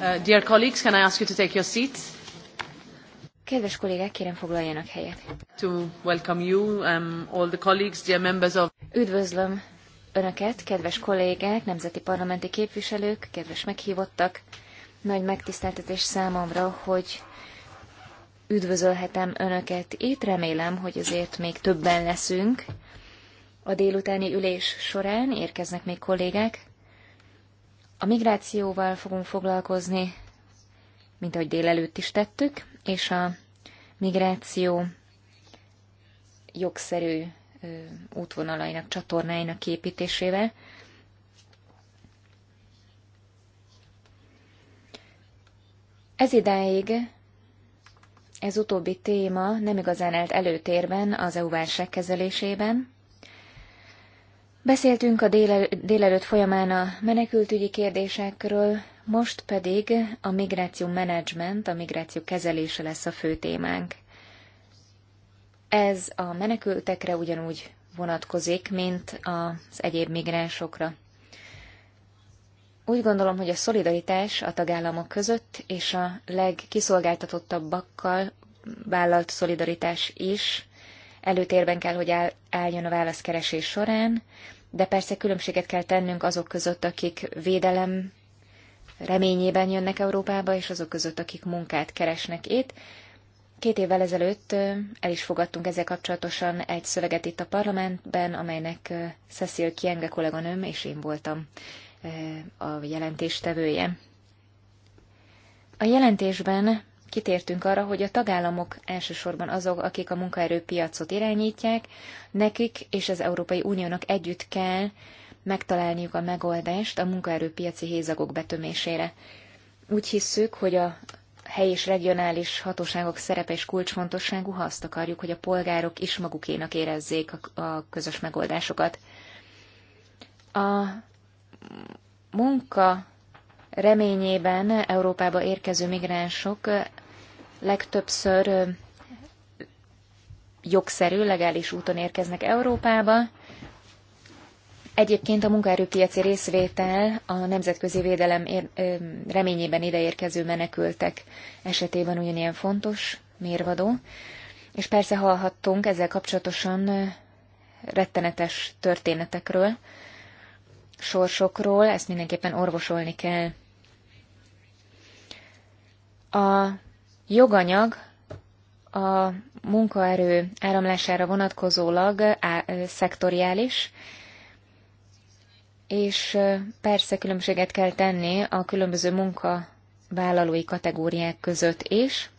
Uh, dear colleagues, can I ask you to take your seats? Kedves kollégák, kérem foglaljanak helyet. To welcome you, um, all the colleagues, dear members of... Üdvözlöm Önöket, kedves kollégák, nemzeti parlamenti képviselők, kedves meghívottak. Nagy megtiszteltetés számomra, hogy üdvözölhetem Önöket itt. Remélem, hogy azért még többen leszünk. A délutáni ülés során érkeznek még kollégák. A migrációval fogunk foglalkozni, mint ahogy délelőtt is tettük, és a migráció jogszerű útvonalainak, csatornáinak képítésével. Ez idáig ez utóbbi téma nem igazán állt előtérben az EU válság kezelésében, Beszéltünk a délel, délelőtt folyamán a menekültügyi kérdésekről, most pedig a migráció menedzsment, a migráció kezelése lesz a fő témánk. Ez a menekültekre ugyanúgy vonatkozik, mint az egyéb migránsokra. Úgy gondolom, hogy a szolidaritás a tagállamok között és a legkiszolgáltatottabbakkal vállalt szolidaritás is előtérben kell, hogy áll, álljon a válaszkeresés során, de persze különbséget kell tennünk azok között, akik védelem reményében jönnek Európába, és azok között, akik munkát keresnek itt. Két évvel ezelőtt el is fogadtunk ezzel kapcsolatosan egy szöveget itt a parlamentben, amelynek Cecil Kienge kolléganőm és én voltam a jelentéstevője. A jelentésben kitértünk arra, hogy a tagállamok elsősorban azok, akik a munkaerőpiacot irányítják, nekik és az Európai Uniónak együtt kell megtalálniuk a megoldást a munkaerőpiaci hézagok betömésére. Úgy hisszük, hogy a helyi és regionális hatóságok szerepe és kulcsfontosságú, ha azt akarjuk, hogy a polgárok is magukénak érezzék a, a közös megoldásokat. A munka reményében Európába érkező migránsok legtöbbször jogszerű, legális úton érkeznek Európába. Egyébként a munkaerőpiaci részvétel a nemzetközi védelem reményében ideérkező menekültek esetében ugyanilyen fontos, mérvadó. És persze hallhattunk ezzel kapcsolatosan rettenetes történetekről, sorsokról, ezt mindenképpen orvosolni kell. A joganyag a munkaerő áramlására vonatkozólag á, szektoriális, és persze különbséget kell tenni a különböző munkavállalói kategóriák között is.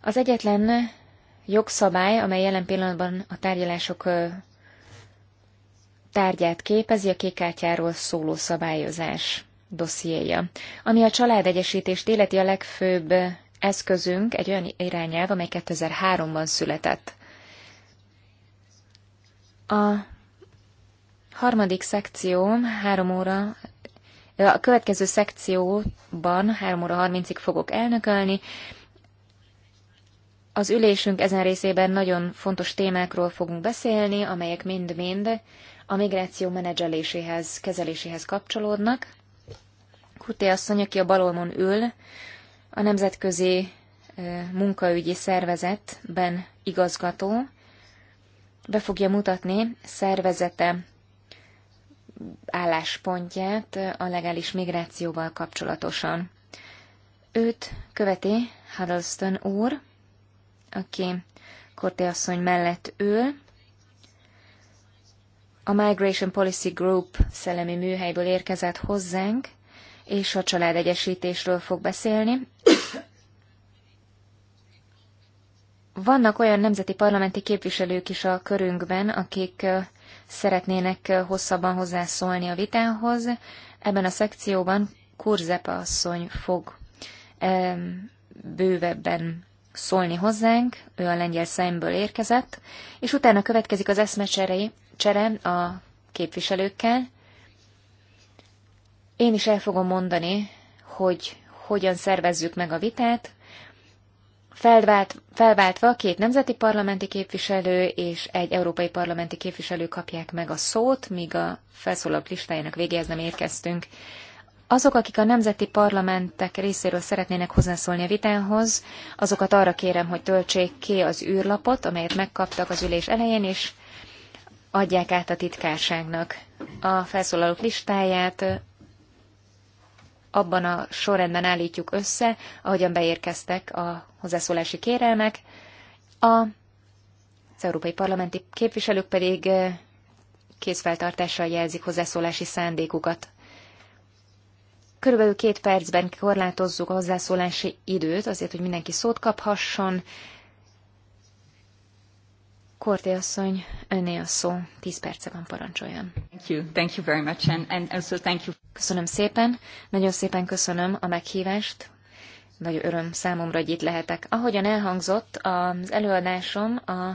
Az egyetlen jogszabály, amely jelen pillanatban a tárgyalások tárgyát képezi, a kékkártyáról szóló szabályozás dossziéja, ami a családegyesítést életi a legfőbb eszközünk egy olyan irányelv, amely 2003-ban született. A harmadik szekció három óra a következő szekcióban 3 óra 30-ig fogok elnökölni. Az ülésünk ezen részében nagyon fontos témákról fogunk beszélni, amelyek mind-mind a migráció menedzseléséhez, kezeléséhez kapcsolódnak. Kuté asszony, aki a balolmon ül, a Nemzetközi Munkaügyi Szervezetben igazgató, be fogja mutatni szervezete álláspontját a legális migrációval kapcsolatosan. Őt követi Huddleston úr, aki Korté asszony mellett ül. A Migration Policy Group szellemi műhelyből érkezett hozzánk, és a családegyesítésről fog beszélni. Vannak olyan nemzeti parlamenti képviselők is a körünkben, akik szeretnének hosszabban hozzászólni a vitához. Ebben a szekcióban Kurzepa asszony fog bővebben szólni hozzánk, ő a lengyel szemből érkezett, és utána következik az eszmecsere csere a képviselőkkel, én is el fogom mondani, hogy hogyan szervezzük meg a vitát, Felvált, felváltva két nemzeti parlamenti képviselő és egy európai parlamenti képviselő kapják meg a szót, míg a felszólalók listájának végéhez nem érkeztünk. Azok, akik a nemzeti parlamentek részéről szeretnének hozzászólni a vitához, azokat arra kérem, hogy töltsék ki az űrlapot, amelyet megkaptak az ülés elején, és adják át a titkárságnak. A felszólalók listáját abban a sorrendben állítjuk össze, ahogyan beérkeztek a hozzászólási kérelmek. A, az európai parlamenti képviselők pedig készfeltartással jelzik hozzászólási szándékukat. Körülbelül két percben korlátozzuk a hozzászólási időt, azért, hogy mindenki szót kaphasson, Korté asszony, önné a szó. Tíz perce van, parancsoljon. Thank you. Thank you very much. And, and also thank you. Köszönöm szépen. Nagyon szépen köszönöm a meghívást. Nagy öröm számomra, hogy itt lehetek. Ahogyan elhangzott, az előadásom a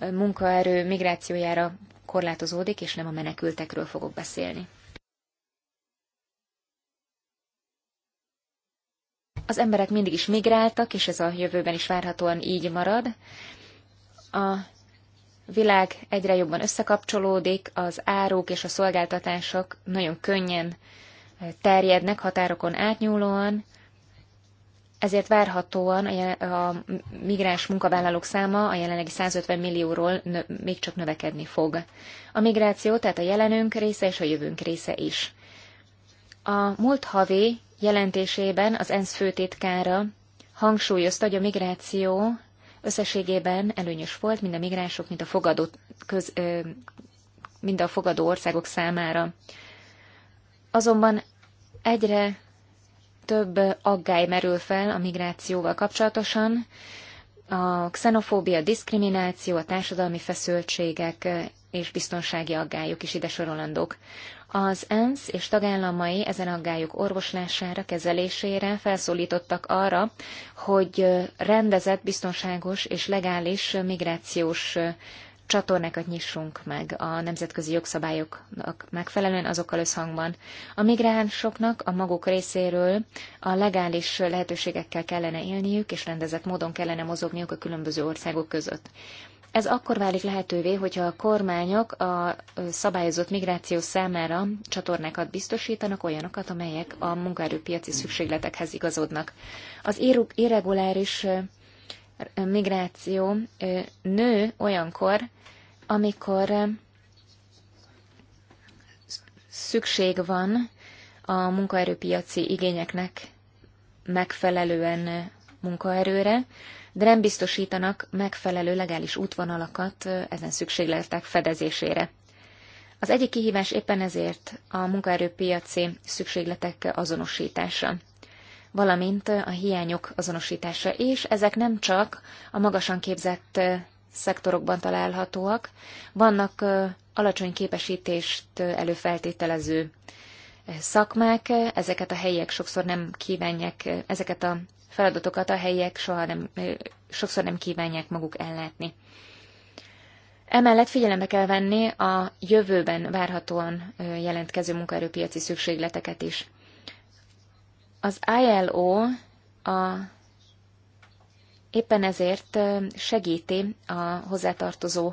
munkaerő migrációjára korlátozódik, és nem a menekültekről fogok beszélni. Az emberek mindig is migráltak, és ez a jövőben is várhatóan így marad. A világ egyre jobban összekapcsolódik, az áruk és a szolgáltatások nagyon könnyen eh, terjednek határokon átnyúlóan, ezért várhatóan a migráns munkavállalók száma a jelenlegi 150 millióról még csak növekedni fog. A migráció tehát a jelenünk része és a jövőnk része is. A múlt havi jelentésében az ENSZ főtitkára hangsúlyozta, hogy a migráció Összességében előnyös volt mind a migránsok, mind a fogadó, köz, mind a fogadó országok számára. Azonban egyre több aggály merül fel a migrációval kapcsolatosan. A xenofóbia, a diszkrimináció, a társadalmi feszültségek és biztonsági aggályok is ide sorolandók. Az ENSZ és tagállamai ezen aggályok orvoslására, kezelésére felszólítottak arra, hogy rendezett, biztonságos és legális migrációs csatornákat nyissunk meg a nemzetközi jogszabályoknak megfelelően azokkal összhangban. A migránsoknak a maguk részéről a legális lehetőségekkel kellene élniük, és rendezett módon kellene mozogniuk a különböző országok között. Ez akkor válik lehetővé, hogyha a kormányok a szabályozott migráció számára csatornákat biztosítanak, olyanokat, amelyek a munkaerőpiaci szükségletekhez igazodnak. Az irreguláris migráció nő olyankor, amikor szükség van a munkaerőpiaci igényeknek megfelelően munkaerőre, de nem biztosítanak megfelelő legális útvonalakat ezen szükségletek fedezésére. Az egyik kihívás éppen ezért a munkaerőpiaci szükségletek azonosítása valamint a hiányok azonosítása is. Ezek nem csak a magasan képzett szektorokban találhatóak, vannak alacsony képesítést előfeltételező szakmák, ezeket a helyiek sokszor nem kívánják, ezeket a feladatokat a helyiek soha nem, sokszor nem kívánják maguk ellátni. Emellett figyelembe kell venni a jövőben várhatóan jelentkező munkaerőpiaci szükségleteket is. Az ILO a, éppen ezért segíti a hozzátartozó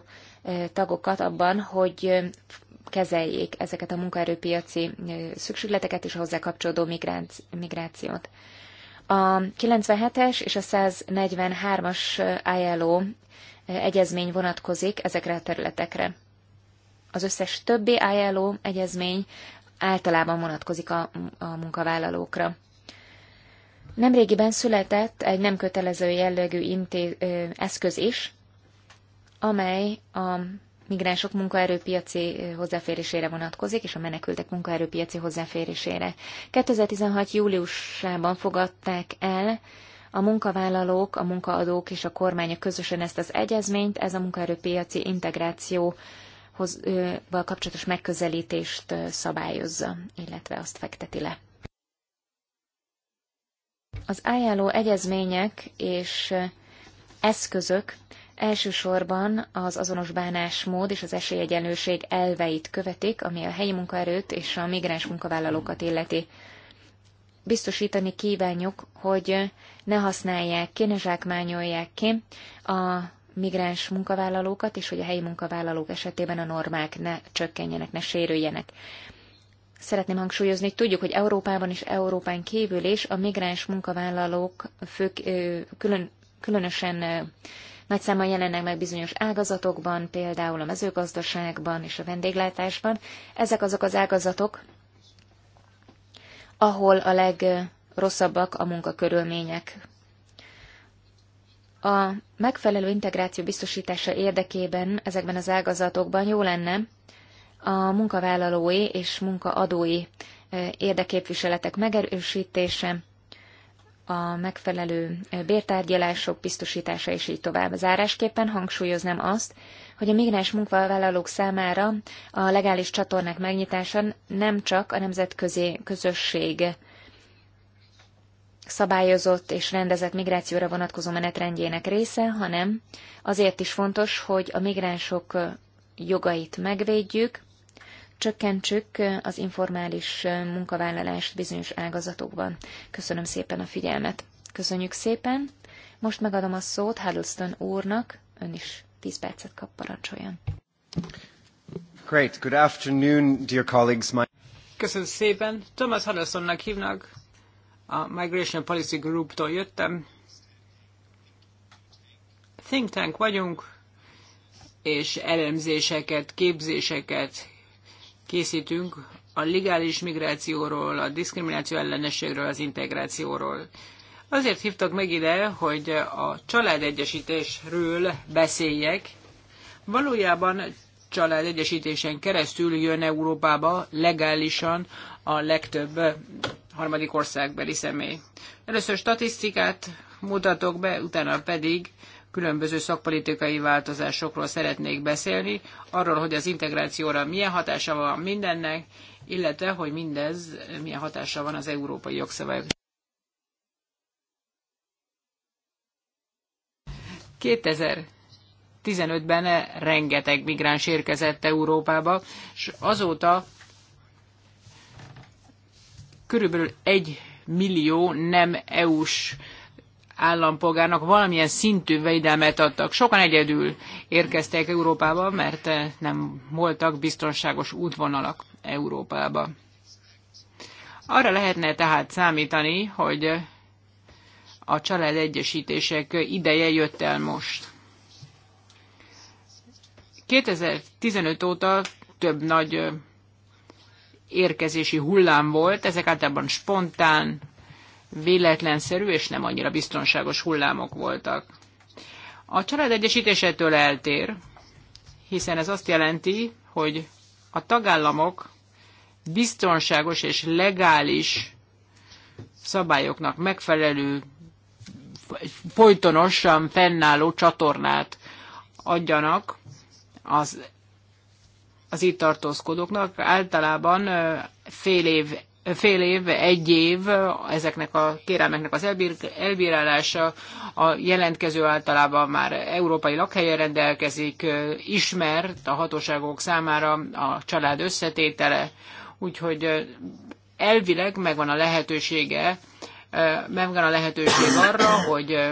tagokat abban, hogy kezeljék ezeket a munkaerőpiaci szükségleteket és a hozzá kapcsolódó migrációt. A 97-es és a 143-as ILO eh, egyezmény vonatkozik ezekre a területekre. Az összes többi ILO egyezmény általában vonatkozik a, a munkavállalókra. Nemrégiben született egy nem kötelező jellegű inté- ö, eszköz is, amely a migránsok munkaerőpiaci hozzáférésére vonatkozik, és a menekültek munkaerőpiaci hozzáférésére. 2016. júliusában fogadták el a munkavállalók, a munkaadók és a kormányok közösen ezt az egyezményt, ez a munkaerőpiaci integráció val kapcsolatos megközelítést szabályozza, illetve azt fekteti le. Az ajánló egyezmények és eszközök Elsősorban az azonos bánásmód és az esélyegyenlőség elveit követik, ami a helyi munkaerőt és a migráns munkavállalókat illeti. Biztosítani kívánjuk, hogy ne használják ki, ne zsákmányolják ki a migráns munkavállalókat, és hogy a helyi munkavállalók esetében a normák ne csökkenjenek, ne sérüljenek. Szeretném hangsúlyozni, hogy tudjuk, hogy Európában és Európán kívül is a migráns munkavállalók fők, külön, különösen nagy száma jelennek meg bizonyos ágazatokban, például a mezőgazdaságban és a vendéglátásban. Ezek azok az ágazatok, ahol a legrosszabbak a munkakörülmények. A megfelelő integráció biztosítása érdekében ezekben az ágazatokban jó lenne a munkavállalói és munkaadói eh, érdeképviseletek megerősítése, a megfelelő bértárgyalások biztosítása és így tovább. Zárásképpen hangsúlyoznám azt, hogy a migráns munkavállalók számára a legális csatornák megnyitása nem csak a nemzetközi közösség szabályozott és rendezett migrációra vonatkozó menetrendjének része, hanem azért is fontos, hogy a migránsok jogait megvédjük, csökkentsük az informális munkavállalást bizonyos ágazatokban. Köszönöm szépen a figyelmet. Köszönjük szépen. Most megadom a szót Huddleston úrnak. Ön is 10 percet kap, parancsoljon. Great. Good afternoon, dear colleagues. My... Köszönöm szépen. Thomas Huddlestonnak hívnak. A Migration Policy Group-tól jöttem. Think tank vagyunk, és elemzéseket, képzéseket, készítünk a legális migrációról, a diszkrimináció ellenességről, az integrációról. Azért hívtak meg ide, hogy a családegyesítésről beszéljek. Valójában családegyesítésen keresztül jön Európába legálisan a legtöbb harmadik országbeli személy. Először statisztikát mutatok be, utána pedig különböző szakpolitikai változásokról szeretnék beszélni, arról, hogy az integrációra milyen hatása van mindennek, illetve, hogy mindez milyen hatása van az európai jogszabályok. 2015-ben rengeteg migráns érkezett Európába, és azóta körülbelül egy millió nem EU-s állampolgárnak valamilyen szintű védelmet adtak. Sokan egyedül érkeztek Európába, mert eh, nem voltak biztonságos útvonalak Európába. Arra lehetne tehát számítani, hogy eh, a család egyesítések ideje jött el most. 2015 óta több nagy eh, érkezési hullám volt, ezek általában spontán véletlenszerű és nem annyira biztonságos hullámok voltak. A család egyesítésétől eltér, hiszen ez azt jelenti, hogy a tagállamok biztonságos és legális szabályoknak megfelelő, folytonosan fennálló csatornát adjanak az, az itt tartózkodóknak. Általában fél év fél év, egy év ezeknek a kérelmeknek az elbír, elbírálása. A jelentkező általában már európai lakhelyen rendelkezik, ismert a hatóságok számára a család összetétele, úgyhogy elvileg megvan a lehetősége, megvan a lehetőség arra, hogy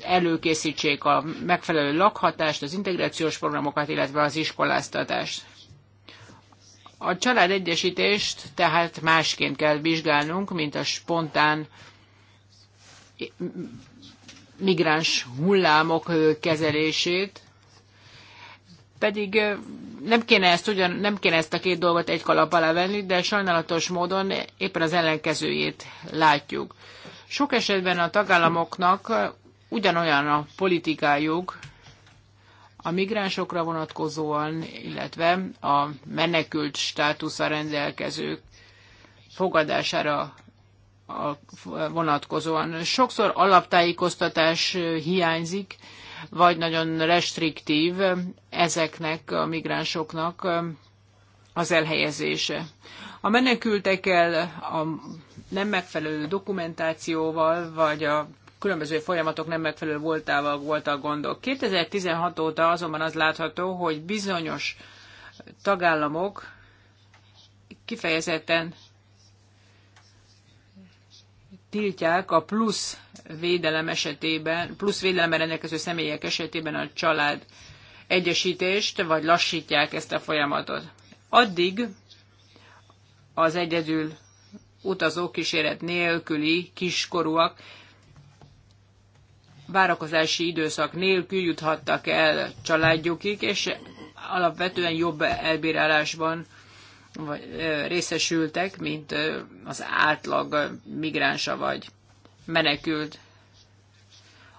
előkészítsék a megfelelő lakhatást, az integrációs programokat, illetve az iskoláztatást. A családegyesítést tehát másként kell vizsgálnunk, mint a spontán migráns hullámok kezelését, pedig nem kéne, ezt ugyan, nem kéne ezt a két dolgot egy kalap alá venni, de sajnálatos módon éppen az ellenkezőjét látjuk. Sok esetben a tagállamoknak ugyanolyan a politikájuk, a migránsokra vonatkozóan, illetve a menekült státusza rendelkezők fogadására vonatkozóan. Sokszor alaptájékoztatás hiányzik, vagy nagyon restriktív ezeknek a migránsoknak az elhelyezése. A menekültekkel, a nem megfelelő dokumentációval, vagy a különböző folyamatok nem megfelelő voltával voltak gondok. 2016 óta azonban az látható, hogy bizonyos tagállamok kifejezetten tiltják a plusz védelem esetében, plusz védelemben rendelkező személyek esetében a család egyesítést, vagy lassítják ezt a folyamatot. Addig az egyedül utazó kíséret nélküli kiskorúak várakozási időszak nélkül juthattak el családjukig, és alapvetően jobb elbírálásban részesültek, mint az átlag migránsa vagy menekült.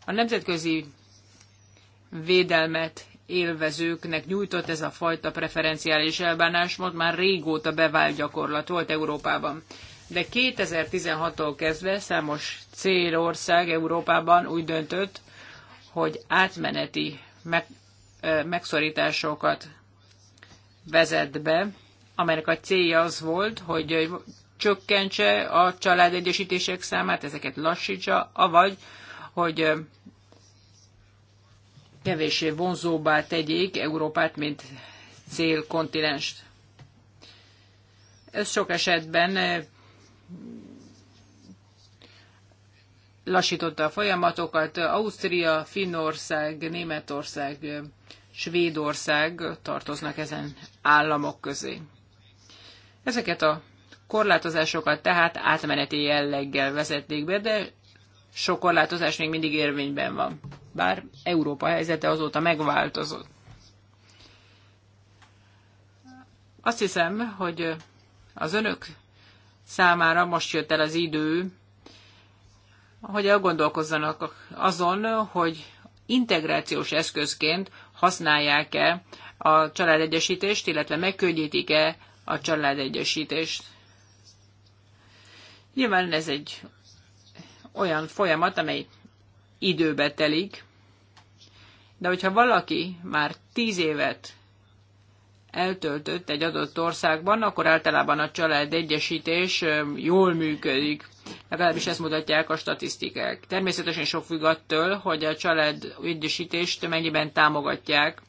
A nemzetközi védelmet élvezőknek nyújtott ez a fajta preferenciális elbánásmód már régóta bevált gyakorlat volt Európában de 2016-tól kezdve számos célország Európában úgy döntött, hogy átmeneti meg, megszorításokat vezet be, amelynek a célja az volt, hogy csökkentse a családegyesítések számát, ezeket lassítsa, avagy, hogy kevéssé vonzóbbá tegyék Európát, mint célkontinenst. Ez sok esetben lassította a folyamatokat. Ausztria, Finnország, Németország, Svédország tartoznak ezen államok közé. Ezeket a korlátozásokat tehát átmeneti jelleggel vezették be, de sok korlátozás még mindig érvényben van. Bár Európa helyzete azóta megváltozott. Azt hiszem, hogy az önök számára most jött el az idő, hogy elgondolkozzanak azon, hogy integrációs eszközként használják-e a családegyesítést, illetve megkönnyítik-e a családegyesítést. Nyilván ez egy olyan folyamat, amely időbe telik, de hogyha valaki már tíz évet eltöltött egy adott országban, akkor általában a család egyesítés jól működik. Legalábbis ezt mutatják a statisztikák. Természetesen sok függ attól, hogy a család egyesítést mennyiben támogatják.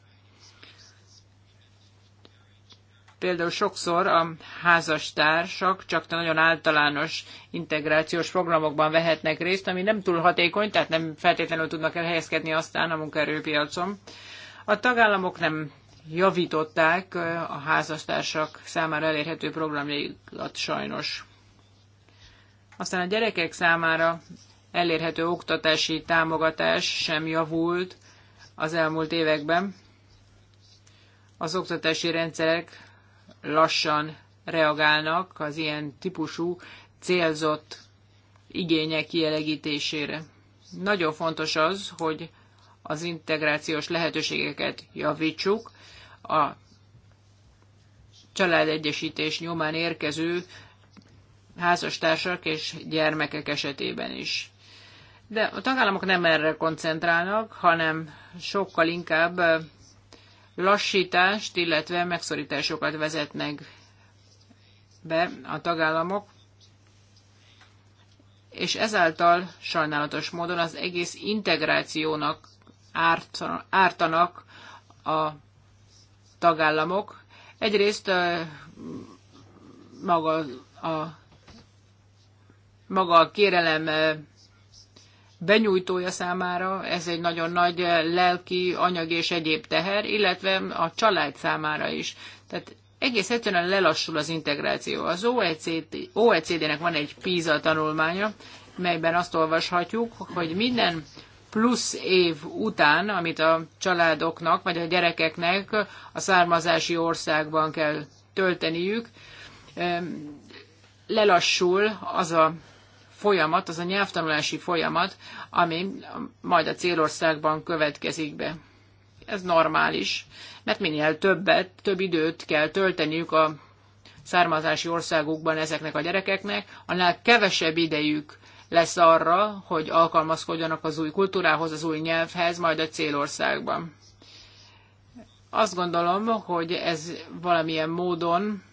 Például sokszor a házastársak csak nagyon általános integrációs programokban vehetnek részt, ami nem túl hatékony, tehát nem feltétlenül tudnak elhelyezkedni aztán a munkaerőpiacon. A tagállamok nem javították a házastársak számára elérhető programjaikat sajnos. Aztán a gyerekek számára elérhető oktatási támogatás sem javult az elmúlt években. Az oktatási rendszerek lassan reagálnak az ilyen típusú célzott igények kielegítésére. Nagyon fontos az, hogy az integrációs lehetőségeket javítsuk, a családegyesítés nyomán érkező házastársak és gyermekek esetében is. De a tagállamok nem erre koncentrálnak, hanem sokkal inkább lassítást, illetve megszorításokat vezetnek be a tagállamok, és ezáltal sajnálatos módon az egész integrációnak ártanak a tagállamok. Egyrészt maga a, maga a kérelem benyújtója számára ez egy nagyon nagy lelki, anyagi és egyéb teher, illetve a család számára is. Tehát egész egyszerűen lelassul az integráció. Az OECD-nek e OECD van egy PISA tanulmánya, melyben azt olvashatjuk, hogy minden plusz év után, amit a családoknak vagy a gyerekeknek a származási országban kell tölteniük, lelassul az a folyamat, az a nyelvtanulási folyamat, ami majd a célországban következik be. Ez normális, mert minél többet, több időt kell tölteniük a származási országukban ezeknek a gyerekeknek, annál kevesebb idejük lesz arra, hogy alkalmazkodjanak az új kultúrához, az új nyelvhez, majd a célországban. Azt gondolom, hogy ez valamilyen módon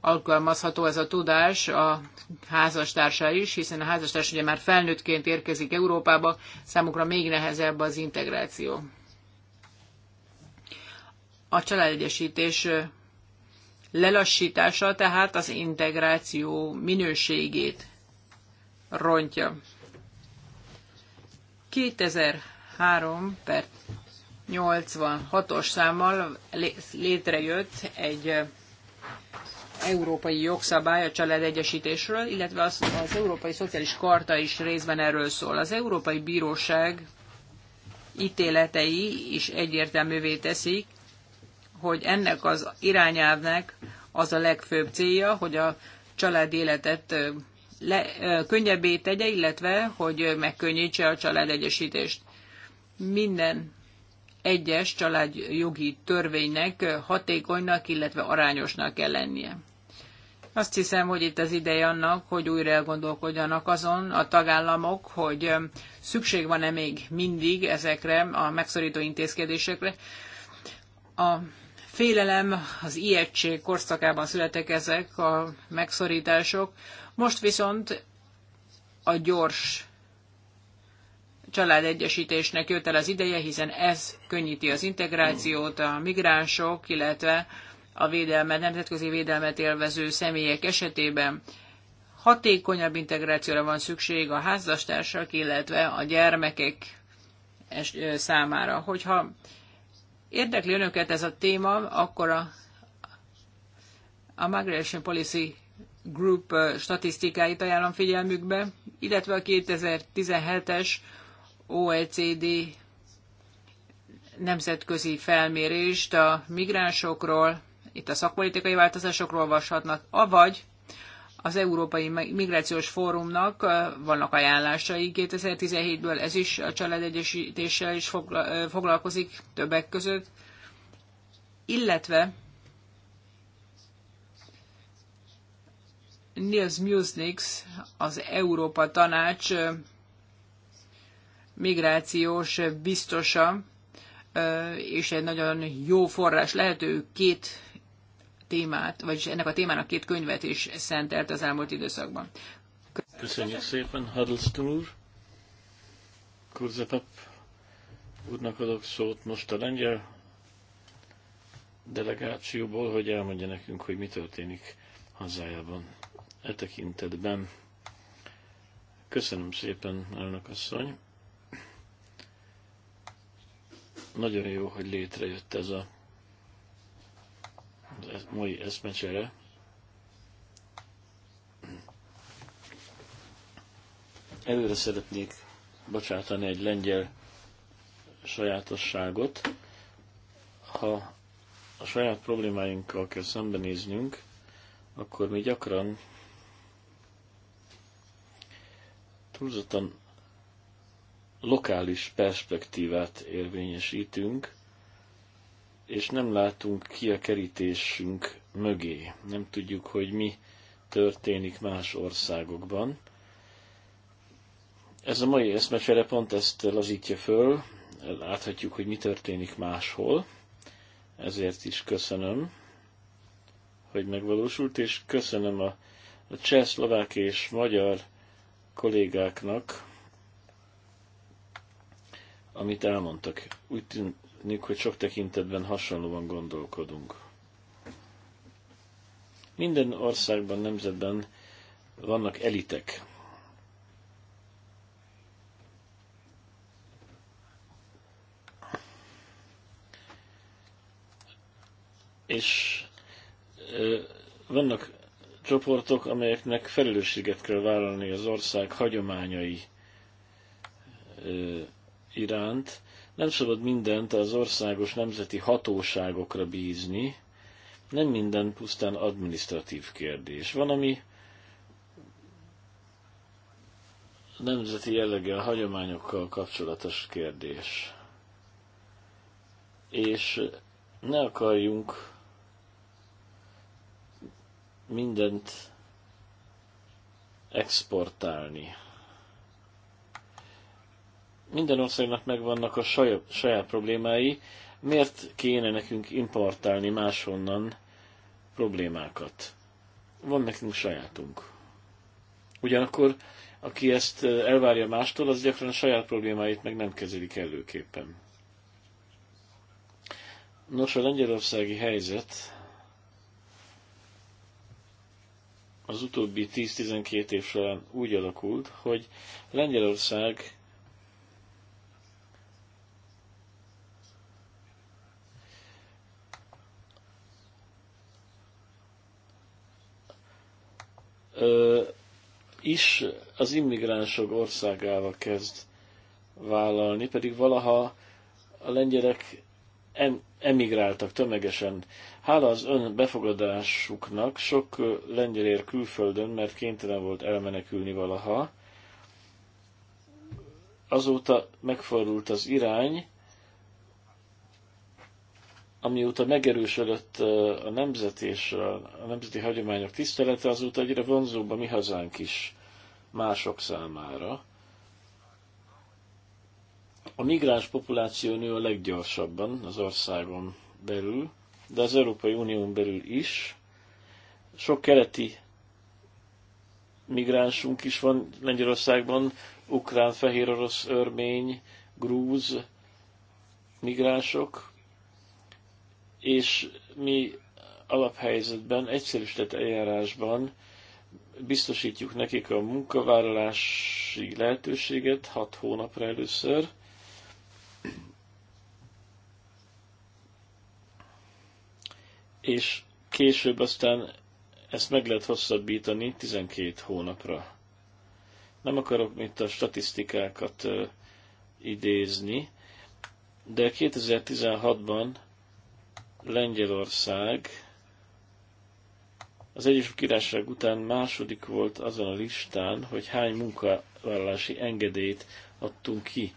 alkalmazható ez a tudás a házastársa is, hiszen a házastárs ugye már felnőttként érkezik Európába, számukra még nehezebb az integráció. A családegyesítés lelassítása tehát az integráció minőségét rontja. 2003 per 86-os számmal létrejött egy európai jogszabály a családegyesítésről, illetve az, az Európai Szociális Karta is részben erről szól. Az Európai Bíróság ítéletei is egyértelművé teszik, hogy ennek az irányelvnek az a legfőbb célja, hogy a család életet le, könnyebbé tegye, illetve hogy megkönnyítse a családegyesítést. Minden egyes családjogi törvénynek hatékonynak, illetve arányosnak kell lennie. Azt hiszem, hogy itt az ideje annak, hogy újra elgondolkodjanak azon a tagállamok, hogy szükség van-e még mindig ezekre a megszorító intézkedésekre. A félelem, az ijegység korszakában születek ezek a megszorítások. Most viszont a gyors családegyesítésnek jött el az ideje, hiszen ez könnyíti az integrációt a migránsok, illetve a védelmet, nemzetközi védelmet élvező személyek esetében. Hatékonyabb integrációra van szükség a házastársak, illetve a gyermekek számára. Hogyha érdekli önöket ez a téma, akkor a, a Migration Policy Group statisztikáit ajánlom figyelmükbe, illetve a 2017-es OECD nemzetközi felmérést a migránsokról, itt a szakpolitikai változásokról olvashatnak, avagy az Európai Migrációs Fórumnak vannak ajánlásai 2017-ből, ez is a családegyesítéssel is foglalkozik többek között, illetve Nils Muslix, az Európa Tanács migrációs biztosa, és egy nagyon jó forrás lehető két témát, vagyis ennek a témának két könyvet is szentelt az elmúlt időszakban. Köszönjük, Köszönjük szépen, Huddleston úr. Kurzepap úrnak adok szót most a lengyel delegációból, hogy elmondja nekünk, hogy mi történik hazájában e tekintetben. Köszönöm szépen, elnök asszony. Nagyon jó, hogy létrejött ez a mai eszmecsere. Előre szeretnék bocsátani egy lengyel sajátosságot. Ha a saját problémáinkkal kell szembenéznünk, akkor mi gyakran túlzottan lokális perspektívát érvényesítünk, és nem látunk ki a kerítésünk mögé. Nem tudjuk, hogy mi történik más országokban. Ez a mai eszmecsere pont ezt lazítja föl, láthatjuk, hogy mi történik máshol. Ezért is köszönöm, hogy megvalósult, és köszönöm a, a cseh, szlovák és magyar kollégáknak, amit elmondtak. Úgy tűnik, hogy sok tekintetben hasonlóan gondolkodunk. Minden országban, nemzetben vannak elitek. És vannak csoportok, amelyeknek felelősséget kell vállalni az ország hagyományai iránt. Nem szabad mindent az országos nemzeti hatóságokra bízni, nem minden pusztán administratív kérdés. Van, ami nemzeti jelleggel, hagyományokkal kapcsolatos kérdés. És ne akarjunk mindent exportálni. Minden országnak megvannak a saját, saját problémái, miért kéne nekünk importálni máshonnan problémákat? Van nekünk sajátunk. Ugyanakkor, aki ezt elvárja mástól, az gyakran a saját problémáit meg nem kezelik előképpen. Nos, a lengyelországi helyzet az utóbbi 10-12 év során úgy alakult, hogy Lengyelország ö, is az immigránsok országával kezd vállalni, pedig valaha a lengyelek em, emigráltak tömegesen. Hála az ön befogadásuknak sok lengyel ér külföldön, mert kénytelen volt elmenekülni valaha. Azóta megfordult az irány, amióta megerősödött a nemzet és a nemzeti hagyományok tisztelete, azóta egyre vonzóbb a mi hazánk is mások számára. A migráns populáció nő a leggyorsabban az országon belül, de az Európai Unión belül is. Sok keleti migránsunk is van Lengyelországban, ukrán, fehér orosz, örmény, grúz migránsok, és mi alaphelyzetben, egyszerűsített eljárásban biztosítjuk nekik a munkavállalási lehetőséget hat hónapra először, és később aztán ezt meg lehet hosszabbítani 12 hónapra. Nem akarok itt a statisztikákat idézni, de 2016-ban Lengyelország az Egyesült Királyság után második volt azon a listán, hogy hány munkavállalási engedélyt adtunk ki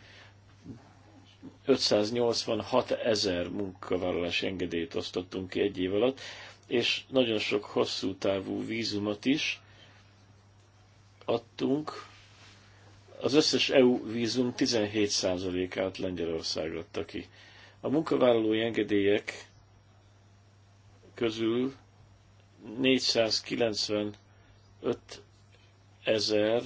586 ezer munkavállalási engedélyt osztottunk ki egy év alatt, és nagyon sok hosszú távú vízumot is adtunk. Az összes EU vízum 17%-át Lengyelország adta ki. A munkavállalói engedélyek közül 495 ezer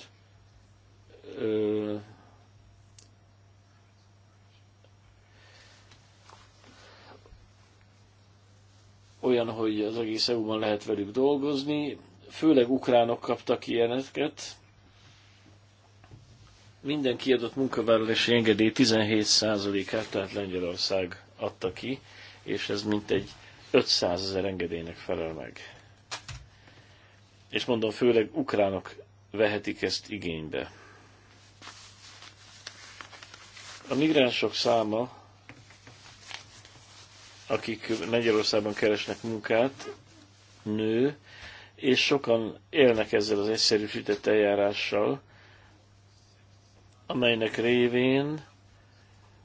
olyan, hogy az egész EU-ban lehet velük dolgozni. Főleg ukránok kaptak ilyeneket. Minden kiadott munkavállalási engedély 17%-át, tehát Lengyelország adta ki, és ez mintegy 500 ezer engedélynek felel meg. És mondom, főleg ukránok vehetik ezt igénybe. A migránsok száma akik Magyarországon keresnek munkát, nő, és sokan élnek ezzel az egyszerűsített eljárással, amelynek révén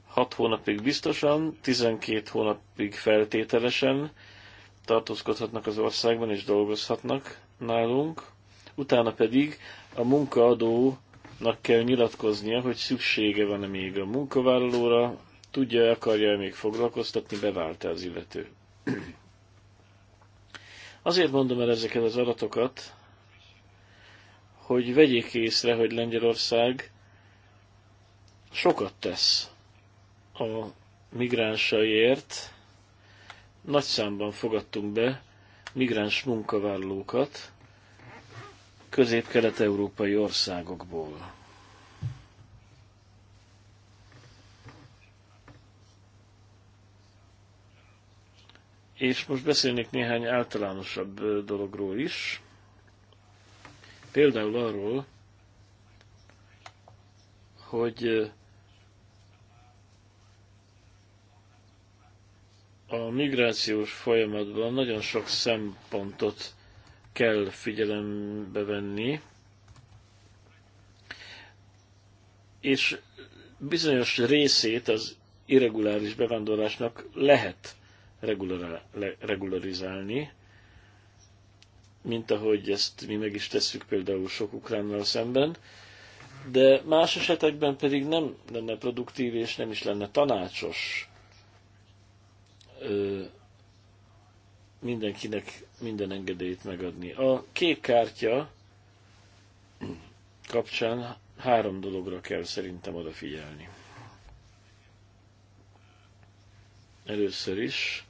6 hónapig biztosan, 12 hónapig feltételesen tartózkodhatnak az országban és dolgozhatnak nálunk, utána pedig a munkaadónak kell nyilatkoznia, hogy szüksége van-e még a munkavállalóra, tudja, akarja még foglalkoztatni, bevált-e az illető. Azért mondom el ezeket az adatokat, hogy vegyék észre, hogy Lengyelország sokat tesz a migránsaiért. Nagy számban fogadtunk be migráns munkavállalókat közép-kelet-európai országokból. És most beszélnék néhány általánosabb dologról is. Például arról, hogy a migrációs folyamatban nagyon sok szempontot kell figyelembe venni, és bizonyos részét az irreguláris bevándorlásnak lehet regularizálni, mint ahogy ezt mi meg is tesszük például sok ukránnal szemben, de más esetekben pedig nem lenne produktív és nem is lenne tanácsos ö, mindenkinek minden engedélyt megadni. A kék kártya kapcsán három dologra kell szerintem odafigyelni. Először is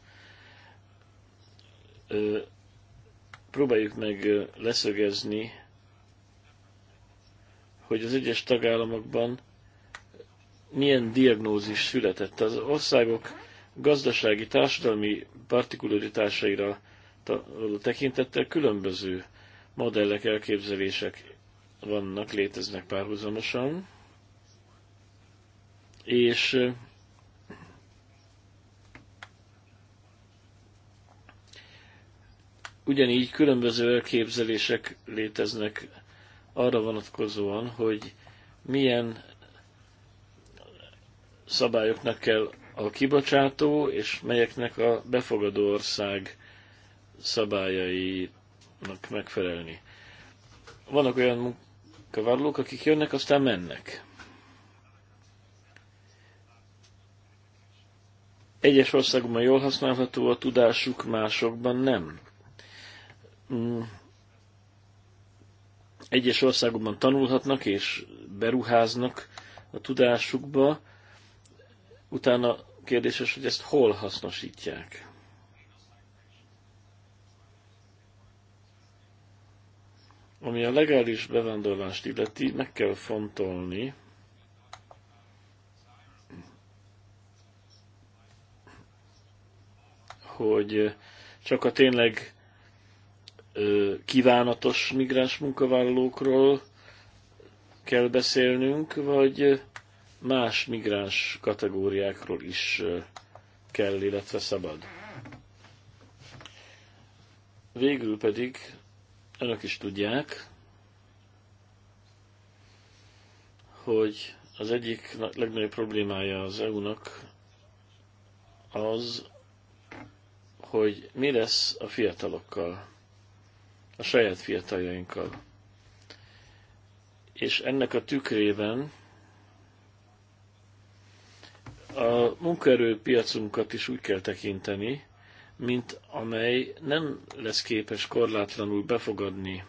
próbáljuk meg leszögezni, hogy az egyes tagállamokban milyen diagnózis született. Az országok gazdasági, társadalmi partikularitásaira tekintettel különböző modellek, elképzelések vannak, léteznek párhuzamosan, és ugyanígy különböző elképzelések léteznek arra vonatkozóan, hogy milyen szabályoknak kell a kibocsátó, és melyeknek a befogadó ország szabályainak megfelelni. Vannak olyan munkavállalók, akik jönnek, aztán mennek. Egyes országokban jól használható a tudásuk, másokban nem. Mm. egyes országokban tanulhatnak és beruháznak a tudásukba, utána kérdéses, hogy ezt hol hasznosítják. Ami a legális bevándorlást illeti, meg kell fontolni, hogy csak a tényleg kívánatos migráns munkavállalókról kell beszélnünk, vagy más migráns kategóriákról is kell, illetve szabad. Végül pedig önök is tudják, hogy az egyik legnagyobb problémája az EU-nak az, hogy mi lesz a fiatalokkal a saját fiataljainkkal. És ennek a tükrében a munkaerőpiacunkat is úgy kell tekinteni, mint amely nem lesz képes korlátlanul befogadni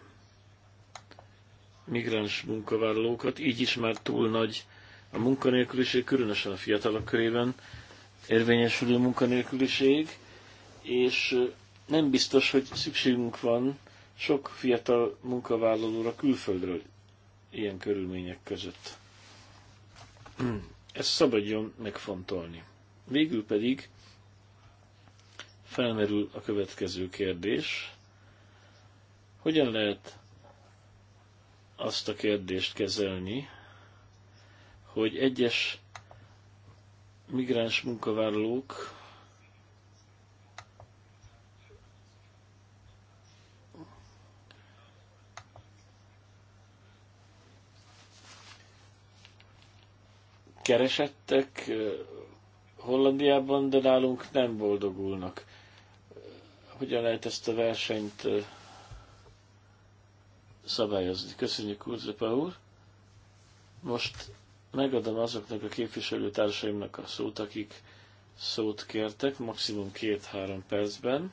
migráns munkavállalókat, így is már túl nagy a munkanélküliség, különösen a fiatalok körében érvényesülő munkanélküliség, és nem biztos, hogy szükségünk van sok fiatal munkavállalóra külföldről ilyen körülmények között. Ezt szabadjon megfontolni. Végül pedig felmerül a következő kérdés. Hogyan lehet azt a kérdést kezelni, hogy egyes migráns munkavállalók keresettek Hollandiában, de nálunk nem boldogulnak. Hogyan lehet ezt a versenyt szabályozni? Köszönjük, Kurzepa úr! Most megadom azoknak a képviselőtársaimnak a szót, akik szót kértek, maximum két-három percben.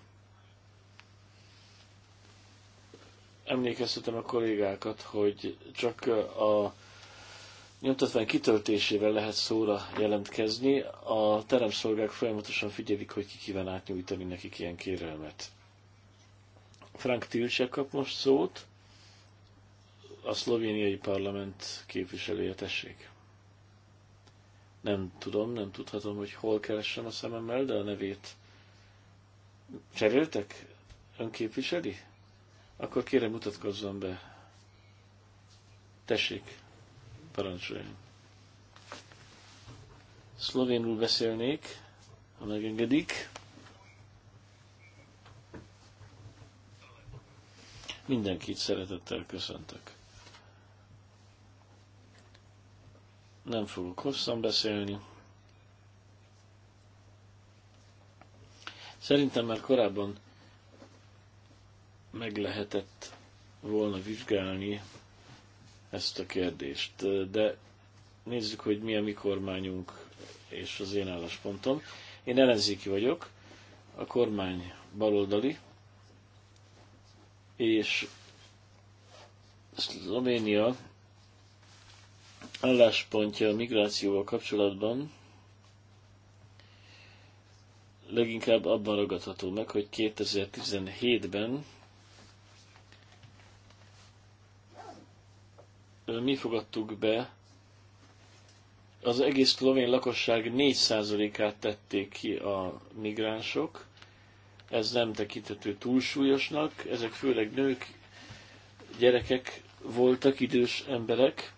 Emlékeztetem a kollégákat, hogy csak a nyomtatvány kitöltésével lehet szóra jelentkezni. A teremszolgák folyamatosan figyelik, hogy ki kíván átnyújtani nekik ilyen kérelmet. Frank Tilcsek kap most szót. A szlovéniai parlament képviselője, tessék. Nem tudom, nem tudhatom, hogy hol keressem a szememmel, de a nevét cseréltek? Ön képviseli? Akkor kérem mutatkozzon be. Tessék. Parancsoljon. Szlovénul beszélnék, ha megengedik. Mindenkit szeretettel köszöntök. Nem fogok hosszan beszélni. Szerintem már korábban meg lehetett volna vizsgálni ezt a kérdést. De nézzük, hogy mi a mi kormányunk és az én álláspontom. Én ellenzéki vagyok, a kormány baloldali, és Szlovénia álláspontja a migrációval kapcsolatban leginkább abban ragadható meg, hogy 2017-ben mi fogadtuk be, az egész szlovén lakosság 4%-át tették ki a migránsok. Ez nem tekintető túlsúlyosnak, ezek főleg nők, gyerekek voltak, idős emberek,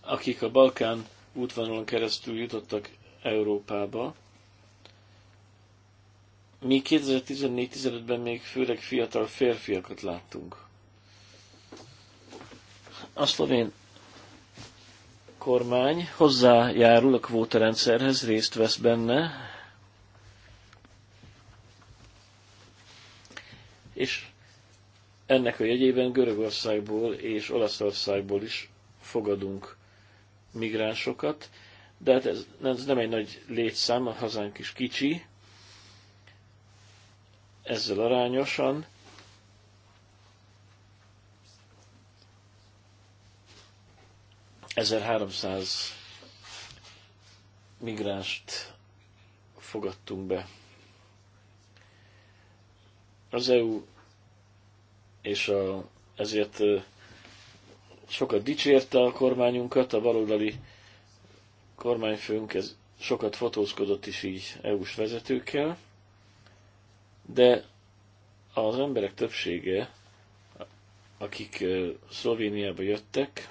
akik a Balkán útvonalon keresztül jutottak Európába. Mi 2014-15-ben még főleg fiatal férfiakat láttunk a szlovén kormány hozzájárul a kvótarendszerhez, részt vesz benne, és ennek a jegyében Görögországból és Olaszországból is fogadunk migránsokat, de hát ez, ez nem egy nagy létszám, a hazánk is kicsi, ezzel arányosan 1300 migránst fogadtunk be. Az EU és a, ezért sokat dicsérte a kormányunkat, a baloldali kormányfőnk ez sokat fotózkodott is így EU-s vezetőkkel, de az emberek többsége, akik Szlovéniába jöttek,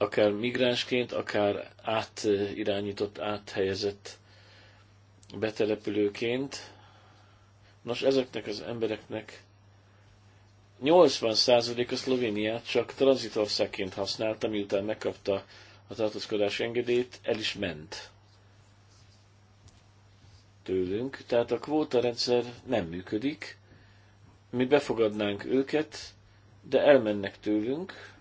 akár migránsként, akár átirányított, áthelyezett betelepülőként. Nos, ezeknek az embereknek 80%-a Szlovéniát csak tranzitországként használta, miután megkapta a tartózkodás engedélyt, el is ment tőlünk. Tehát a kvóta rendszer nem működik. Mi befogadnánk őket, de elmennek tőlünk,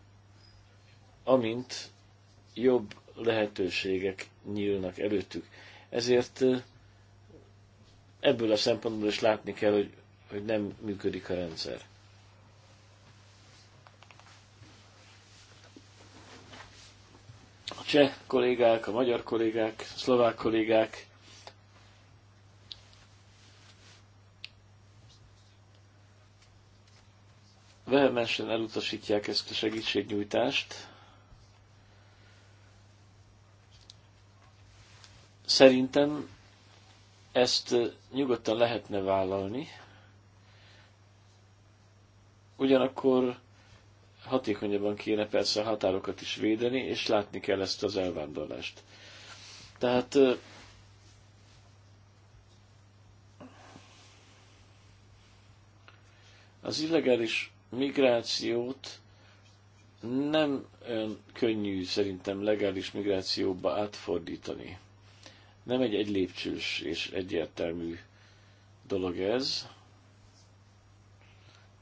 amint jobb lehetőségek nyílnak előttük. Ezért ebből a szempontból is látni kell, hogy, hogy nem működik a rendszer. A cseh kollégák, a magyar kollégák, a szlovák kollégák vehemensen elutasítják ezt a segítségnyújtást, Szerintem ezt nyugodtan lehetne vállalni, ugyanakkor hatékonyabban kéne persze a határokat is védeni, és látni kell ezt az elvándorlást. Tehát az illegális migrációt nem olyan könnyű szerintem legális migrációba átfordítani. Nem egy egy lépcsős és egyértelmű dolog ez.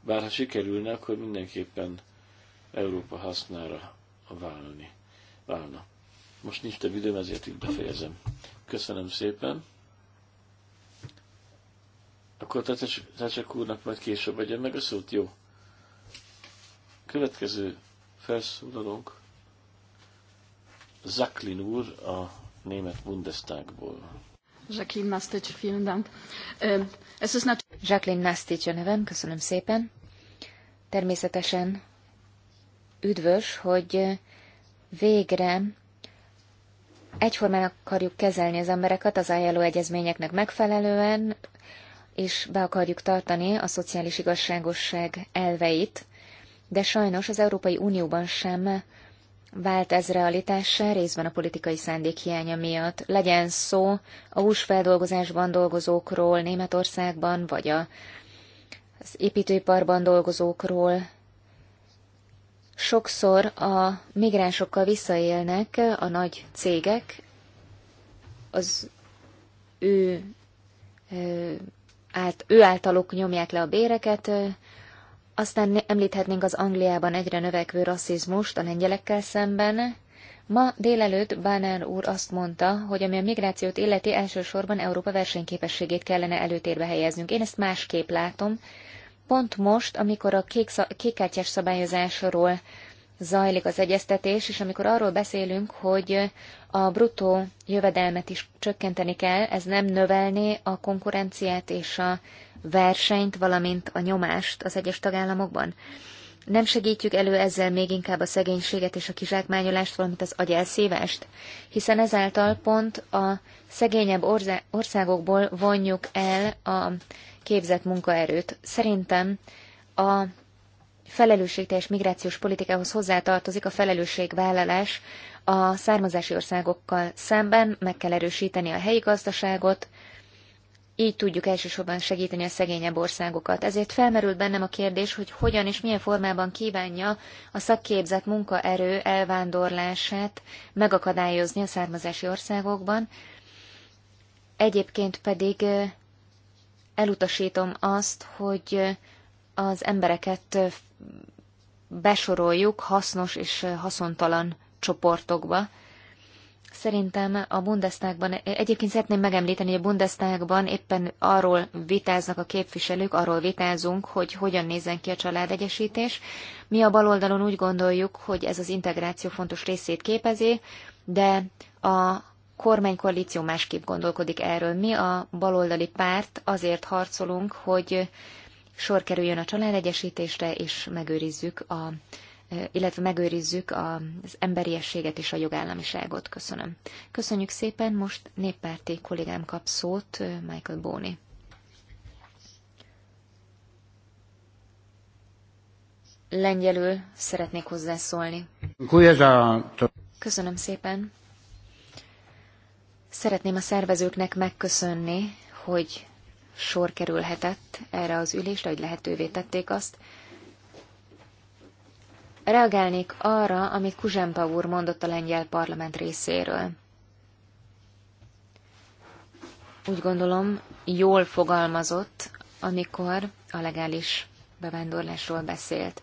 Bár ha sikerülne, akkor mindenképpen Európa hasznára válni, válna. Most nincs több időm, ezért itt befejezem. Köszönöm szépen. Akkor Tecsek úrnak majd később adjam meg a szót, jó? Következő felszólalónk Zaklin úr, a német Bundestagból. Jacqueline Nastic, vielen Dank. Ähm, es ist Jacqueline Nastic a nevem, köszönöm szépen. Természetesen üdvös, hogy végre egyformán akarjuk kezelni az embereket az ajánló egyezményeknek megfelelően, és be akarjuk tartani a szociális igazságosság elveit, de sajnos az Európai Unióban sem Vált ez realitássá részben a politikai szándék hiánya miatt, legyen szó a húsfeldolgozásban dolgozókról Németországban, vagy a, az építőiparban dolgozókról. Sokszor a migránsokkal visszaélnek a nagy cégek, az ő, ő, ő általuk nyomják le a béreket, aztán említhetnénk az Angliában egyre növekvő rasszizmust a lengyelekkel szemben. Ma délelőtt Bánár úr azt mondta, hogy ami a migrációt illeti, elsősorban Európa versenyképességét kellene előtérbe helyeznünk. Én ezt másképp látom. Pont most, amikor a kék kékkártyás szabályozásról zajlik az egyeztetés, és amikor arról beszélünk, hogy a bruttó jövedelmet is csökkenteni kell, ez nem növelné a konkurenciát és a versenyt, valamint a nyomást az egyes tagállamokban. Nem segítjük elő ezzel még inkább a szegénységet és a kizsákmányolást, valamint az agyelszívást, hiszen ezáltal pont a szegényebb országokból vonjuk el a képzett munkaerőt. Szerintem a felelősségteljes migrációs politikához hozzátartozik a felelősségvállalás a származási országokkal szemben, meg kell erősíteni a helyi gazdaságot, így tudjuk elsősorban segíteni a szegényebb országokat. Ezért felmerült bennem a kérdés, hogy hogyan és milyen formában kívánja a szakképzett munkaerő elvándorlását megakadályozni a származási országokban. Egyébként pedig eh, elutasítom azt, hogy eh, az embereket besoroljuk hasznos és haszontalan csoportokba. Szerintem a Bundestagban, e, egyébként szeretném megemlíteni, hogy a Bundestagban éppen arról vitáznak a képviselők, arról vitázunk, hogy hogyan nézzen ki a családegyesítés. Mi a baloldalon úgy gondoljuk, hogy ez az integráció fontos részét képezi, de a kormánykoalíció másképp gondolkodik erről. Mi a baloldali párt azért harcolunk, hogy sor kerüljön a családegyesítésre, és megőrizzük a illetve megőrizzük az emberiességet és a jogállamiságot. Köszönöm. Köszönjük szépen, most néppárti kollégám kap szót, Michael Bóni. Lengyelül szeretnék hozzászólni. Köszönöm szépen. Szeretném a szervezőknek megköszönni, hogy sor kerülhetett erre az ülésre, hogy lehetővé tették azt. Reagálnék arra, amit Kuzsempa úr mondott a lengyel parlament részéről. Úgy gondolom, jól fogalmazott, amikor a legális bevándorlásról beszélt.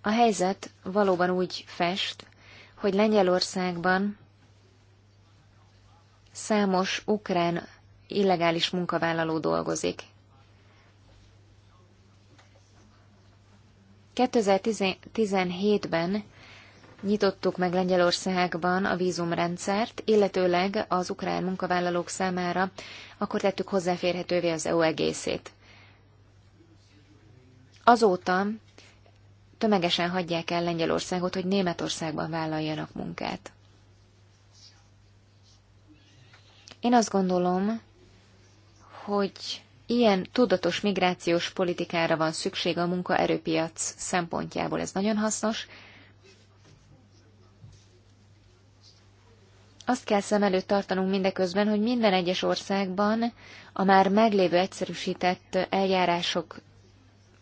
A helyzet valóban úgy fest, hogy Lengyelországban számos ukrán illegális munkavállaló dolgozik. 2017-ben nyitottuk meg Lengyelországban a vízumrendszert, illetőleg az ukrán munkavállalók számára, akkor tettük hozzáférhetővé az EU egészét. Azóta tömegesen hagyják el Lengyelországot, hogy Németországban vállaljanak munkát. Én azt gondolom, hogy ilyen tudatos migrációs politikára van szükség a munkaerőpiac szempontjából. Ez nagyon hasznos. Azt kell szem előtt tartanunk mindeközben, hogy minden egyes országban a már meglévő egyszerűsített eljárások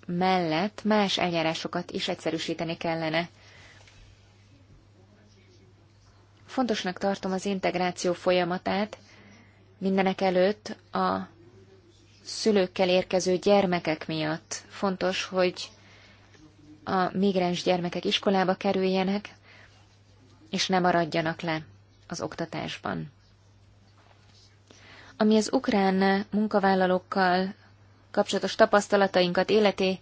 mellett más eljárásokat is egyszerűsíteni kellene. Fontosnak tartom az integráció folyamatát, mindenek előtt a szülőkkel érkező gyermekek miatt. Fontos, hogy a migráns gyermekek iskolába kerüljenek, és ne maradjanak le az oktatásban. Ami az ukrán munkavállalókkal kapcsolatos tapasztalatainkat életé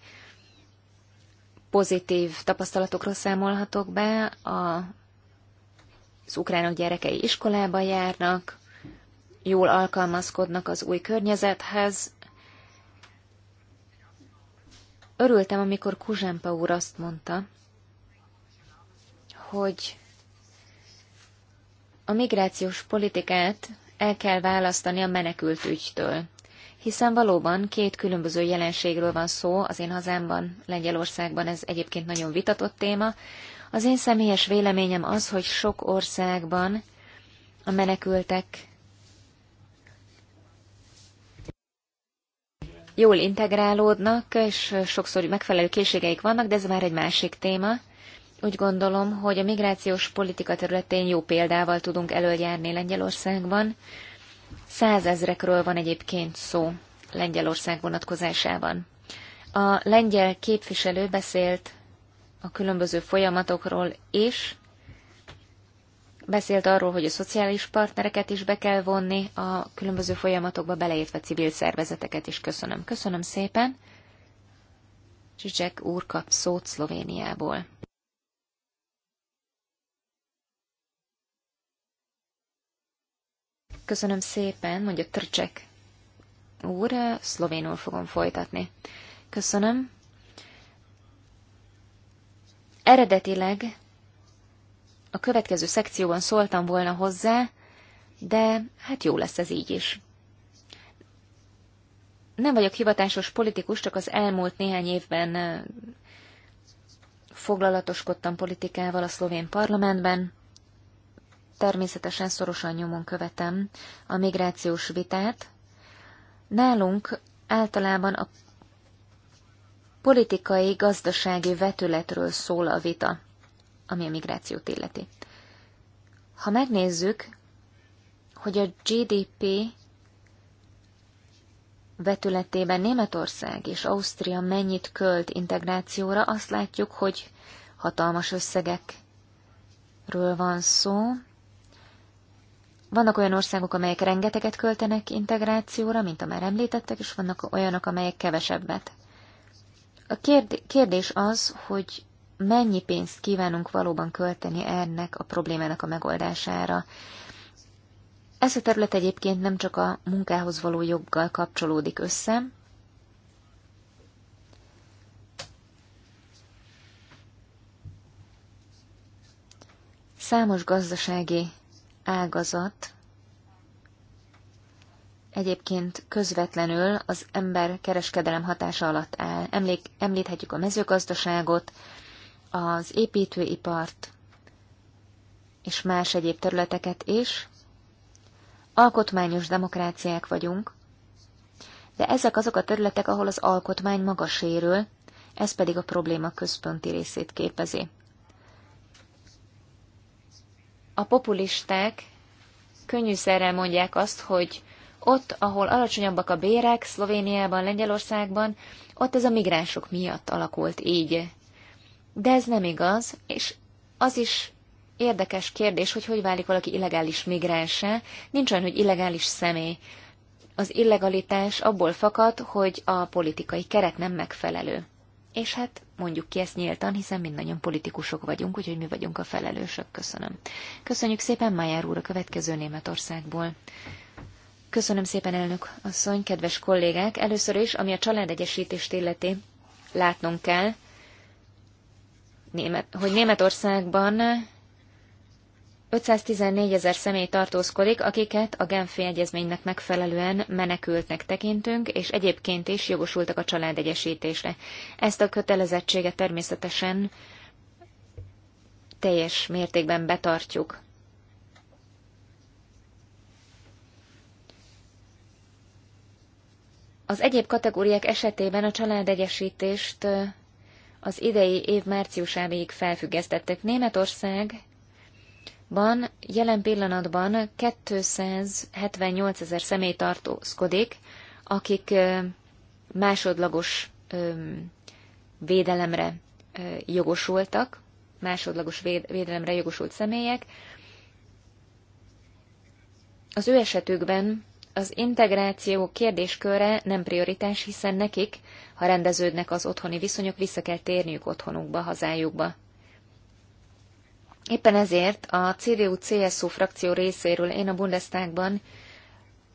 pozitív tapasztalatokról számolhatok be, a, az ukránok gyerekei iskolába járnak, jól alkalmazkodnak az új környezethez, Örültem, amikor Kuzsempa úr azt mondta, hogy a migrációs politikát el kell választani a menekült ügytől, hiszen valóban két különböző jelenségről van szó, az én hazámban, Lengyelországban ez egyébként nagyon vitatott téma. Az én személyes véleményem az, hogy sok országban a menekültek jól integrálódnak, és sokszor megfelelő készségeik vannak, de ez már egy másik téma. Úgy gondolom, hogy a migrációs politika területén jó példával tudunk előjárni Lengyelországban. Százezrekről van egyébként szó Lengyelország vonatkozásában. A lengyel képviselő beszélt a különböző folyamatokról is, beszélt arról, hogy a szociális partnereket is be kell vonni a különböző folyamatokba, beleértve civil szervezeteket is. Köszönöm. Köszönöm szépen. Zsizsek úr kap szót Szlovéniából. Köszönöm szépen, mondja Trcsek úr, szlovénul fogom folytatni. Köszönöm. Eredetileg a következő szekcióban szóltam volna hozzá, de hát jó lesz ez így is. Nem vagyok hivatásos politikus, csak az elmúlt néhány évben foglalatoskodtam politikával a szlovén parlamentben. Természetesen szorosan nyomon követem a migrációs vitát. Nálunk általában a politikai-gazdasági vetületről szól a vita ami a migrációt illeti. Ha megnézzük, hogy a GDP vetületében Németország és Ausztria mennyit költ integrációra, azt látjuk, hogy hatalmas összegekről van szó. Vannak olyan országok, amelyek rengeteget költenek integrációra, mint a már említettek, és vannak olyanok, amelyek kevesebbet. A kérdés az, hogy mennyi pénzt kívánunk valóban költeni ennek a problémának a megoldására. Ez a terület egyébként nem csak a munkához való joggal kapcsolódik össze, Számos gazdasági ágazat egyébként közvetlenül az ember kereskedelem hatása alatt áll. Emlék, említhetjük a mezőgazdaságot, az építőipart és más egyéb területeket is. Alkotmányos demokráciák vagyunk, de ezek azok a területek, ahol az alkotmány maga sérül, ez pedig a probléma központi részét képezi. A populisták könnyűszerrel mondják azt, hogy ott, ahol alacsonyabbak a bérek, Szlovéniában, Lengyelországban, ott ez a migránsok miatt alakult így de ez nem igaz, és az is érdekes kérdés, hogy hogy válik valaki illegális migránse. Nincs olyan, hogy illegális személy. Az illegalitás abból fakad, hogy a politikai keret nem megfelelő. És hát mondjuk ki ezt nyíltan, hiszen mindannyian politikusok vagyunk, úgyhogy mi vagyunk a felelősök. Köszönöm. Köszönjük szépen Májár úr a következő Németországból. Köszönöm szépen, elnök asszony, kedves kollégák! Először is, ami a családegyesítést illeti, látnunk kell, Német, hogy Németországban 514 ezer személy tartózkodik, akiket a Genfi Egyezménynek megfelelően menekültnek tekintünk, és egyébként is jogosultak a családegyesítésre. Ezt a kötelezettséget természetesen teljes mértékben betartjuk. Az egyéb kategóriák esetében a családegyesítést az idei év márciusáig felfüggesztettek. Németországban jelen pillanatban 278 ezer személy tartózkodik, akik másodlagos védelemre jogosultak, másodlagos védelemre jogosult személyek. Az ő esetükben az integráció kérdésköre nem prioritás, hiszen nekik, ha rendeződnek az otthoni viszonyok, vissza kell térniük otthonukba, hazájukba. Éppen ezért a CDU-CSU frakció részéről én a Bundestagban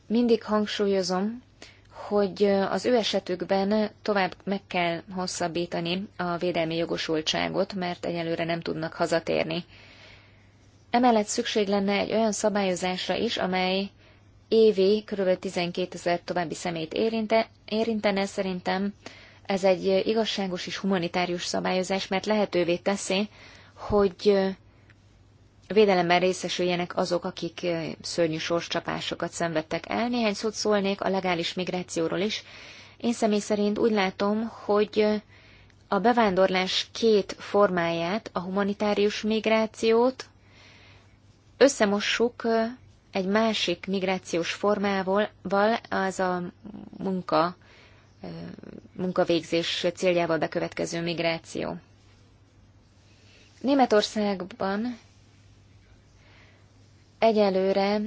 mindig hangsúlyozom, hogy az ő esetükben tovább meg kell hosszabbítani a védelmi jogosultságot, mert egyelőre nem tudnak hazatérni. Emellett szükség lenne egy olyan szabályozásra is, amely évi kb. 12 ezer további szemét érinte, érintene, szerintem ez egy igazságos és humanitárius szabályozás, mert lehetővé teszi, hogy védelemben részesüljenek azok, akik szörnyű sorscsapásokat szenvedtek el. Néhány szót szólnék a legális migrációról is. Én személy szerint úgy látom, hogy a bevándorlás két formáját, a humanitárius migrációt összemossuk egy másik migrációs formával, az a munka, munkavégzés céljával bekövetkező migráció. Németországban egyelőre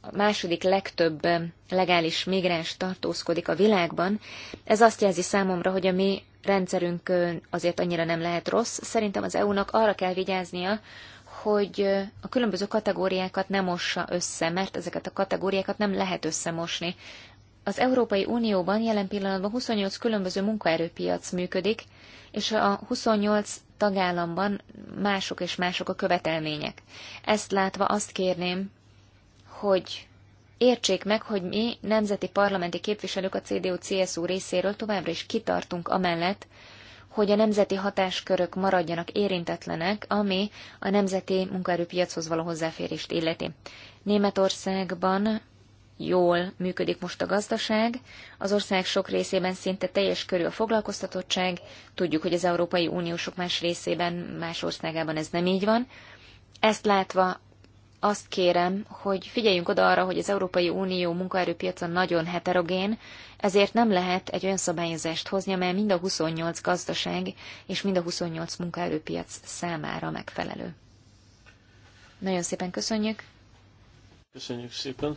a második legtöbb legális migráns tartózkodik a világban. Ez azt jelzi számomra, hogy a mi rendszerünk azért annyira nem lehet rossz. Szerintem az EU-nak arra kell vigyáznia, hogy a különböző kategóriákat nem mossa össze, mert ezeket a kategóriákat nem lehet összemosni. Az Európai Unióban jelen pillanatban 28 különböző munkaerőpiac működik, és a 28 tagállamban mások és mások a követelmények. Ezt látva azt kérném, hogy értsék meg, hogy mi nemzeti parlamenti képviselők a CDU-CSU részéről továbbra is kitartunk amellett, hogy a nemzeti hatáskörök maradjanak érintetlenek, ami a nemzeti munkaerőpiachoz való hozzáférést illeti. Németországban jól működik most a gazdaság, az ország sok részében szinte teljes körű a foglalkoztatottság, tudjuk, hogy az Európai Unió sok más részében, más országában ez nem így van. Ezt látva azt kérem, hogy figyeljünk oda arra, hogy az Európai Unió munkaerőpiaca nagyon heterogén, ezért nem lehet egy olyan szabályozást hozni, amely mind a 28 gazdaság és mind a 28 munkaerőpiac számára megfelelő. Nagyon szépen köszönjük! Köszönjük szépen!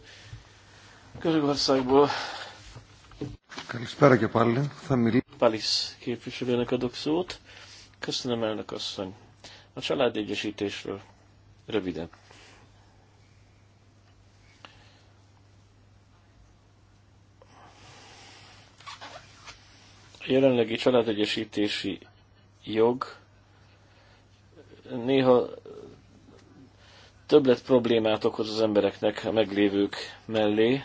Görögországból Palisz képviselőnek adok szót. Köszönöm elnök asszony. A családegyesítésről röviden. jelenlegi családegyesítési jog néha többlet problémát okoz az embereknek a meglévők mellé.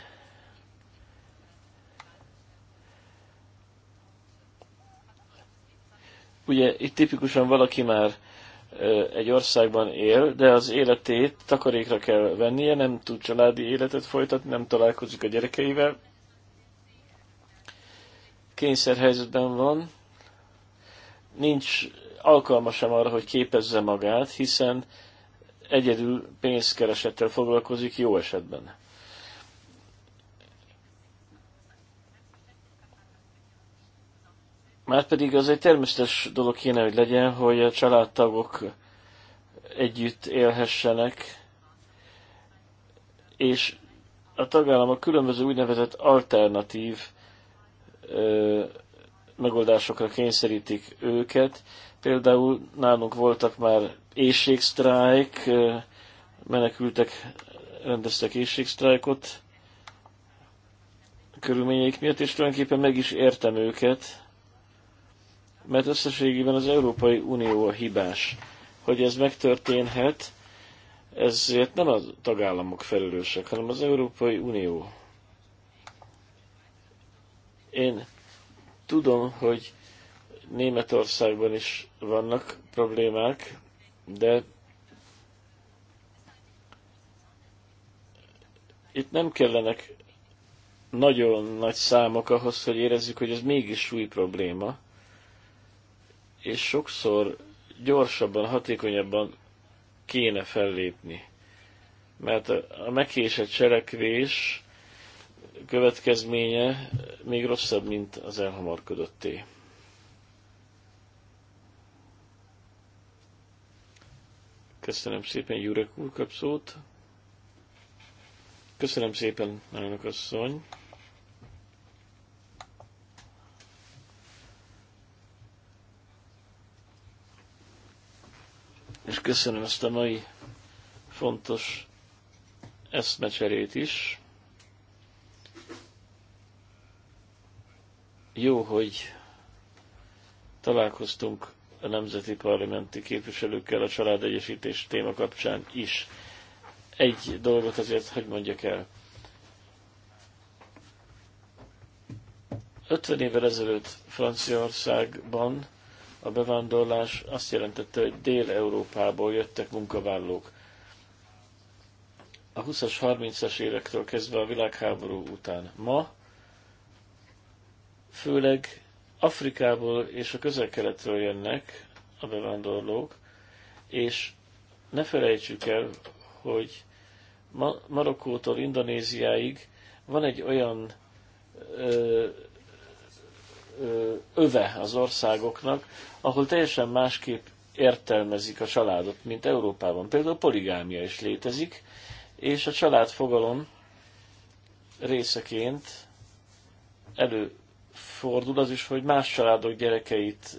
Ugye itt tipikusan valaki már egy országban él, de az életét takarékra kell vennie, nem tud családi életet folytatni, nem találkozik a gyerekeivel, kényszerhelyzetben van, nincs alkalma sem arra, hogy képezze magát, hiszen egyedül pénzkeresettel foglalkozik jó esetben. Márpedig az egy természetes dolog kéne, hogy legyen, hogy a családtagok együtt élhessenek, és a tagállamok különböző úgynevezett alternatív ö, megoldásokra kényszerítik őket. Például nálunk voltak már éjségsztrájk, menekültek rendeztek éjségsztrájkot körülményeik miatt, és tulajdonképpen meg is értem őket, mert összességében az Európai Unió a hibás. Hogy ez megtörténhet, ezért nem a tagállamok felelősek, hanem az Európai Unió. Én tudom, hogy Németországban is vannak problémák, de itt nem kellenek nagyon nagy számok ahhoz, hogy érezzük, hogy ez mégis új probléma, és sokszor gyorsabban, hatékonyabban kéne fellépni. Mert a megkésett cselekvés következménye még rosszabb, mint az elhamarkodotté. Köszönöm szépen, Jurek úr kap szót. Köszönöm szépen, elnök asszony. És köszönöm ezt a mai fontos eszmecserét is. Jó, hogy találkoztunk a nemzeti parlamenti képviselőkkel a családegyesítés téma kapcsán is. Egy dolgot azért hogy mondjak el. 50 évvel ezelőtt Franciaországban a bevándorlás azt jelentette, hogy Dél-Európából jöttek munkavállalók. A 20-as, 30-as évektől kezdve a világháború után. Ma főleg Afrikából és a közel-keletről jönnek a bevándorlók, és ne felejtsük el, hogy Marokkótól Indonéziáig van egy olyan ö, ö, öve az országoknak, ahol teljesen másképp értelmezik a családot, mint Európában. Például poligámia is létezik, és a család részeként elő előfordul az is, hogy más családok gyerekeit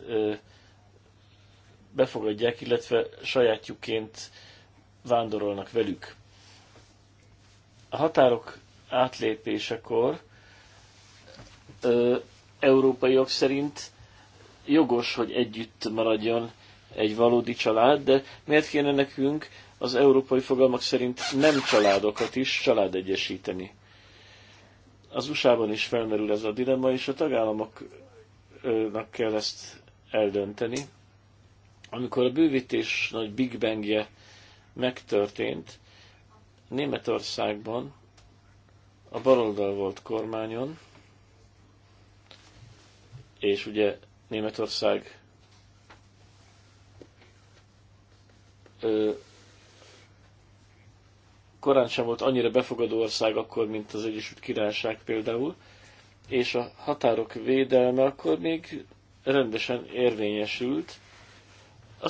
befogadják, illetve sajátjukként vándorolnak velük. A határok átlépésekor európaiok szerint jogos, hogy együtt maradjon egy valódi család, de miért kéne nekünk az európai fogalmak szerint nem családokat is családegyesíteni? Az USA-ban is felmerül ez a dilemma, és a tagállamoknak kell ezt eldönteni. Amikor a bővítés nagy Big Bangje megtörtént, Németországban a baloldal volt kormányon, és ugye Németország korán sem volt annyira befogadó ország akkor, mint az Egyesült Királyság például, és a határok védelme akkor még rendesen érvényesült a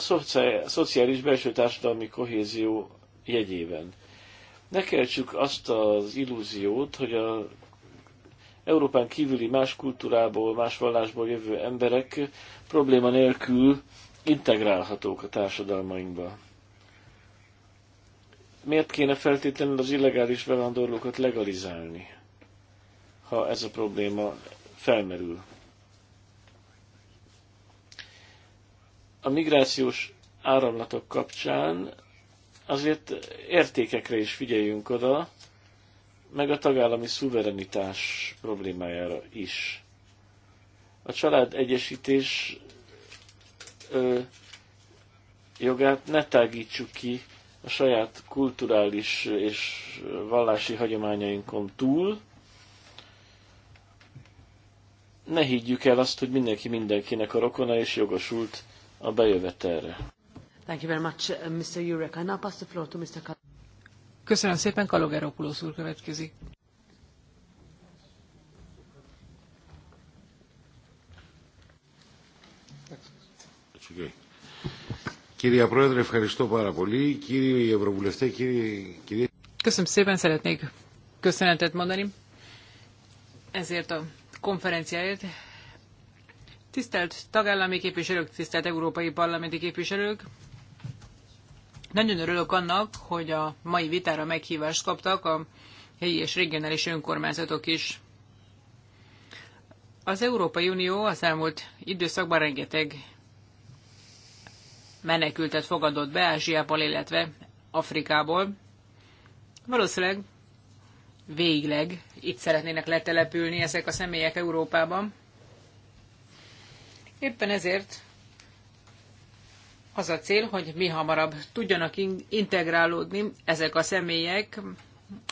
szociális belső társadalmi kohézió jegyében. Ne keltsük azt az illúziót, hogy a Európán kívüli más kultúrából, más vallásból jövő emberek probléma nélkül integrálhatók a társadalmainkba miért kéne feltétlenül az illegális bevándorlókat legalizálni, ha ez a probléma felmerül? A migrációs áramlatok kapcsán azért értékekre is figyeljünk oda, meg a tagállami szuverenitás problémájára is. A család egyesítés ö, jogát ne tágítsuk ki a saját kulturális és vallási hagyományainkon túl. Ne higgyük el azt, hogy mindenki mindenkinek a rokona és jogosult a bejövetelre. Uh, Köszönöm szépen, Kalogeropulos úr következik. Κυρία Πρόεδρε, ευχαριστώ Köszönöm szépen, szeretnék köszönetet mondani ezért a konferenciáért. Tisztelt tagállami képviselők, tisztelt európai parlamenti képviselők, nagyon örülök annak, hogy a mai vitára meghívást kaptak a helyi és regionális önkormányzatok is. Az Európai Unió az elmúlt időszakban rengeteg menekültet fogadott be Ázsiából, illetve Afrikából. Valószínűleg végleg itt szeretnének letelepülni ezek a személyek Európában. Éppen ezért az a cél, hogy mi hamarabb tudjanak integrálódni ezek a személyek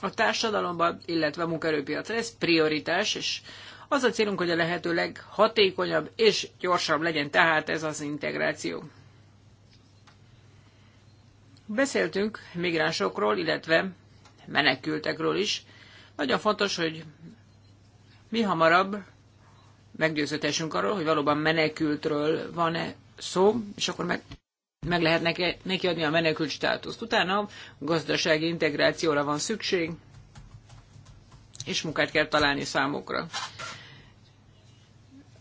a társadalomba, illetve a munkaerőpiacra. Ez prioritás, és az a célunk, hogy a lehető leghatékonyabb és gyorsabb legyen tehát ez az integráció. Beszéltünk migránsokról, illetve menekültekről is. Nagyon fontos, hogy mi hamarabb meggyőzhetessünk arról, hogy valóban menekültről van-e szó, és akkor meg, meg lehet neki, -e neki adni a menekült státuszt. Utána gazdasági integrációra van szükség, és munkát kell találni számukra.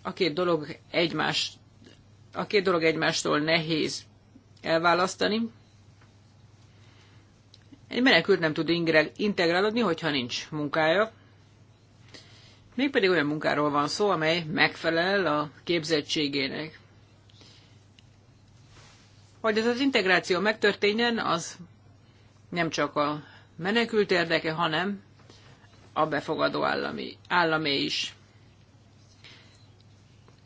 A két dolog, egymást, a két dolog egymástól nehéz elválasztani, egy menekült nem tud integrálódni, hogyha nincs munkája. Mégpedig olyan munkáról van szó, amely megfelel a képzettségének. Hogy ez az integráció megtörténjen, az nem csak a menekült érdeke, hanem a befogadó állami, államé is.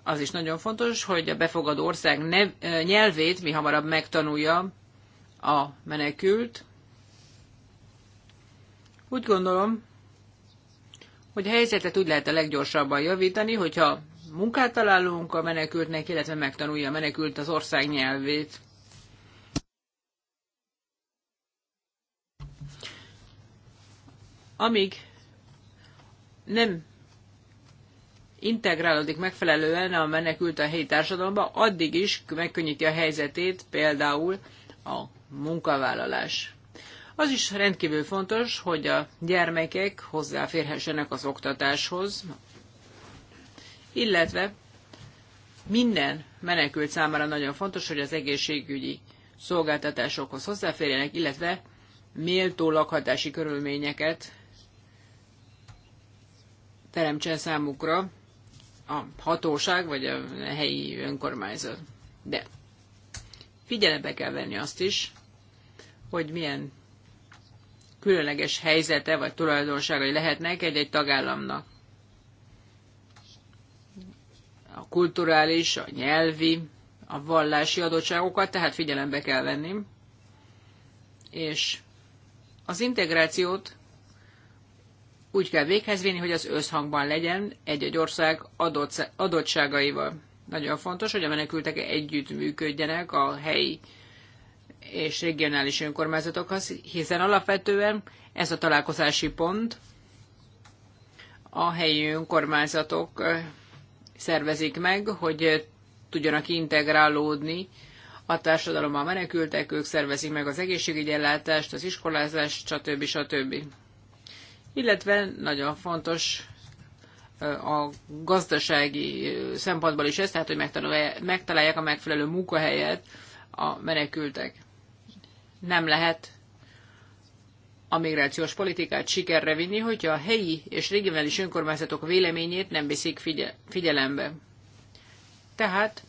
Az is nagyon fontos, hogy a befogadó ország nev, nyelvét mi hamarabb megtanulja a menekült, úgy gondolom, hogy a helyzetet úgy lehet a leggyorsabban javítani, hogyha munkát találunk a menekültnek, illetve megtanulja a menekült az ország nyelvét. Amíg nem integrálódik megfelelően a menekült a helyi társadalomba, addig is megkönnyíti a helyzetét például a munkavállalás. Az is rendkívül fontos, hogy a gyermekek hozzáférhessenek az oktatáshoz, illetve minden menekült számára nagyon fontos, hogy az egészségügyi szolgáltatásokhoz hozzáférjenek, illetve méltó lakhatási körülményeket teremtsen számukra a hatóság vagy a helyi önkormányzat. De figyelembe kell venni azt is, hogy milyen különleges helyzete vagy tulajdonságai lehetnek egy-egy tagállamnak. A kulturális, a nyelvi, a vallási adottságokat tehát figyelembe kell venni, és az integrációt úgy kell véghez vinni, hogy az összhangban legyen egy-egy ország adottságaival. Nagyon fontos, hogy a menekültek együtt működjenek a helyi és regionális önkormányzatokhoz, hiszen alapvetően ez a találkozási pont a helyi önkormányzatok szervezik meg, hogy tudjanak integrálódni a a menekültek, ők szervezik meg az egészségügyi ellátást, az iskolázást, stb. stb. Illetve nagyon fontos a gazdasági szempontból is ez, tehát hogy megtalálják a megfelelő munkahelyet a menekültek nem lehet a migrációs politikát sikerre vinni, hogyha a helyi és regionális önkormányzatok véleményét nem viszik figyelembe. Tehát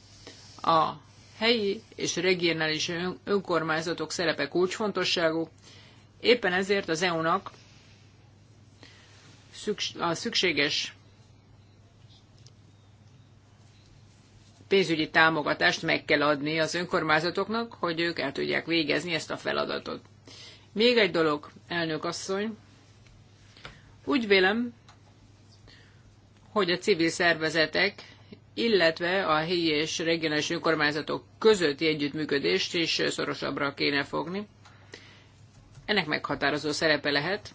a helyi és regionális önkormányzatok szerepe kulcsfontosságú, éppen ezért az EU-nak a szükséges pénzügyi támogatást meg kell adni az önkormányzatoknak, hogy ők el tudják végezni ezt a feladatot. Még egy dolog, elnök asszony. Úgy vélem, hogy a civil szervezetek, illetve a helyi és regionális önkormányzatok közötti együttműködést is szorosabbra kéne fogni. Ennek meghatározó szerepe lehet,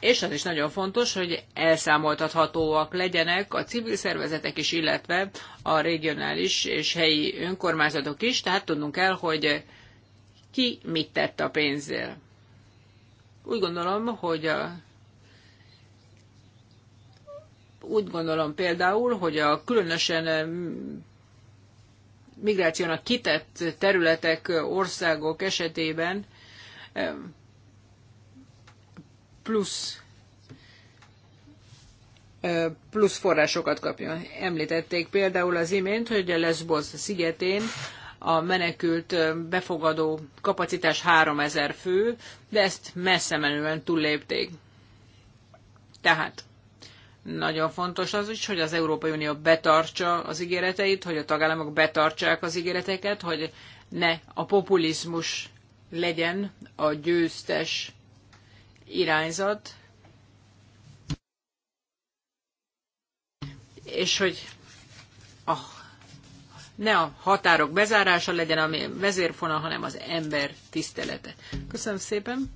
és az is nagyon fontos, hogy elszámoltathatóak legyenek a civil szervezetek is, illetve a regionális és helyi önkormányzatok is, tehát tudnunk kell, hogy ki mit tett a pénzzel. Úgy gondolom, hogy a úgy gondolom például, hogy a különösen migrációnak kitett területek, országok esetében plusz plusz forrásokat kapjon. Említették például az imént, hogy a Lesbos szigetén a menekült befogadó kapacitás 3000 fő, de ezt messze menően túllépték. Tehát nagyon fontos az is, hogy az Európai Unió betartsa az ígéreteit, hogy a tagállamok betartsák az ígéreteket, hogy ne a populizmus legyen a győztes irányzat, és hogy a, ne a határok bezárása legyen a vezérfonal, hanem az ember tisztelete. Köszönöm szépen.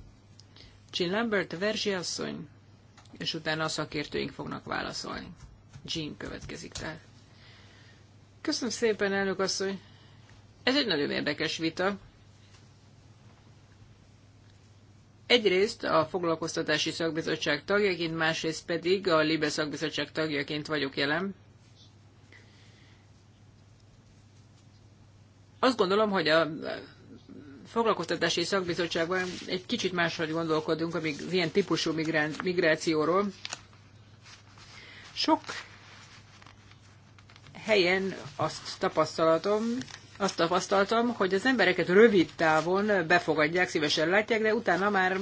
Jean Lambert, Verzsi asszony, és utána a szakértőink fognak válaszolni. Jean következik tehát. Köszönöm szépen, elnök asszony. Ez egy nagyon érdekes vita. Egyrészt a foglalkoztatási szakbizottság tagjaként, másrészt pedig a Libe szakbizottság tagjaként vagyok jelen. Azt gondolom, hogy a foglalkoztatási szakbizottságban egy kicsit máshogy gondolkodunk amíg ilyen típusú migrációról. Sok helyen azt tapasztalatom, azt tapasztaltam, hogy az embereket rövid távon befogadják, szívesen látják, de utána már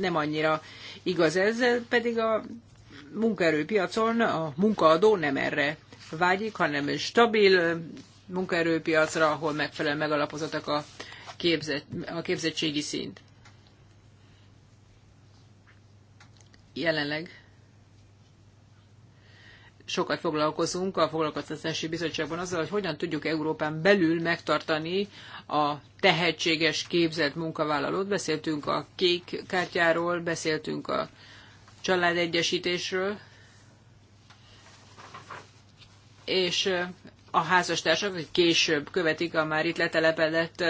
nem annyira igaz ez, pedig a munkaerőpiacon a munkaadó nem erre vágyik, hanem stabil munkaerőpiacra, ahol megfelel megalapozottak a, képzett, a képzettségi szint. Jelenleg sokat foglalkozunk a Foglalkoztatási Bizottságban azzal, hogy hogyan tudjuk Európán belül megtartani a tehetséges, képzett munkavállalót. Beszéltünk a kék kártyáról, beszéltünk a családegyesítésről, és a házastársak, hogy később követik a már itt letelepedett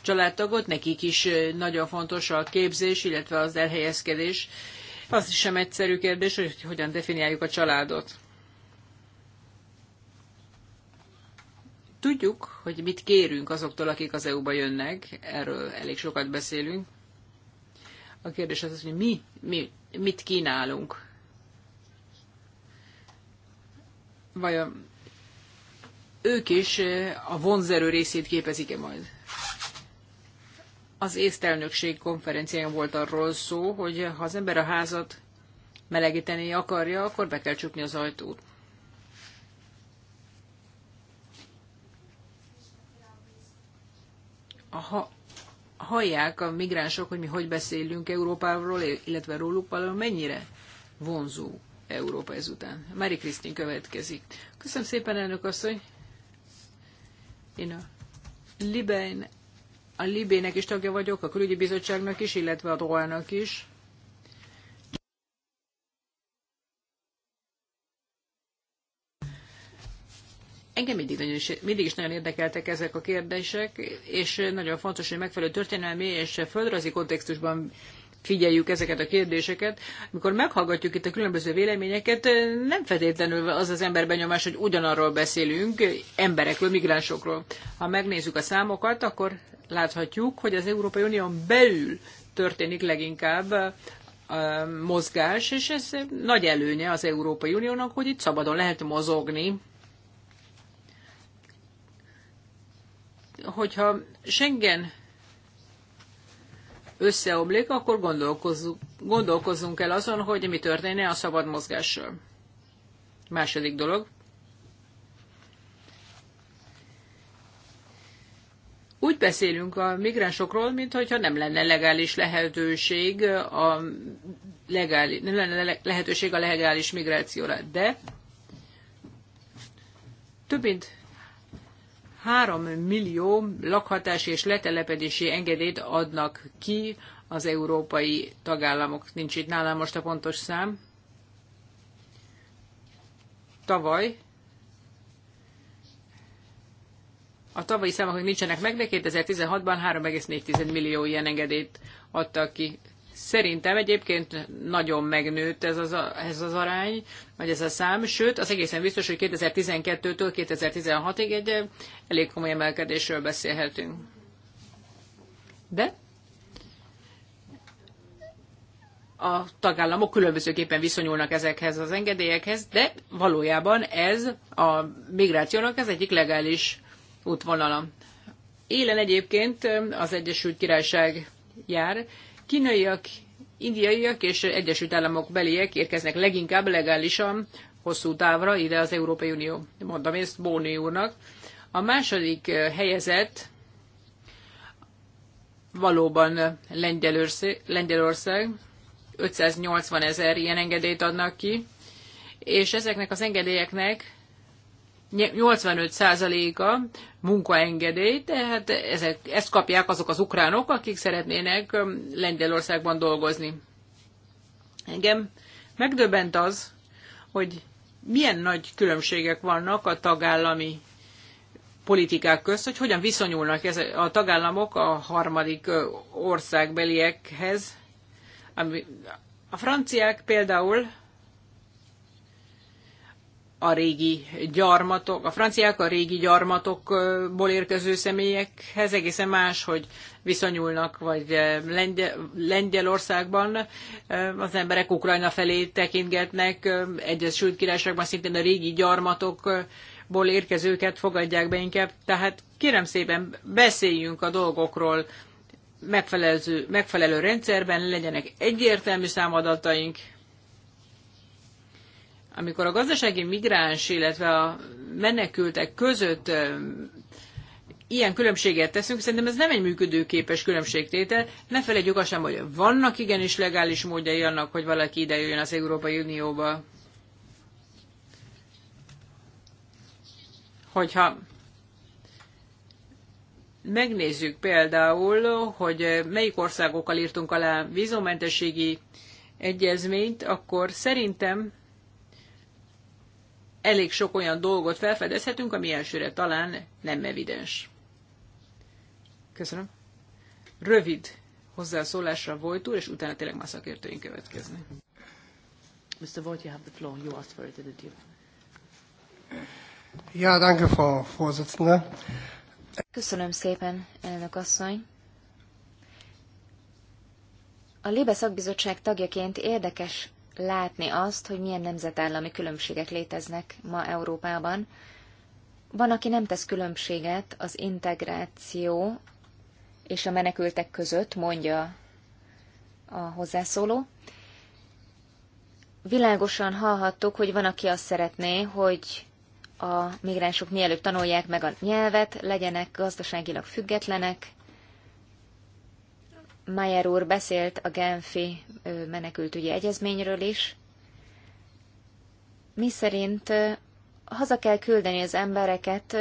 családtagot, nekik is nagyon fontos a képzés, illetve az elhelyezkedés. Az is sem egyszerű kérdés, hogy hogyan definiáljuk a családot. Tudjuk, hogy mit kérünk azoktól, akik az EU-ba jönnek, erről elég sokat beszélünk. A kérdés az, hogy mi, mi mit kínálunk. Vajon ők is eh, a vonzerő részét képezik-e majd? Az észtelnökség konferencián volt arról szó, hogy ha az ember a házat melegíteni akarja, akkor be kell csukni az ajtót. ha hallják a migránsok, hogy mi hogy beszélünk Európáról, illetve róluk valahol mennyire vonzó Európa ezután. Mári Krisztin következik. Köszönöm szépen, elnök asszony. Én a Libén, a Libének is tagja vagyok, a külügyi bizottságnak is, illetve a Dohának is. Engem mindig, nagyon is, mindig is nagyon érdekeltek ezek a kérdések, és nagyon fontos, hogy megfelelő történelmi és földrajzi kontextusban figyeljük ezeket a kérdéseket. Amikor meghallgatjuk itt a különböző véleményeket, nem feltétlenül az az ember benyomás, hogy ugyanarról beszélünk, emberekről, migránsokról. Ha megnézzük a számokat, akkor láthatjuk, hogy az Európai Unión belül történik leginkább a mozgás, és ez nagy előnye az Európai Uniónak, hogy itt szabadon lehet mozogni hogyha Schengen összeomlik, akkor gondolkozzunk, el azon, hogy mi történne a szabad mozgással. Második dolog. Úgy beszélünk a migránsokról, mintha nem lenne legális lehetőség a legális, nem lenne lehetőség a legális migrációra, de több mint 3 millió lakhatási és letelepedési engedélyt adnak ki az európai tagállamok. Nincs itt nálam most a pontos szám. Tavaly a tavalyi számok nincsenek meg, de 2016-ban 3,4 millió ilyen engedélyt adtak ki Szerintem egyébként nagyon megnőtt ez az, ez az arány, vagy ez a szám, sőt, az egészen biztos, hogy 2012-től 2016-ig egy eh, elég komoly emelkedésről beszélhetünk. De a tagállamok különbözőképpen viszonyulnak ezekhez az engedélyekhez, de valójában ez a migrációnak az egyik legális útvonala. Élen egyébként eh, az Egyesült Királyság jár, Kínaiak, indiaiak és Egyesült Államok beliek érkeznek leginkább legálisan hosszú távra ide az Európai Unió. Mondom ezt Bóni úrnak. A második helyezett valóban Lengyelország, Lengyelország 580 ezer ilyen engedélyt adnak ki, és ezeknek az engedélyeknek 85%-a munkaengedély, tehát ezek, ezt kapják azok az ukránok, akik szeretnének um, Lengyelországban dolgozni. Engem megdöbbent az, hogy milyen nagy különbségek vannak a tagállami politikák közt, hogy hogyan viszonyulnak ez a tagállamok a harmadik országbeliekhez. A franciák például a régi gyarmatok, a franciák a régi gyarmatokból érkező személyekhez egészen más, hogy viszonyulnak, vagy eh, Lengyel, Lengyelországban eh, az emberek Ukrajna felé tekintgetnek, eh, Egyesült Királyságban szintén a régi gyarmatokból érkezőket fogadják be inkább. Tehát kérem szépen beszéljünk a dolgokról megfelelő, megfelelő rendszerben, legyenek egyértelmű számadataink, amikor a gazdasági migráns, illetve a menekültek között ilyen különbséget teszünk, szerintem ez nem egy működőképes különbségtétel. Ne felejtjük azt sem, hogy vannak igenis legális módjai annak, hogy valaki ide jöjjön az Európai Unióba. Hogyha megnézzük például, hogy melyik országokkal írtunk alá vízumentességi egyezményt, akkor szerintem elég sok olyan dolgot felfedezhetünk, ami elsőre talán nem evidens. Köszönöm. Rövid hozzászólásra volt úr, és utána tényleg már szakértőink következnek. Mr. Voigt, you have the floor. You asked for it, didn't you? Ja, danke, Frau Vorsitzende. Köszönöm szépen, elnök asszony. A Libe szakbizottság tagjaként érdekes látni azt, hogy milyen nemzetállami különbségek léteznek ma Európában. Van, aki nem tesz különbséget az integráció és a menekültek között, mondja a hozzászóló. Világosan hallhattuk, hogy van, aki azt szeretné, hogy a migránsok mielőtt tanulják meg a nyelvet, legyenek gazdaságilag függetlenek, Mayer úr beszélt a Genfi menekültügyi egyezményről is, mi szerint haza kell küldeni az embereket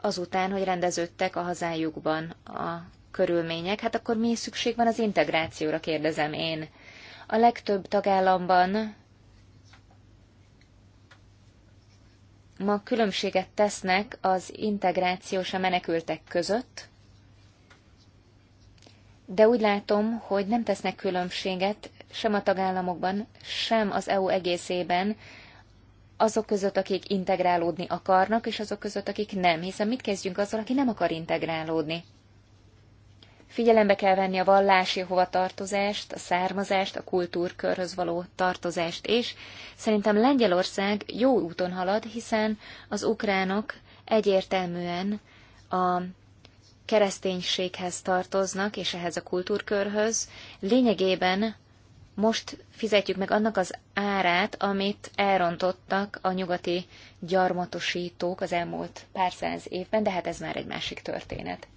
azután, hogy rendeződtek a hazájukban a körülmények, hát akkor mi szükség van az integrációra, kérdezem én. A legtöbb tagállamban ma különbséget tesznek az integrációs a menekültek között, de úgy látom, hogy nem tesznek különbséget sem a tagállamokban, sem az EU egészében azok között, akik integrálódni akarnak, és azok között, akik nem, hiszen mit kezdjünk azzal, aki nem akar integrálódni? Figyelembe kell venni a vallási hovatartozást, a származást, a kultúrkörhöz való tartozást is. Szerintem Lengyelország jó úton halad, hiszen az ukránok egyértelműen a kereszténységhez tartoznak, és ehhez a kultúrkörhöz, lényegében most fizetjük meg annak az árát, amit elrontottak a nyugati gyarmatosítók az elmúlt pár száz évben, de hát ez már egy másik történet.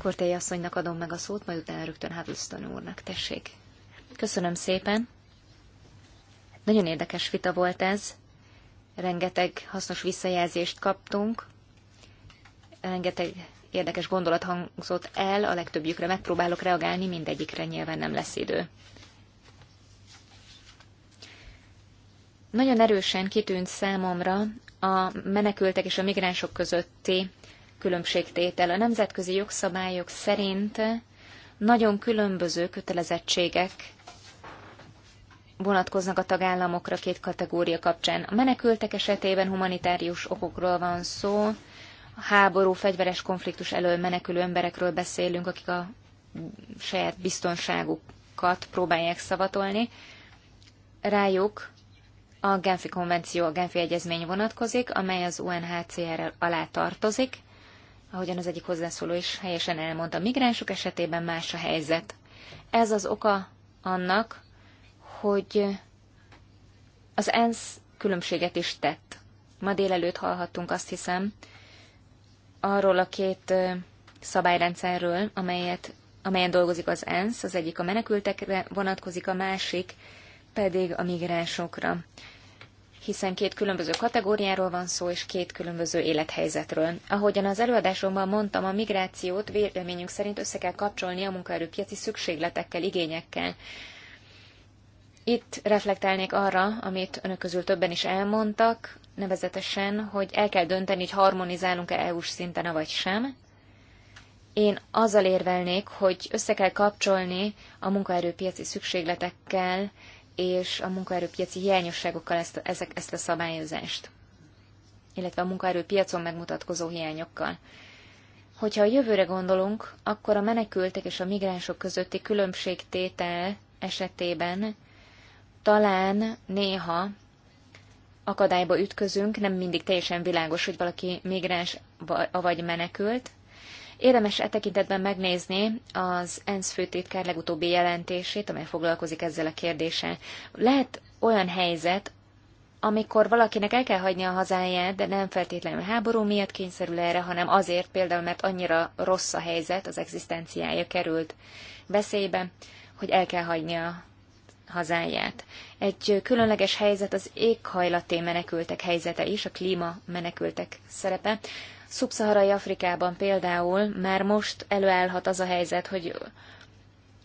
Kortély asszonynak adom meg a szót, majd utána rögtön Huddleston úrnak, tessék. Köszönöm szépen. Nagyon érdekes vita volt ez. Rengeteg hasznos visszajelzést kaptunk rengeteg érdekes gondolat hangzott el, a legtöbbjükre megpróbálok reagálni, mindegyikre nyilván nem lesz idő. Nagyon erősen kitűnt számomra a menekültek és a migránsok közötti különbségtétel. A nemzetközi jogszabályok szerint nagyon különböző kötelezettségek vonatkoznak a tagállamokra két kategória kapcsán. A menekültek esetében humanitárius okokról van szó, háború, fegyveres konfliktus elől menekülő emberekről beszélünk, akik a saját biztonságukat próbálják szavatolni. Rájuk a Genfi konvenció, a Genfi egyezmény vonatkozik, amely az UNHCR alá tartozik. Ahogyan az egyik hozzászóló is helyesen elmondta, migránsok esetében más a helyzet. Ez az oka annak, hogy az ENSZ különbséget is tett. Ma délelőtt hallhattunk azt hiszem, arról a két szabályrendszerről, amelyet, amelyen dolgozik az ENSZ, az egyik a menekültekre vonatkozik, a másik pedig a migránsokra hiszen két különböző kategóriáról van szó, és két különböző élethelyzetről. Ahogyan az előadásomban mondtam, a migrációt véleményünk szerint össze kell kapcsolni a munkaerőpiaci szükségletekkel, igényekkel. Itt reflektálnék arra, amit önök közül többen is elmondtak, nevezetesen, hogy el kell dönteni, hogy harmonizálunk-e EU-s szinten, vagy sem. Én azzal érvelnék, hogy össze kell kapcsolni a munkaerőpiaci szükségletekkel és a munkaerőpiaci hiányosságokkal ezt, ezek, ezt a szabályozást, illetve a munkaerőpiacon megmutatkozó hiányokkal. Hogyha a jövőre gondolunk, akkor a menekültek és a migránsok közötti különbségtétel esetében talán néha akadályba ütközünk, nem mindig teljesen világos, hogy valaki migráns vagy menekült. Érdemes e tekintetben megnézni az ENSZ főtétkár legutóbbi jelentését, amely foglalkozik ezzel a kérdéssel. Lehet olyan helyzet, amikor valakinek el kell hagyni a hazáját, de nem feltétlenül háború miatt kényszerül erre, hanem azért például, mert annyira rossz a helyzet, az egzisztenciája került veszélybe, hogy el kell hagyni a hazáját. Egy különleges helyzet az éghajlaté menekültek helyzete is, a klíma menekültek szerepe. Szubszaharai Afrikában például már most előállhat az a helyzet, hogy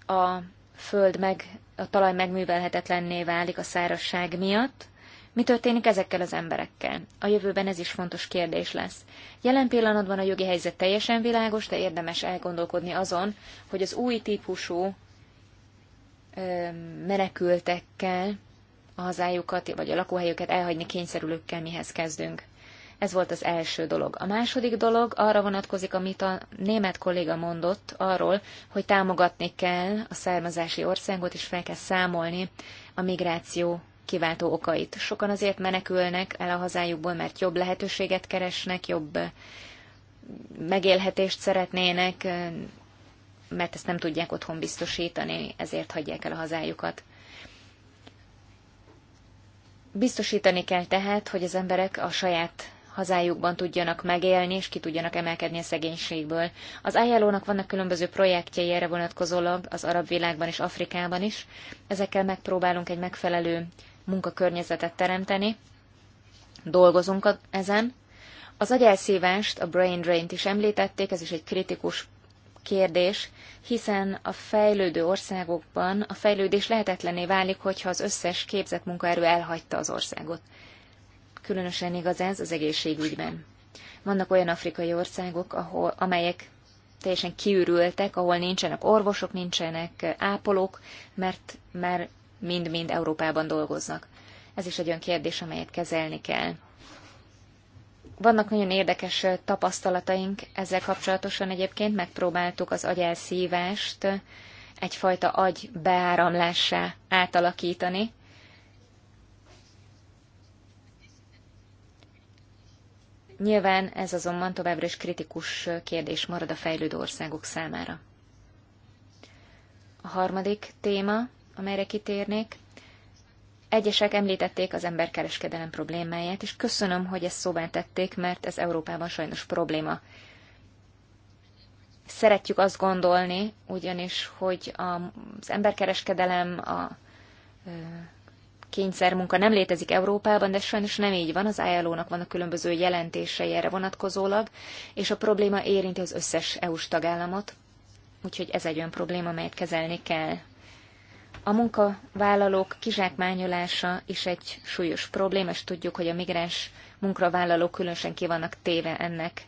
a föld meg, a talaj megművelhetetlenné válik a szárazság miatt, mi történik ezekkel az emberekkel? A jövőben ez is fontos kérdés lesz. Jelen pillanatban a jogi helyzet teljesen világos, de érdemes elgondolkodni azon, hogy az új típusú menekültekkel, a hazájukat vagy a lakóhelyüket elhagyni kényszerülőkkel mihez kezdünk. Ez volt az első dolog. A második dolog arra vonatkozik, amit a német kolléga mondott arról, hogy támogatni kell a származási országot, és fel kell számolni a migráció kiváltó okait. Sokan azért menekülnek el a hazájukból, mert jobb lehetőséget keresnek, jobb megélhetést szeretnének, mert ezt nem tudják otthon biztosítani, ezért hagyják el a hazájukat. Biztosítani kell tehát, hogy az emberek a saját hazájukban tudjanak megélni, és ki tudjanak emelkedni a szegénységből. Az ilo vannak különböző projektjei erre vonatkozólag az arab világban és Afrikában is. Ezekkel megpróbálunk egy megfelelő munkakörnyezetet teremteni. Dolgozunk ezen. Az agyelszívást, a brain drain-t is említették, ez is egy kritikus kérdés, hiszen a fejlődő országokban a fejlődés lehetetlené válik, hogyha az összes képzett munkaerő elhagyta az országot. Különösen igaz ez az egészségügyben. Vannak olyan afrikai országok, ahol, amelyek teljesen kiürültek, ahol nincsenek orvosok, nincsenek ápolók, mert már mind-mind Európában dolgoznak. Ez is egy olyan kérdés, amelyet kezelni kell. Vannak nagyon érdekes tapasztalataink ezzel kapcsolatosan egyébként, megpróbáltuk az agyelszívást egyfajta agy beáramlássá átalakítani. Nyilván ez azonban továbbra is kritikus kérdés marad a fejlődő országok számára. A harmadik téma, amelyre kitérnék, Egyesek említették az emberkereskedelem problémáját, és köszönöm, hogy ezt szóvá tették, mert ez Európában sajnos probléma. Szeretjük azt gondolni, ugyanis, hogy az emberkereskedelem, a kényszermunka nem létezik Európában, de sajnos nem így van. Az ILO-nak vannak különböző jelentései erre vonatkozólag, és a probléma érinti az összes EU-s tagállamot, úgyhogy ez egy olyan probléma, amelyet kezelni kell. A munkavállalók kizsákmányolása is egy súlyos probléma, és tudjuk, hogy a migráns munkavállalók különösen ki vannak téve ennek.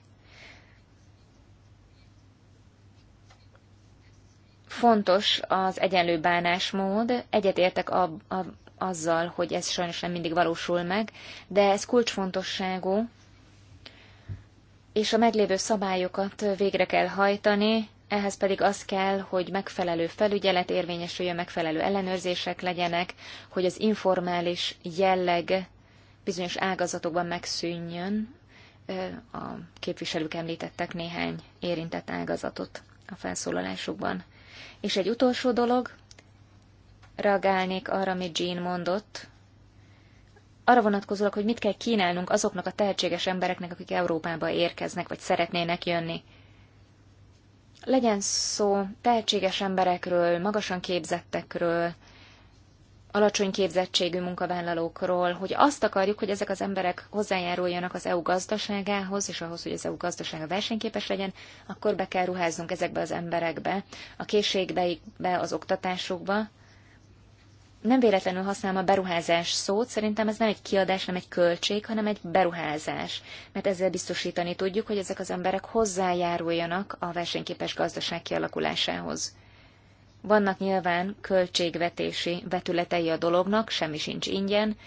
Fontos az egyenlő bánásmód, egyetértek a, a, azzal, hogy ez sajnos nem mindig valósul meg, de ez kulcsfontosságú, és a meglévő szabályokat végre kell hajtani, ehhez pedig az kell, hogy megfelelő felügyelet érvényesüljön, megfelelő ellenőrzések legyenek, hogy az informális jelleg bizonyos ágazatokban megszűnjön. A képviselők említettek néhány érintett ágazatot a felszólalásukban. És egy utolsó dolog, reagálnék arra, amit Jean mondott, arra vonatkozólag, hogy mit kell kínálnunk azoknak a tehetséges embereknek, akik Európába érkeznek, vagy szeretnének jönni. Legyen szó tehetséges emberekről, magasan képzettekről, alacsony képzettségű munkavállalókról, hogy azt akarjuk, hogy ezek az emberek hozzájáruljanak az EU gazdaságához, és ahhoz, hogy az EU gazdasága versenyképes legyen, akkor be kell ruháznunk ezekbe az emberekbe, a készségbeikbe, az oktatásukba, nem véletlenül használom a beruházás szót, szerintem ez nem egy kiadás, nem egy költség, hanem egy beruházás, mert ezzel biztosítani tudjuk, hogy ezek az emberek hozzájáruljanak a versenyképes gazdaság kialakulásához. Vannak nyilván költségvetési vetületei a dolognak, semmi sincs ingyen,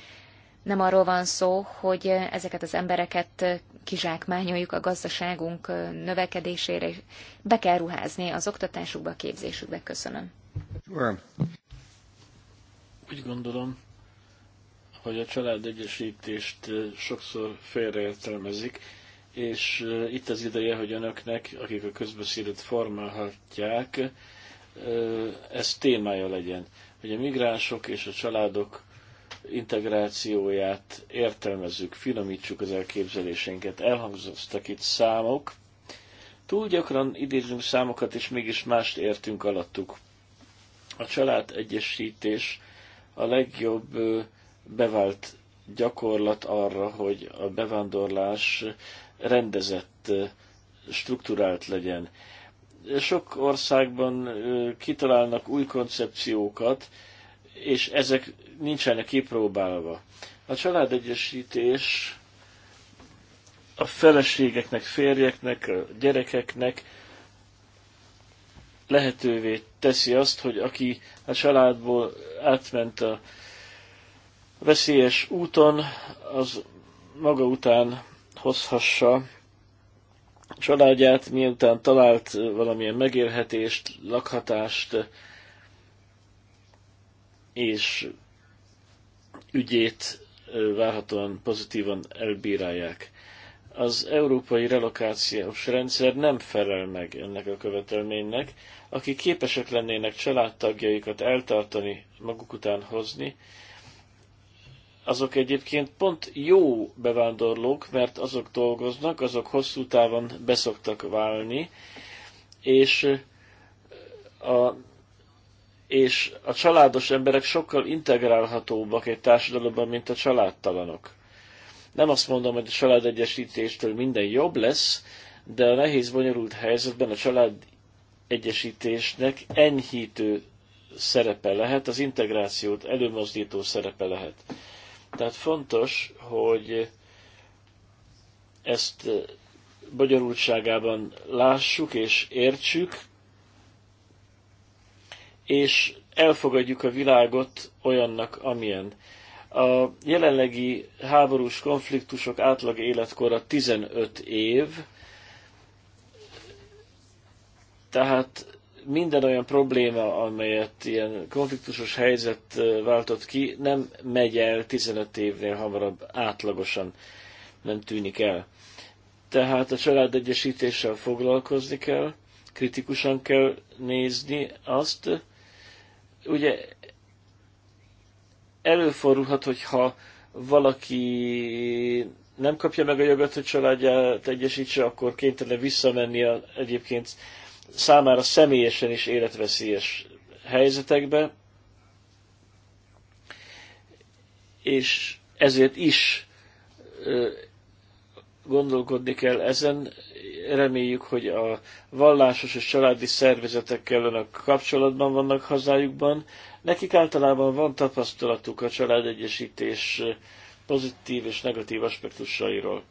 nem arról van szó, hogy ezeket az embereket kizsákmányoljuk a gazdaságunk növekedésére, be kell ruházni az oktatásukba, a képzésükbe. Köszönöm. Sure. Úgy gondolom, hogy a családegyesítést eh, sokszor félreértelmezik, és eh, itt az ideje, hogy önöknek, akik a közbeszédet formálhatják, eh, ez témája legyen, hogy a migránsok és a családok integrációját értelmezzük, finomítsuk az elképzeléseinket. Elhangzottak itt számok. Túl gyakran idézünk számokat, és mégis mást értünk alattuk. A család egyesítés a legjobb bevált gyakorlat arra, hogy a bevándorlás rendezett, strukturált legyen. Sok országban kitalálnak új koncepciókat, és ezek nincsenek kipróbálva. A családegyesítés a feleségeknek, férjeknek, a gyerekeknek lehetővé teszi azt, hogy aki a családból átment a veszélyes úton, az maga után hozhassa a családját, miután talált valamilyen megélhetést, lakhatást és ügyét várhatóan pozitívan elbírálják az európai relokációs rendszer nem felel meg ennek a követelménynek. Akik képesek lennének családtagjaikat eltartani, maguk után hozni, azok egyébként pont jó bevándorlók, mert azok dolgoznak, azok hosszú távon beszoktak válni, és a, és a családos emberek sokkal integrálhatóbbak egy társadalomban, mint a családtalanok. Nem azt mondom, hogy a családegyesítéstől minden jobb lesz, de a nehéz, bonyolult helyzetben a családegyesítésnek enyhítő szerepe lehet, az integrációt előmozdító szerepe lehet. Tehát fontos, hogy ezt eh, bonyolultságában lássuk és értsük, és elfogadjuk a világot olyannak, amilyen. A jelenlegi háborús konfliktusok átlag életkora 15 év, tehát minden olyan probléma, amelyet ilyen konfliktusos helyzet váltott ki, nem megy el 15 évnél hamarabb átlagosan, nem tűnik el. Tehát a családegyesítéssel foglalkozni kell, kritikusan kell nézni azt. Ugye előfordulhat, hogyha valaki nem kapja meg a jogot, hogy családját egyesítse, akkor kénytelen visszamenni a egyébként számára személyesen is életveszélyes helyzetekbe, és ezért is gondolkodni kell ezen. Reméljük, hogy a vallásos és családi szervezetekkel önök kapcsolatban vannak hazájukban, Nekik általában van tapasztalatuk a családegyesítés pozitív és negatív aspektusairól,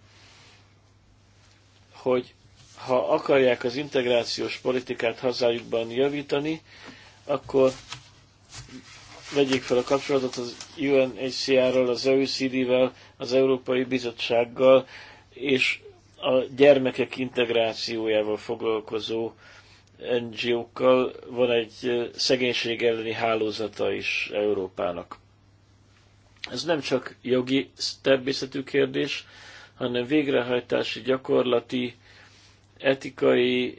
hogy ha akarják az integrációs politikát hazájukban javítani, akkor vegyék fel a kapcsolatot az UNHCR-ral, az OECD-vel, az Európai Bizottsággal, és a gyermekek integrációjával foglalkozó NGO-kkal van egy szegénység elleni hálózata is Európának. Ez nem csak jogi természetű kérdés, hanem végrehajtási, gyakorlati, etikai,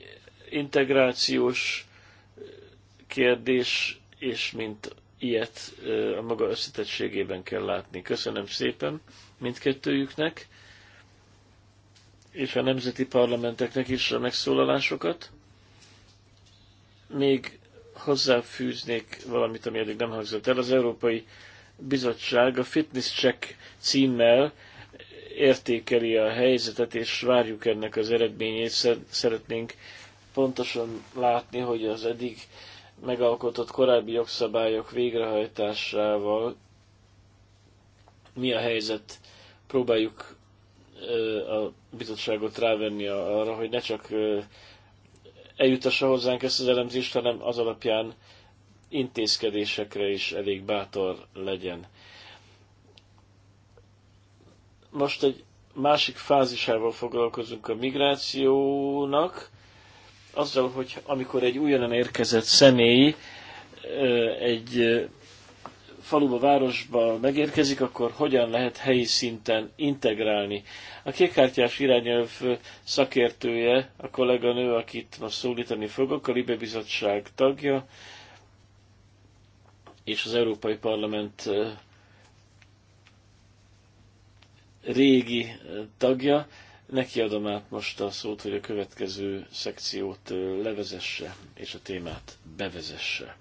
integrációs kérdés, és mint ilyet a maga összetettségében kell látni. Köszönöm szépen mindkettőjüknek, és a nemzeti parlamenteknek is a megszólalásokat még hozzáfűznék valamit, ami eddig nem hangzott el. Az Európai Bizottság a Fitness Check címmel értékeli a helyzetet, és várjuk ennek az eredményét. Szeretnénk pontosan látni, hogy az eddig megalkotott korábbi jogszabályok végrehajtásával mi a helyzet. Próbáljuk a bizottságot rávenni arra, hogy ne csak eljutassa hozzánk ezt az elemzést, hanem az alapján intézkedésekre is elég bátor legyen. Most egy másik fázisával foglalkozunk a migrációnak, azzal, hogy amikor egy újonnan érkezett személy egy faluba, városba megérkezik, akkor hogyan lehet helyi szinten integrálni. A kékkártyás irányelv szakértője, a kolléganő, akit most szólítani fogok, a Libe Bizottság tagja, és az Európai Parlament régi tagja. Neki adom át most a szót, hogy a következő szekciót levezesse, és a témát bevezesse.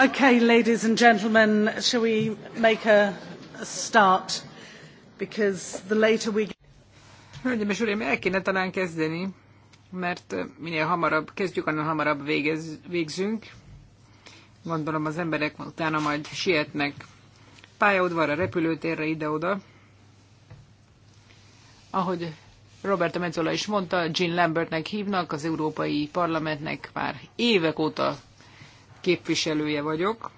Okay, ladies and gentlemen, shall we make a, a start? Because the later we Hölgyeim és uraim, el kéne talán kezdeni, mert minél hamarabb kezdjük, annál hamarabb végez, végzünk. Gondolom az emberek utána majd sietnek pályaudvarra, repülőtérre, ide-oda. Ahogy Roberta Metzola is mondta, Jean Lambertnek hívnak, az Európai Parlamentnek már évek óta képviselője vagyok,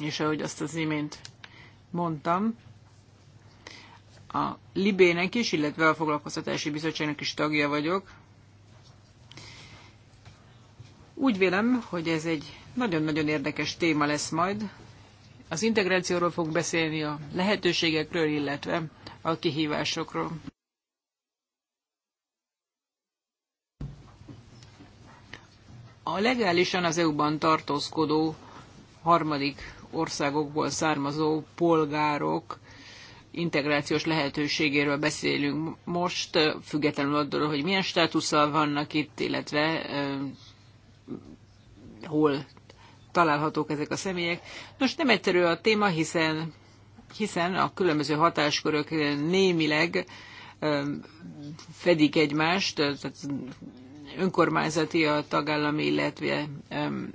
és ahogy azt az imént mondtam, a Libének is, illetve a Foglalkoztatási Bizottságnak is tagja vagyok. Úgy vélem, hogy ez egy nagyon-nagyon érdekes téma lesz majd. Az integrációról fog beszélni, a lehetőségekről, illetve a kihívásokról. a legálisan az EU-ban tartózkodó harmadik országokból származó polgárok integrációs lehetőségéről beszélünk most, függetlenül attól, hogy milyen státusszal vannak itt, illetve hol találhatók ezek a személyek. Nos, nem egyszerű a téma, hiszen, hiszen a különböző hatáskörök némileg fedik egymást, tehát önkormányzati, a tagállami, illetve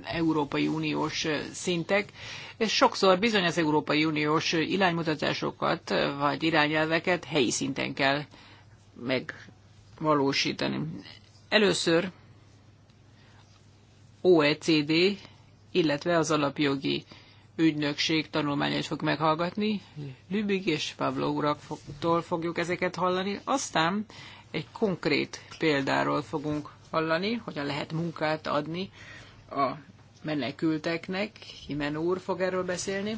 Európai Uniós szintek, és sokszor bizony az Európai Uniós iránymutatásokat vagy irányelveket helyi szinten kell megvalósítani. Először OECD, illetve az alapjogi ügynökség tanulmányait fog meghallgatni, Lübig és Pavlo uraktól fogjuk ezeket hallani, aztán egy konkrét példáról fogunk hallani, hogyan lehet munkát adni a menekülteknek. Himen úr fog erről beszélni,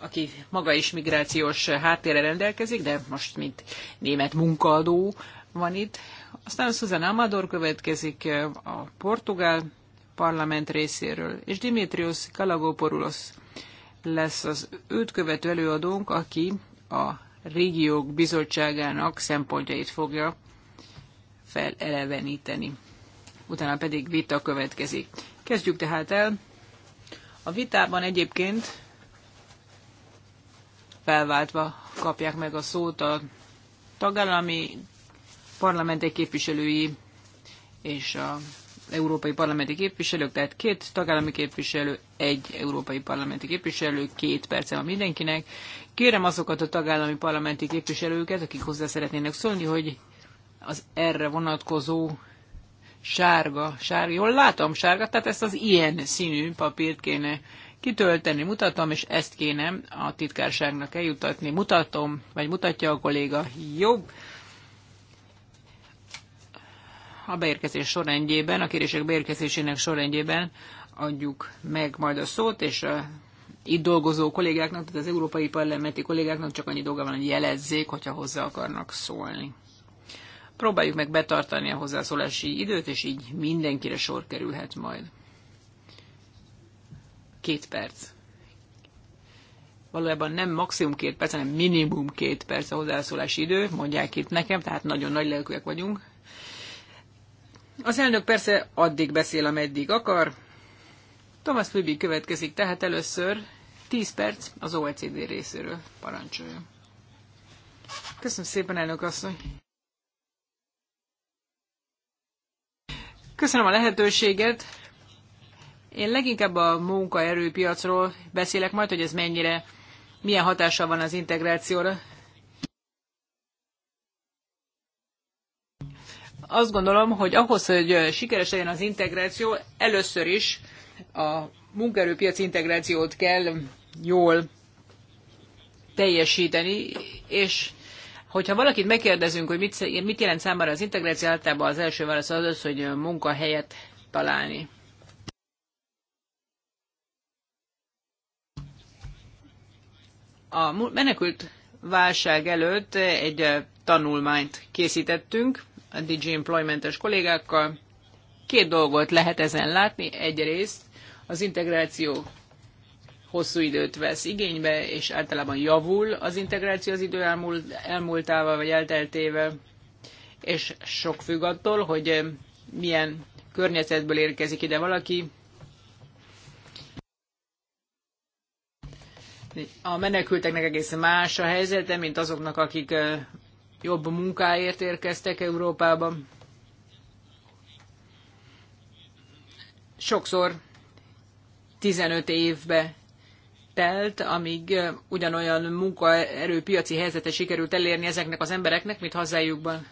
aki maga is migrációs háttérre rendelkezik, de most mint német munkaadó van itt. Aztán Susan Amador következik a portugál parlament részéről, és Dimitrios Kalagoporulos lesz az őt követő előadónk, aki a régiók bizottságának szempontjait fogja feleleveníteni. Utána pedig vita következik. Kezdjük tehát el. A vitában egyébként felváltva kapják meg a szót a tagállami parlamenti képviselői és a európai parlamenti képviselők, tehát két tagállami képviselő, egy európai parlamenti képviselő, két perce van mindenkinek. Kérem azokat a tagállami parlamenti képviselőket, akik hozzá szeretnének szólni, hogy az erre vonatkozó sárga, sárga, jól látom sárga, tehát ezt az ilyen színű papírt kéne kitölteni, mutatom, és ezt kéne a titkárságnak eljutatni. Mutatom, vagy mutatja a kolléga jobb. A beérkezés sorrendjében, a kérések beérkezésének sorrendjében adjuk meg majd a szót, és a itt dolgozó kollégáknak, tehát az európai parlamenti kollégáknak csak annyi dolga van, hogy jelezzék, hogyha hozzá akarnak szólni. Próbáljuk meg betartani a hozzászólási időt, és így mindenkire sor kerülhet majd. Két perc. Valójában nem maximum két perc, hanem minimum két perc a hozzászólási idő, mondják itt nekem, tehát nagyon nagy lelkűek vagyunk. Az elnök persze addig beszél, ameddig akar. Thomas Fübi következik, tehát először 10 perc az OECD részéről parancsolja. Köszönöm szépen, elnök asszony! Köszönöm a lehetőséget. Én leginkább a munkaerőpiacról beszélek majd, hogy ez mennyire, milyen hatással van az integrációra. Azt gondolom, hogy ahhoz, hogy sikeres legyen az integráció, először is a munkaerőpiac integrációt kell jól teljesíteni, és Hogyha valakit megkérdezünk, hogy mit, mit jelent számára az integráció, általában az első válasz az az, hogy munkahelyet találni. A menekült válság előtt egy eh, tanulmányt készítettünk a DG Employment-es kollégákkal. Két dolgot lehet ezen látni. Egyrészt az integráció hosszú időt vesz igénybe, és általában javul az integráció az idő elmúlt, elmúltával vagy elteltével, és sok függ attól, hogy milyen környezetből érkezik ide valaki. A menekülteknek egészen más a helyzete, mint azoknak, akik jobb munkáért érkeztek Európába. Sokszor 15 évbe telt, amíg ugyanolyan munkaerő piaci helyzete sikerült elérni ezeknek az embereknek, mint hazájukban.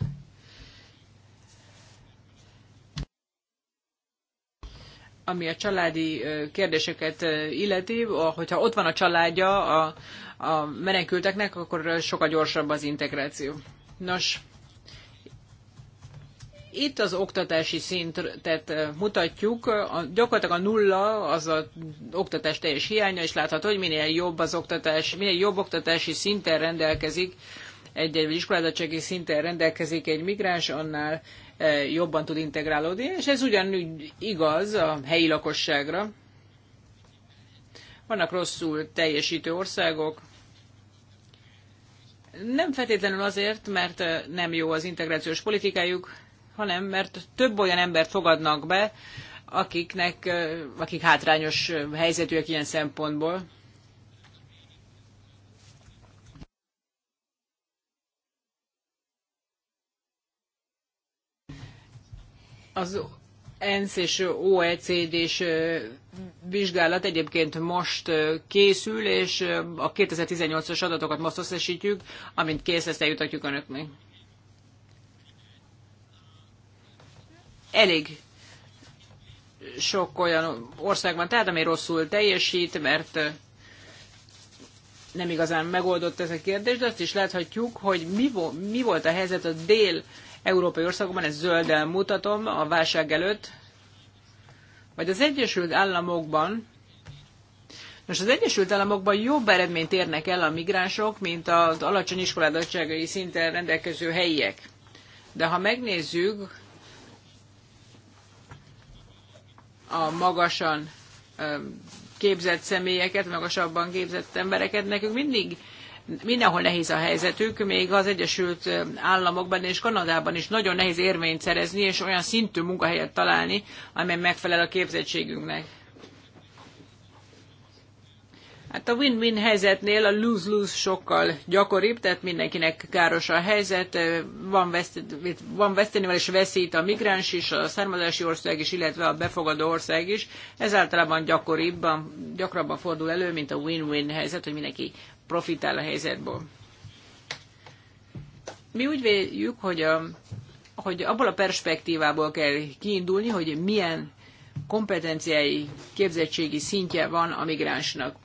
Ami a családi kérdéseket illeti, hogyha ott van a családja a, a menekülteknek, akkor sokkal gyorsabb az integráció. Nos, itt az oktatási szintet mutatjuk, a, gyakorlatilag a nulla az a oktatás teljes hiánya, és látható, hogy minél jobb az oktatás, minél jobb oktatási szinten rendelkezik, egy-egy iskolázottsági szinten rendelkezik egy migráns, annál jobban tud integrálódni, és ez ugyanúgy igaz a helyi lakosságra. Vannak rosszul teljesítő országok, nem feltétlenül azért, mert nem jó az integrációs politikájuk, hanem mert több olyan embert fogadnak be, akiknek, akik hátrányos helyzetűek ilyen szempontból. Az ENSZ és oecd és vizsgálat egyébként most készül, és a 2018-as adatokat most összesítjük, amint kész lesz, eljutatjuk önöknek. elég sok olyan országban, tehát ami rosszul teljesít, mert nem igazán megoldott ez a kérdés, de azt is láthatjuk, hogy mi, vo- mi volt a helyzet a dél-európai országokban, ezt zölddel mutatom a válság előtt, vagy az Egyesült Államokban, most az Egyesült Államokban jobb eredményt érnek el a migránsok, mint az alacsony iskoládottságai szinten rendelkező helyiek. De ha megnézzük a magasan képzett személyeket, magasabban képzett embereket. Nekünk mindig mindenhol nehéz a helyzetük, még az Egyesült Államokban és Kanadában is nagyon nehéz érvényt szerezni, és olyan szintű munkahelyet találni, amely megfelel a képzettségünknek. Hát a win-win helyzetnél a lose-lose sokkal gyakoribb, tehát mindenkinek káros a helyzet, van, veszt, van vesztenivel és veszít a migráns is, a származási ország is, illetve a befogadó ország is. Ez általában gyakoribban, gyakrabban fordul elő, mint a win-win helyzet, hogy mindenki profitál a helyzetből. Mi úgy véljük, hogy, a, hogy abból a perspektívából kell kiindulni, hogy milyen kompetenciái, képzettségi szintje van a migránsnak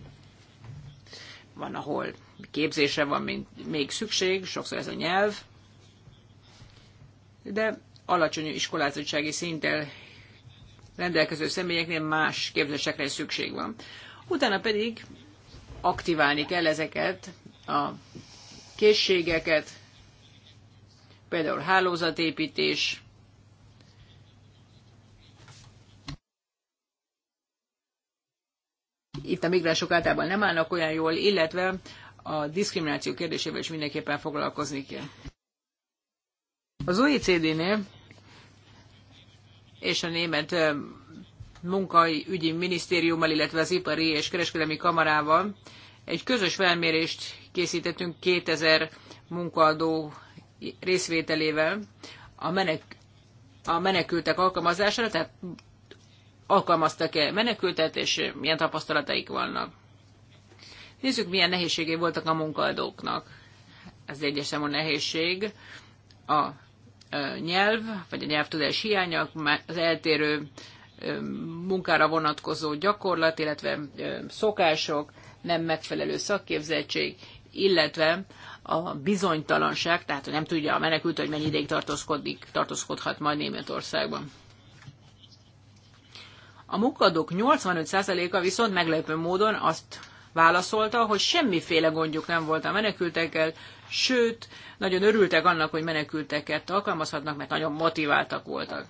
van, ahol képzése van még szükség, sokszor ez a nyelv, de alacsony iskolázottsági szinttel rendelkező személyeknél más képzésekre is szükség van. Utána pedig aktiválni kell ezeket a készségeket, például hálózatépítés, Itt a migránsok általában nem állnak olyan jól, illetve a diszkrimináció kérdésével is mindenképpen foglalkozni kell. Az OECD-nél és a német munkaügyi minisztériummal, illetve az ipari és kereskedelmi kamarával egy közös felmérést készítettünk 2000 munkaadó részvételével a, menek, a menekültek alkalmazására, tehát alkalmaztak-e menekültet, és milyen tapasztalataik vannak. Nézzük, milyen nehézségei voltak a munkaadóknak. Ez egyes számú nehézség. A nyelv, vagy a nyelvtudás hiánya, az eltérő munkára vonatkozó gyakorlat, illetve szokások, nem megfelelő szakképzettség, illetve a bizonytalanság, tehát hogy nem tudja a menekült, hogy mennyi ideig tartózkodik, tartózkodhat majd Németországban. A munkadók 85%-a viszont meglepő módon azt válaszolta, hogy semmiféle gondjuk nem volt a menekültekkel, sőt, nagyon örültek annak, hogy menekülteket alkalmazhatnak, mert nagyon motiváltak voltak.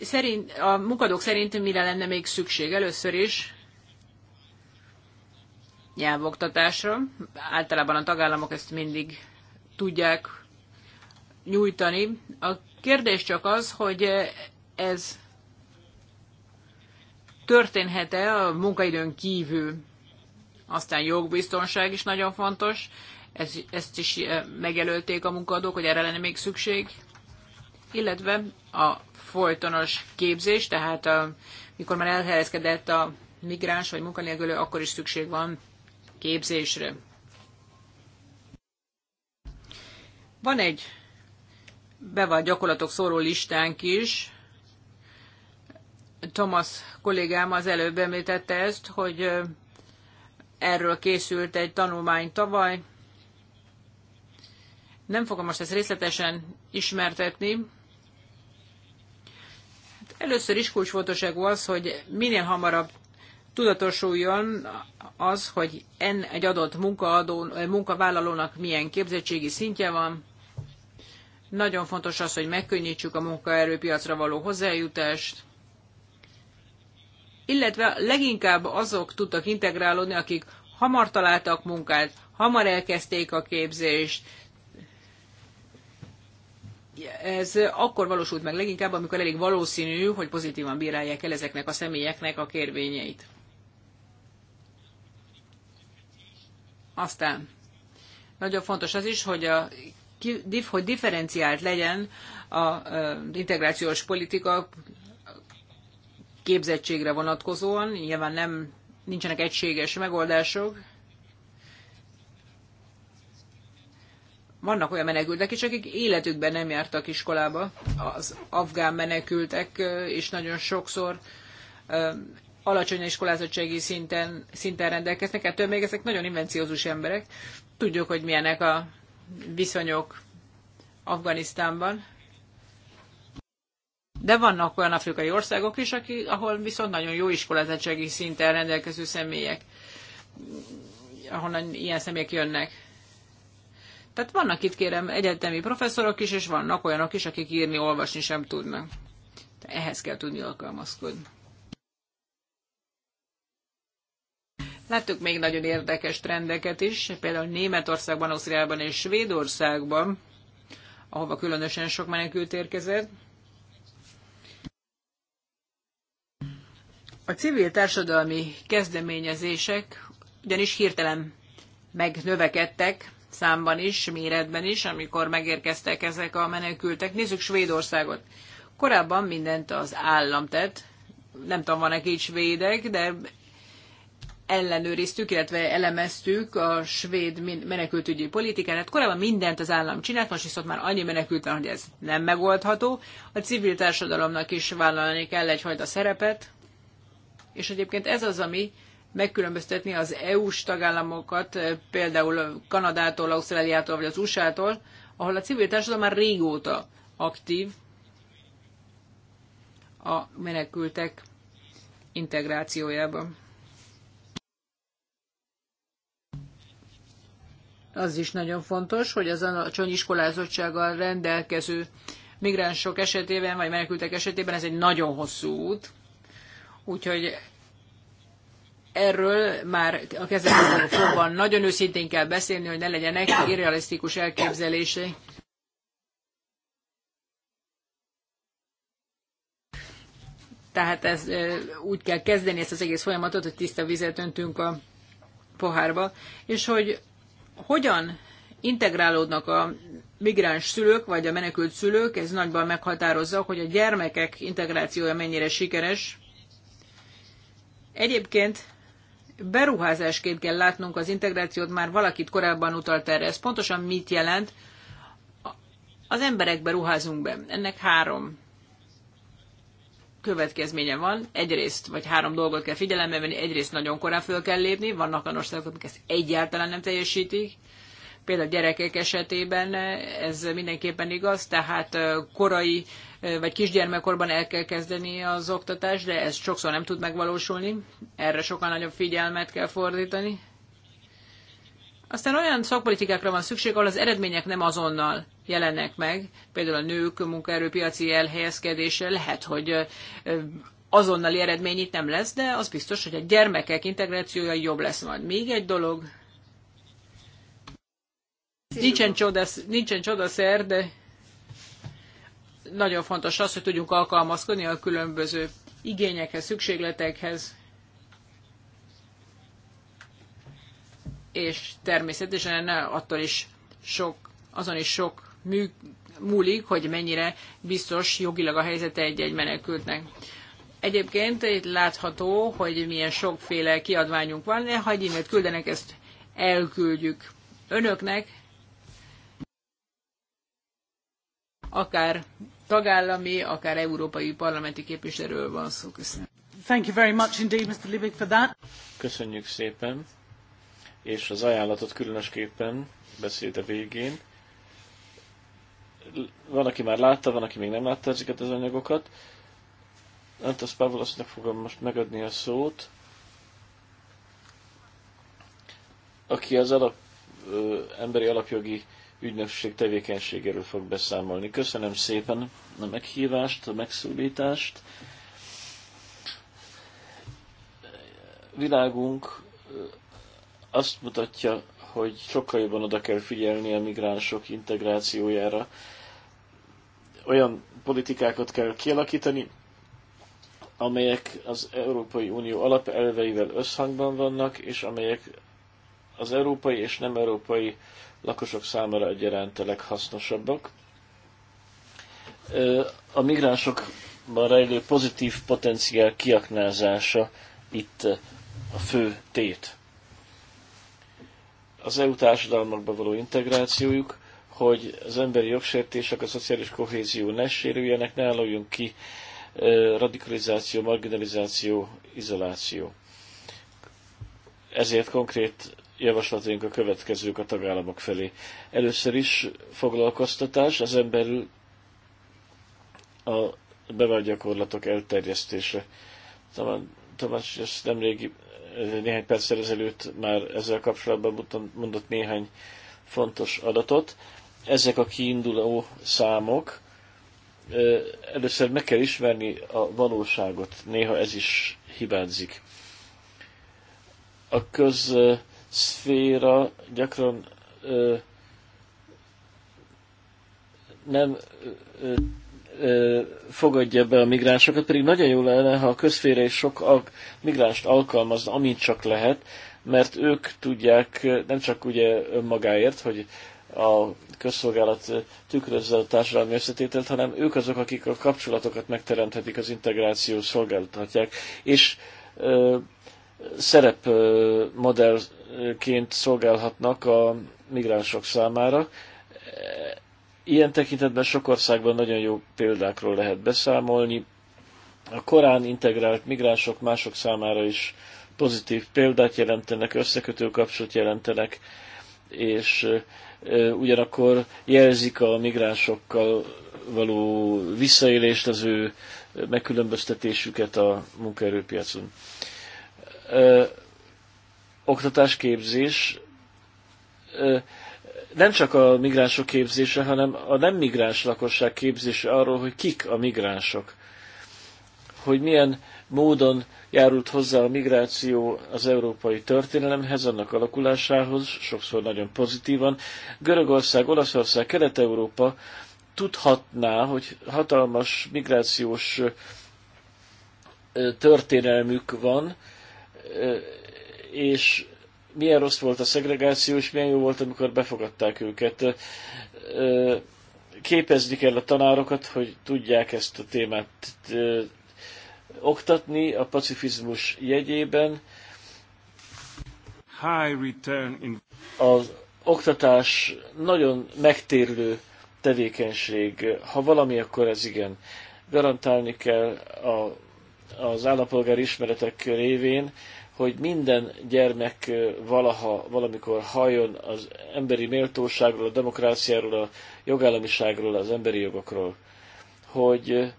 Szerint, a munkadók szerint mire lenne még szükség? Először is nyelvoktatásra. Általában a tagállamok ezt mindig tudják nyújtani. A Kérdés csak az, hogy ez történhet-e a munkaidőn kívül. Aztán jogbiztonság is nagyon fontos. Ez, ezt is eh, megelőlték a munkadók, hogy erre lenne még szükség. Illetve a folytonos képzés, tehát a, eh, mikor már elhelyezkedett a migráns vagy munkanélkülő, akkor is szükség van képzésre. Van egy bevált gyakorlatok szóró listánk is. Thomas kollégám az előbb említette ezt, hogy erről készült egy tanulmány tavaly. Nem fogom most ezt részletesen ismertetni. Hát először is kulcsfontosságú az, hogy minél hamarabb tudatosuljon az, hogy en egy adott munkaadó, munkavállalónak milyen képzettségi szintje van, nagyon fontos az, hogy megkönnyítsük a munkaerőpiacra való hozzájutást, illetve leginkább azok tudtak integrálódni, akik hamar találtak munkát, hamar elkezdték a képzést. Ez akkor valósult meg leginkább, amikor elég valószínű, hogy pozitívan bírálják el ezeknek a személyeknek a kérvényeit. Aztán nagyon fontos az is, hogy a hogy differenciált legyen az integrációs politika képzettségre vonatkozóan. Nyilván nem, nincsenek egységes megoldások. Vannak olyan menekültek is, akik életükben nem jártak iskolába. Az afgán menekültek, és nagyon sokszor alacsony iskolázottsági szinten, szinten rendelkeznek, ettől még ezek nagyon invenciózus emberek. Tudjuk, hogy milyenek a viszonyok Afganisztánban. De vannak olyan afrikai országok is, aki, ahol viszont nagyon jó iskolázettségi szinten rendelkező személyek, ahonnan ilyen személyek jönnek. Tehát vannak itt, kérem, egyetemi professzorok is, és vannak olyanok is, akik írni, olvasni sem tudnak. De ehhez kell tudni alkalmazkodni. Láttuk még nagyon érdekes trendeket is, például Németországban, Ausztriában és Svédországban, ahova különösen sok menekült érkezett. A civil társadalmi kezdeményezések ugyanis hirtelen megnövekedtek számban is, méretben is, amikor megérkeztek ezek a menekültek. Nézzük Svédországot. Korábban mindent az állam tett, nem tudom, van-e így svédek, de ellenőriztük, illetve elemeztük a svéd menekültügyi politikát. Hát korábban mindent az állam csinált, most viszont már annyi menekült van, hogy ez nem megoldható. A civil társadalomnak is vállalni kell egyfajta szerepet, és egyébként ez az, ami megkülönböztetni az EU-s tagállamokat, eh, például Kanadától, Ausztráliától vagy az USA-tól, ahol a civil társadalom már régóta aktív a menekültek integrációjában. az is nagyon fontos, hogy az alacsony iskolázottsággal rendelkező migránsok esetében, vagy menekültek esetében ez egy nagyon hosszú út. Úgyhogy erről már a kezdetben fogva nagyon őszintén kell beszélni, hogy ne legyenek irrealisztikus elképzelései. Tehát ez, úgy kell kezdeni ezt az egész folyamatot, hogy tiszta vizet öntünk a pohárba, és hogy hogyan integrálódnak a migráns szülők, vagy a menekült szülők, ez nagyban meghatározza, hogy a gyermekek integrációja mennyire sikeres. Egyébként beruházásként kell látnunk az integrációt, már valakit korábban utalt erre. Ez pontosan mit jelent? Az emberekbe ruházunk be. Ennek három következménye van. Egyrészt, vagy három dolgot kell figyelembe venni, egyrészt nagyon korán föl kell lépni, vannak olyan országok, amik ezt egyáltalán nem teljesítik, például gyerekek esetében eh, ez mindenképpen igaz, tehát eh, korai eh, vagy kisgyermekkorban el kell kezdeni az oktatást, de ez sokszor nem tud megvalósulni, erre sokkal nagyobb figyelmet kell fordítani. Aztán olyan szakpolitikákra van szükség, ahol az eredmények nem azonnal jelennek meg, például a nők munkaerőpiaci elhelyezkedése lehet, hogy azonnali eredmény itt nem lesz, de az biztos, hogy a gyermekek integrációja jobb lesz majd. Még egy dolog, nincsen, csodasz, nincsen csodaszer, de nagyon fontos az, hogy tudjunk alkalmazkodni a különböző igényekhez, szükségletekhez, és természetesen attól is sok, azon is sok mű, múlik, hogy mennyire biztos jogilag a helyzete egy-egy menekültnek. Egyébként itt látható, hogy milyen sokféle kiadványunk van, de ha egy e küldenek, ezt elküldjük önöknek, akár tagállami, akár európai parlamenti képviselőről van szó. Köszönöm. Thank you very much indeed, Mr. Libig, for that. Köszönjük szépen, és az ajánlatot különösképpen a végén van, aki már látta, van, aki még nem látta ezeket az anyagokat. Antas Pavlosznak fogom most megadni a szót, aki az alap, ö, emberi alapjogi ügynökség tevékenységéről fog beszámolni. Köszönöm szépen a meghívást, a megszólítást. Világunk azt mutatja, hogy sokkal jobban oda kell figyelni a migránsok integrációjára, olyan politikákat kell kialakítani, amelyek az Európai Unió alapelveivel összhangban vannak, és amelyek az európai és nem európai lakosok számára egyaránt a leghasznosabbak. A migránsokban rejlő pozitív potenciál kiaknázása itt a fő tét. Az EU társadalmakba való integrációjuk, hogy az emberi jogsértések, a szociális kohézió ne sérüljenek, ne álljunk ki radikalizáció, marginalizáció, izoláció. Ezért konkrét javaslataink a következők a tagállamok felé. Először is foglalkoztatás, az emberül a bevált gyakorlatok elterjesztése. Tamás ezt nemrég néhány perccel ezelőtt már ezzel kapcsolatban mondott néhány fontos adatot ezek a kiinduló számok. Először meg kell ismerni a valóságot, néha ez is hibázik. A közszféra gyakran nem fogadja be a migránsokat, pedig nagyon jó lenne, ha a közszféra is sok migránst alkalmazna, amint csak lehet, mert ők tudják nem csak ugye önmagáért, hogy a közszolgálat tükrözze a társadalmi összetételt, hanem ők azok, akik a kapcsolatokat megteremthetik, az integráció szolgáltatják, és ö, szerep ö, modellként szolgálhatnak a migránsok számára. Ilyen tekintetben sok országban nagyon jó példákról lehet beszámolni. A korán integrált migránsok mások számára is pozitív példát jelentenek, összekötő kapcsolat jelentenek, és ugyanakkor jelzik a migránsokkal való visszaélést, az ő megkülönböztetésüket a munkaerőpiacon. Oktatásképzés nem csak a migránsok képzése, hanem a nem migráns lakosság képzése arról, hogy kik a migránsok, hogy milyen módon járult hozzá a migráció az európai történelemhez, annak alakulásához, sokszor nagyon pozitívan. Görögország, Olaszország, Kelet-Európa tudhatná, hogy hatalmas migrációs történelmük van, és milyen rossz volt a szegregáció, és milyen jó volt, amikor befogadták őket. Képezni kell a tanárokat, hogy tudják ezt a témát oktatni a pacifizmus jegyében. Az oktatás nagyon megtérlő tevékenység. Ha valami, akkor ez igen. Garantálni kell a, az állampolgári ismeretek révén, hogy minden gyermek valaha, valamikor halljon az emberi méltóságról, a demokráciáról, a jogállamiságról, az emberi jogokról. Hogy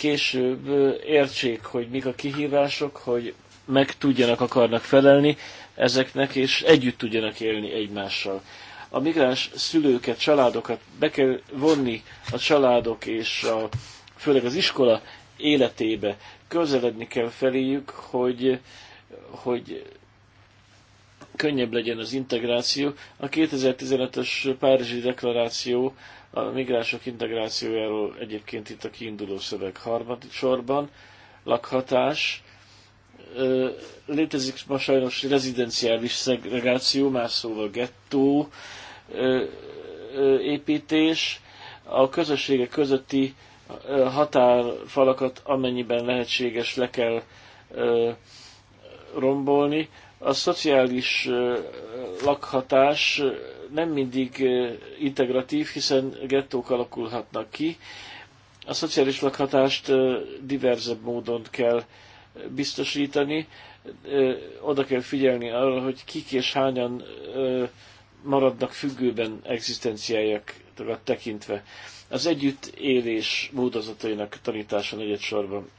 később értsék, hogy mik a kihívások, hogy meg tudjanak, akarnak felelni ezeknek, és együtt tudjanak élni egymással. A migráns szülőket, családokat be kell vonni a családok és a, főleg az iskola életébe. Közeledni kell feléjük, hogy, hogy könnyebb legyen az integráció. A 2015-ös Párizsi deklaráció a migránsok integrációjáról egyébként itt a kiinduló szöveg harmadik sorban Lakhatás. Létezik ma sajnos rezidenciális szegregáció, más szóval gettó építés. A közösségek közötti határfalakat amennyiben lehetséges le kell rombolni a szociális lakhatás nem mindig integratív, hiszen gettók alakulhatnak ki. A szociális lakhatást diverzebb módon kell biztosítani, oda kell figyelni arra, hogy kik és hányan maradnak függőben egzisztenciájukat tekintve. Az élés módozatainak tanítása negyed sorban.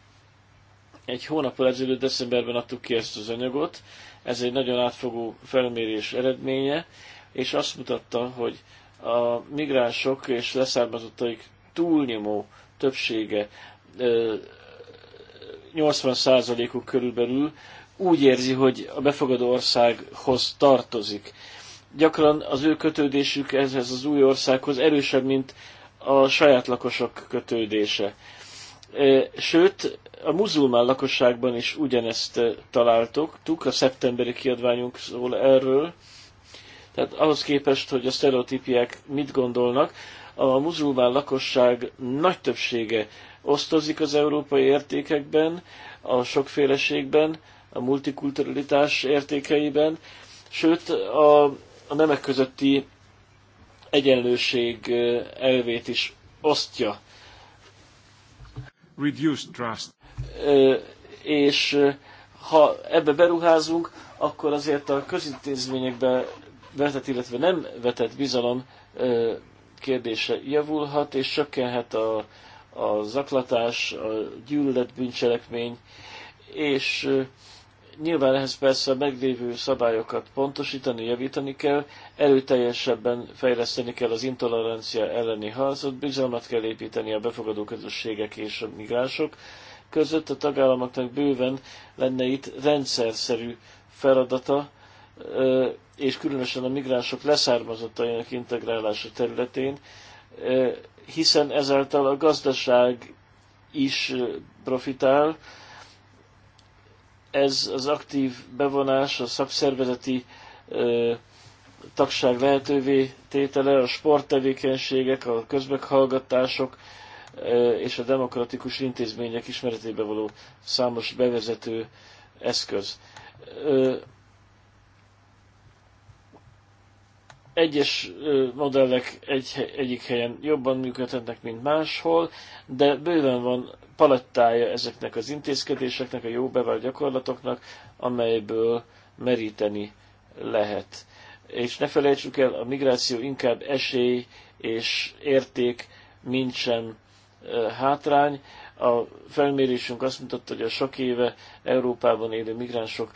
Egy hónappal ezelőtt decemberben adtuk ki ezt az anyagot, ez egy nagyon átfogó felmérés eredménye, és azt mutatta, hogy a migránsok és leszármazottaik túlnyomó többsége, 80%-uk körülbelül úgy érzi, hogy a befogadó országhoz tartozik. Gyakran az ő kötődésük ehhez az új országhoz erősebb, mint a saját lakosok kötődése. Sőt, a muzulmán lakosságban is ugyanezt találtuk, a szeptemberi kiadványunk szól erről, tehát ahhoz képest, hogy a sztereotípiák mit gondolnak, a muzulmán lakosság nagy többsége osztozik az európai értékekben, a sokféleségben, a multikulturalitás értékeiben, sőt a, a nemek közötti egyenlőség elvét is osztja reduce trust. és ha ebbe beruházunk, akkor azért a közintézményekbe vetett, illetve nem vetett bizalom kérdése javulhat, és csökkenhet a, a zaklatás, a gyűlölet bűncselekmény, és Nyilván ehhez persze a meglévő szabályokat pontosítani, javítani kell, erőteljesebben fejleszteni kell az intolerancia elleni harcot, bizalmat kell építeni a befogadó közösségek és a migránsok között. A tagállamoknak bőven lenne itt rendszerszerű feladata, és különösen a migránsok leszármazottainak integrálása területén, hiszen ezáltal a gazdaság is profitál, ez az aktív bevonás, a szakszervezeti ö, tagság lehetővé tétele, a sporttevékenységek, a közmeghallgatások ö, és a demokratikus intézmények ismeretébe való számos bevezető eszköz. Ö, egyes modellek egy, egyik helyen jobban működhetnek, mint máshol, de bőven van palettája ezeknek az intézkedéseknek, a jó bevált gyakorlatoknak, amelyből meríteni lehet. És ne felejtsük el, a migráció inkább esély és érték, mint sem hátrány. A felmérésünk azt mutatta, hogy a sok éve Európában élő migránsok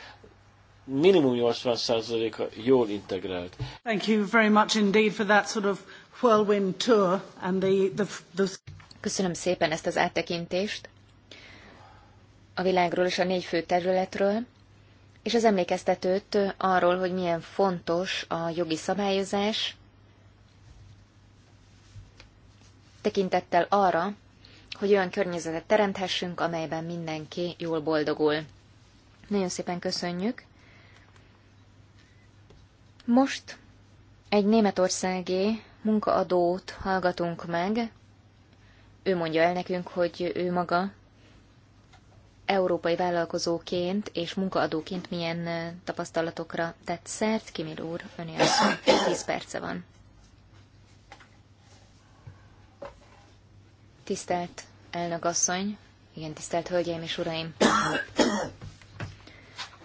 minimum 80%-a jól integrált. Thank you very much indeed for that sort of whirlwind tour and the, the, the... Köszönöm szépen ezt az áttekintést a világról és a négy fő területről, és az emlékeztetőt arról, hogy milyen fontos a jogi szabályozás, tekintettel arra, hogy olyan környezetet teremthessünk, amelyben mindenki jól boldogul. Nagyon szépen köszönjük! Most egy németországi munkaadót hallgatunk meg. Ő mondja el nekünk, hogy ő maga európai vállalkozóként és munkaadóként milyen tapasztalatokra tett szert. Kimil úr, önél 10 perce van. Tisztelt elnök asszony, igen, tisztelt hölgyeim és uraim!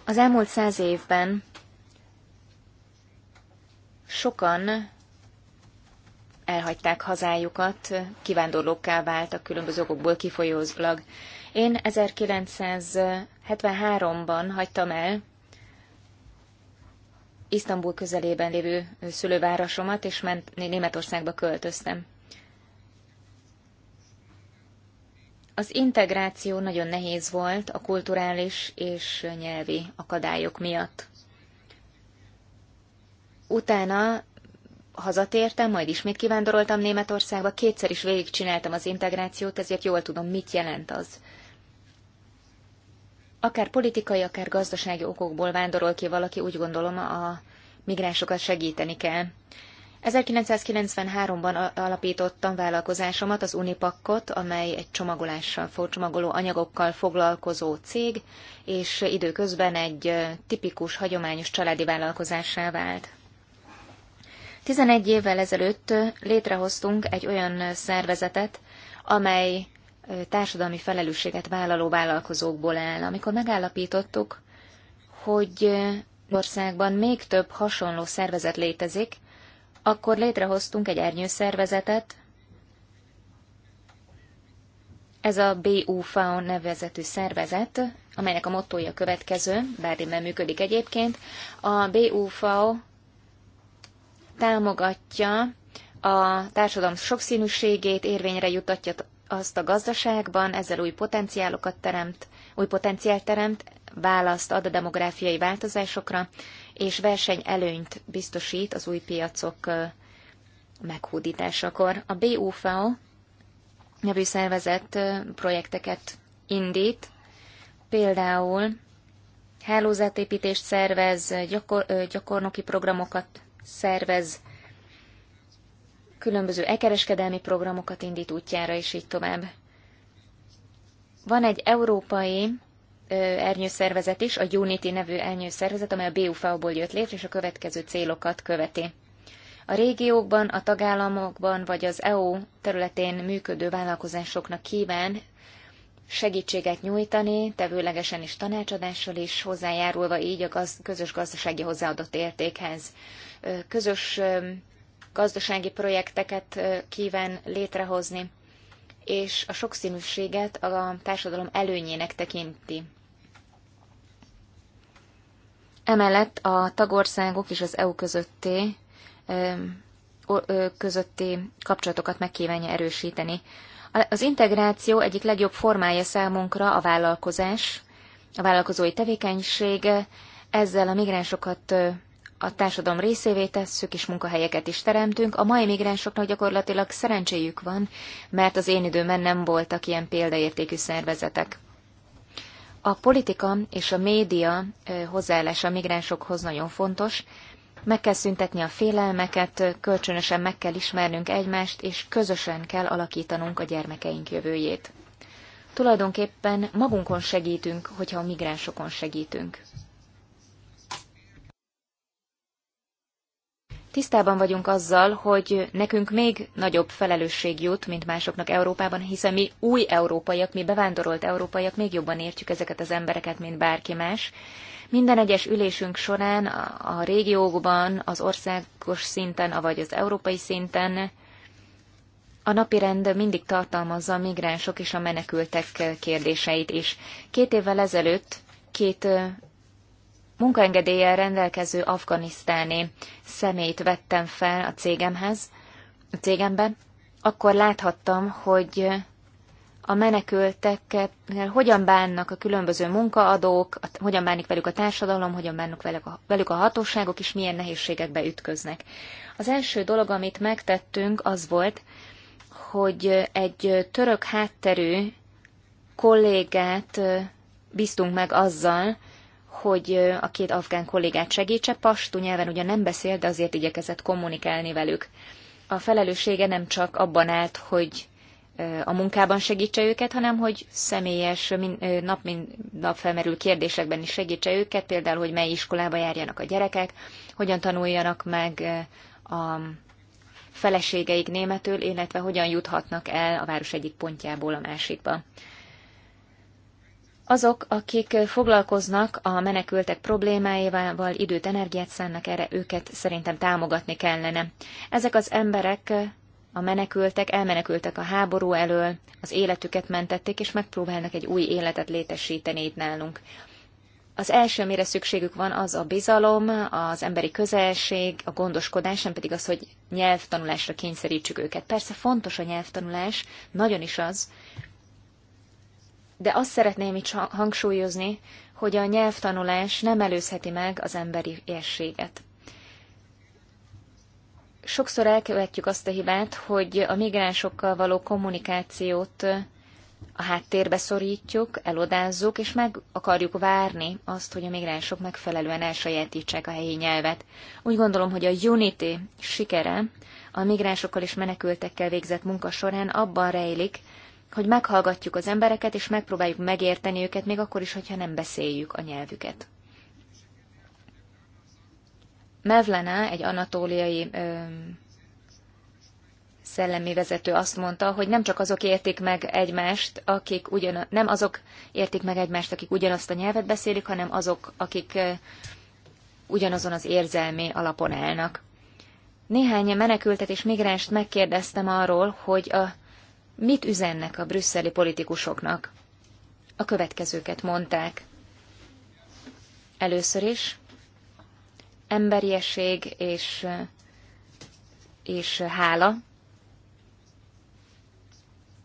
Az elmúlt száz évben Sokan elhagyták hazájukat, kivándorlókká váltak különböző okokból kifolyólag. Én 1973-ban hagytam el Isztambul közelében lévő szülővárosomat, és ment, Németországba költöztem. Az integráció nagyon nehéz volt a kulturális és nyelvi akadályok miatt. Utána hazatértem, majd ismét kivándoroltam Németországba, kétszer is végigcsináltam az integrációt, ezért jól tudom, mit jelent az. Akár politikai, akár gazdasági okokból vándorol ki valaki, úgy gondolom, a migránsokat segíteni kell. 1993-ban alapítottam vállalkozásomat, az Unipakkot, amely egy csomagolással, csomagoló anyagokkal foglalkozó cég, és időközben egy tipikus, hagyományos családi vállalkozássá vált. 11 évvel ezelőtt létrehoztunk egy olyan szervezetet, amely társadalmi felelősséget vállaló vállalkozókból áll. Amikor megállapítottuk, hogy országban még több hasonló szervezet létezik, akkor létrehoztunk egy ernyőszervezetet, ez a BUFAO nevezetű szervezet, amelynek a mottoja következő, bár nem működik egyébként, a BUFAO támogatja a társadalom sokszínűségét, érvényre jutatja azt a gazdaságban, ezzel új potenciálokat teremt, új potenciált teremt, választ ad a demográfiai változásokra, és versenyelőnyt biztosít az új piacok meghódításakor. A BUFO nevű szervezet projekteket indít, például hálózatépítést szervez, gyakor, gyakornoki programokat szervez, különböző ekereskedelmi programokat indít útjára, és így tovább. Van egy európai ernyőszervezet is, a Unity nevű ernyőszervezet, amely a BUFA-ból jött létre, és a következő célokat követi. A régiókban, a tagállamokban vagy az EU területén működő vállalkozásoknak kíván segítséget nyújtani, tevőlegesen is tanácsadással is, hozzájárulva így a gaz, közös gazdasági hozzáadott értékhez. Közös gazdasági projekteket kíván létrehozni, és a sokszínűséget a társadalom előnyének tekinti. Emellett a tagországok és az EU közötti, közötti kapcsolatokat meg kívánja erősíteni. Az integráció egyik legjobb formája számunkra a vállalkozás, a vállalkozói tevékenység, ezzel a migránsokat a társadalom részévé tesszük, és munkahelyeket is teremtünk. A mai migránsoknak gyakorlatilag szerencséjük van, mert az én időmben nem voltak ilyen példaértékű szervezetek. A politika és a média hozzáállása a migránsokhoz nagyon fontos, meg kell szüntetni a félelmeket, kölcsönösen meg kell ismernünk egymást, és közösen kell alakítanunk a gyermekeink jövőjét. Tulajdonképpen magunkon segítünk, hogyha a migránsokon segítünk. Tisztában vagyunk azzal, hogy nekünk még nagyobb felelősség jut, mint másoknak Európában, hiszen mi új európaiak, mi bevándorolt európaiak még jobban értjük ezeket az embereket, mint bárki más, minden egyes ülésünk során a régióban, az országos szinten, avagy az európai szinten a rend mindig tartalmazza a migránsok és a menekültek kérdéseit is. Két évvel ezelőtt két munkaengedéllyel rendelkező afganisztáni szemét vettem fel a cégemhez, a cégemben, akkor láthattam, hogy a menekültekkel hogyan bánnak a különböző munkaadók, hogyan bánik velük a társadalom, hogyan bánnak velük a, velük a hatóságok, és milyen nehézségekbe ütköznek. Az első dolog, amit megtettünk, az volt, hogy egy török hátterű kollégát bíztunk meg azzal, hogy a két afgán kollégát segítse. Pastú nyelven ugyan nem beszél, de azért igyekezett kommunikálni velük. A felelőssége nem csak abban állt, hogy a munkában segítse őket, hanem hogy személyes, nap mint nap felmerül kérdésekben is segítse őket, például, hogy mely iskolába járjanak a gyerekek, hogyan tanuljanak meg a feleségeik németül, illetve hogyan juthatnak el a város egyik pontjából a másikba. Azok, akik foglalkoznak a menekültek problémáival, időt, energiát szánnak erre, őket szerintem támogatni kellene. Ezek az emberek a menekültek elmenekültek a háború elől, az életüket mentették, és megpróbálnak egy új életet létesíteni itt nálunk. Az első, mire szükségük van, az a bizalom, az emberi közelség, a gondoskodás, nem pedig az, hogy nyelvtanulásra kényszerítsük őket. Persze fontos a nyelvtanulás, nagyon is az, de azt szeretném itt hangsúlyozni, hogy a nyelvtanulás nem előzheti meg az emberi érséget sokszor elkövetjük azt a hibát, hogy a migránsokkal való kommunikációt a háttérbe szorítjuk, elodázzuk, és meg akarjuk várni azt, hogy a migránsok megfelelően elsajátítsák a helyi nyelvet. Úgy gondolom, hogy a Unity sikere a migránsokkal és menekültekkel végzett munka során abban rejlik, hogy meghallgatjuk az embereket, és megpróbáljuk megérteni őket, még akkor is, hogyha nem beszéljük a nyelvüket. Mevlana, egy anatóliai szellemi vezető azt mondta, hogy nem csak azok értik meg egymást, akik ugyan, nem azok értik meg egymást, akik ugyanazt a nyelvet beszélik, hanem azok, akik ugyanazon az érzelmi alapon állnak. Néhány menekültet és migránst megkérdeztem arról, hogy a, mit üzennek a brüsszeli politikusoknak. A következőket mondták. Először is, emberiesség és, és hála.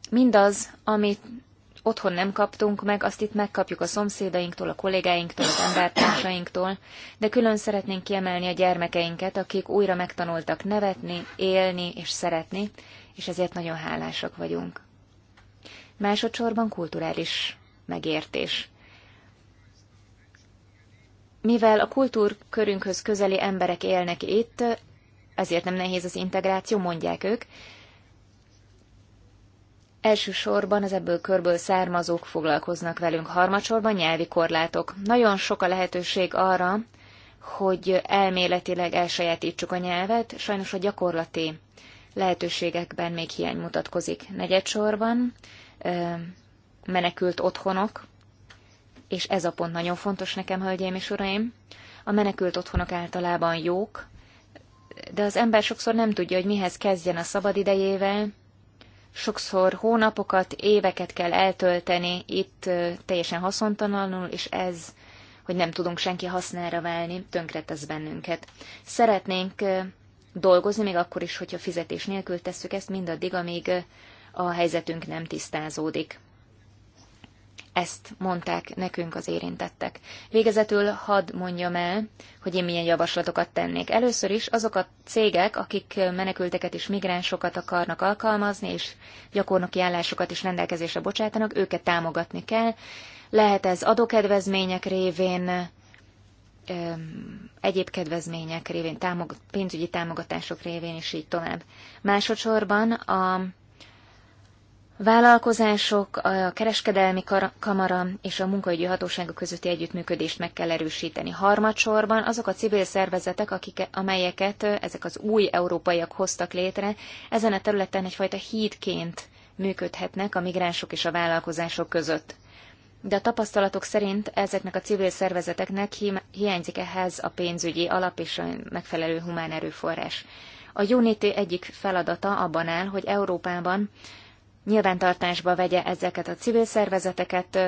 Mindaz, amit otthon nem kaptunk meg, azt itt megkapjuk a szomszédainktól, a kollégáinktól, az embertársainktól, de külön szeretnénk kiemelni a gyermekeinket, akik újra megtanultak nevetni, élni és szeretni, és ezért nagyon hálásak vagyunk. Másodszorban kulturális megértés. Mivel a kultúrkörünkhöz közeli emberek élnek itt, ezért nem nehéz az integráció, mondják ők. Elsősorban az ebből körből származók foglalkoznak velünk, harmadsorban nyelvi korlátok. Nagyon sok a lehetőség arra, hogy elméletileg elsajátítsuk a nyelvet, sajnos a gyakorlati lehetőségekben még hiány mutatkozik. Negyedsorban menekült otthonok, és ez a pont nagyon fontos nekem, hölgyeim és uraim, a menekült otthonok általában jók, de az ember sokszor nem tudja, hogy mihez kezdjen a szabad idejével, sokszor hónapokat, éveket kell eltölteni itt teljesen haszontalanul, és ez, hogy nem tudunk senki hasznára válni, tönkretesz bennünket. Szeretnénk dolgozni, még akkor is, hogyha fizetés nélkül tesszük ezt, mindaddig, amíg a helyzetünk nem tisztázódik. Ezt mondták nekünk az érintettek. Végezetül hadd mondjam el, hogy én milyen javaslatokat tennék. Először is azok a cégek, akik menekülteket és migránsokat akarnak alkalmazni, és gyakornoki állásokat is rendelkezésre bocsátanak, őket támogatni kell. Lehet ez adókedvezmények révén, egyéb kedvezmények révén, támog, pénzügyi támogatások révén, és így tovább. Másodszorban a vállalkozások, a kereskedelmi kamara és a munkaügyi hatóságok közötti együttműködést meg kell erősíteni. Harmadsorban azok a civil szervezetek, akik, amelyeket ezek az új európaiak hoztak létre, ezen a területen egyfajta hídként működhetnek a migránsok és a vállalkozások között. De a tapasztalatok szerint ezeknek a civil szervezeteknek hiányzik ehhez a pénzügyi alap és a megfelelő humán erőforrás. A Unity egyik feladata abban áll, hogy Európában nyilvántartásba vegye ezeket a civil szervezeteket,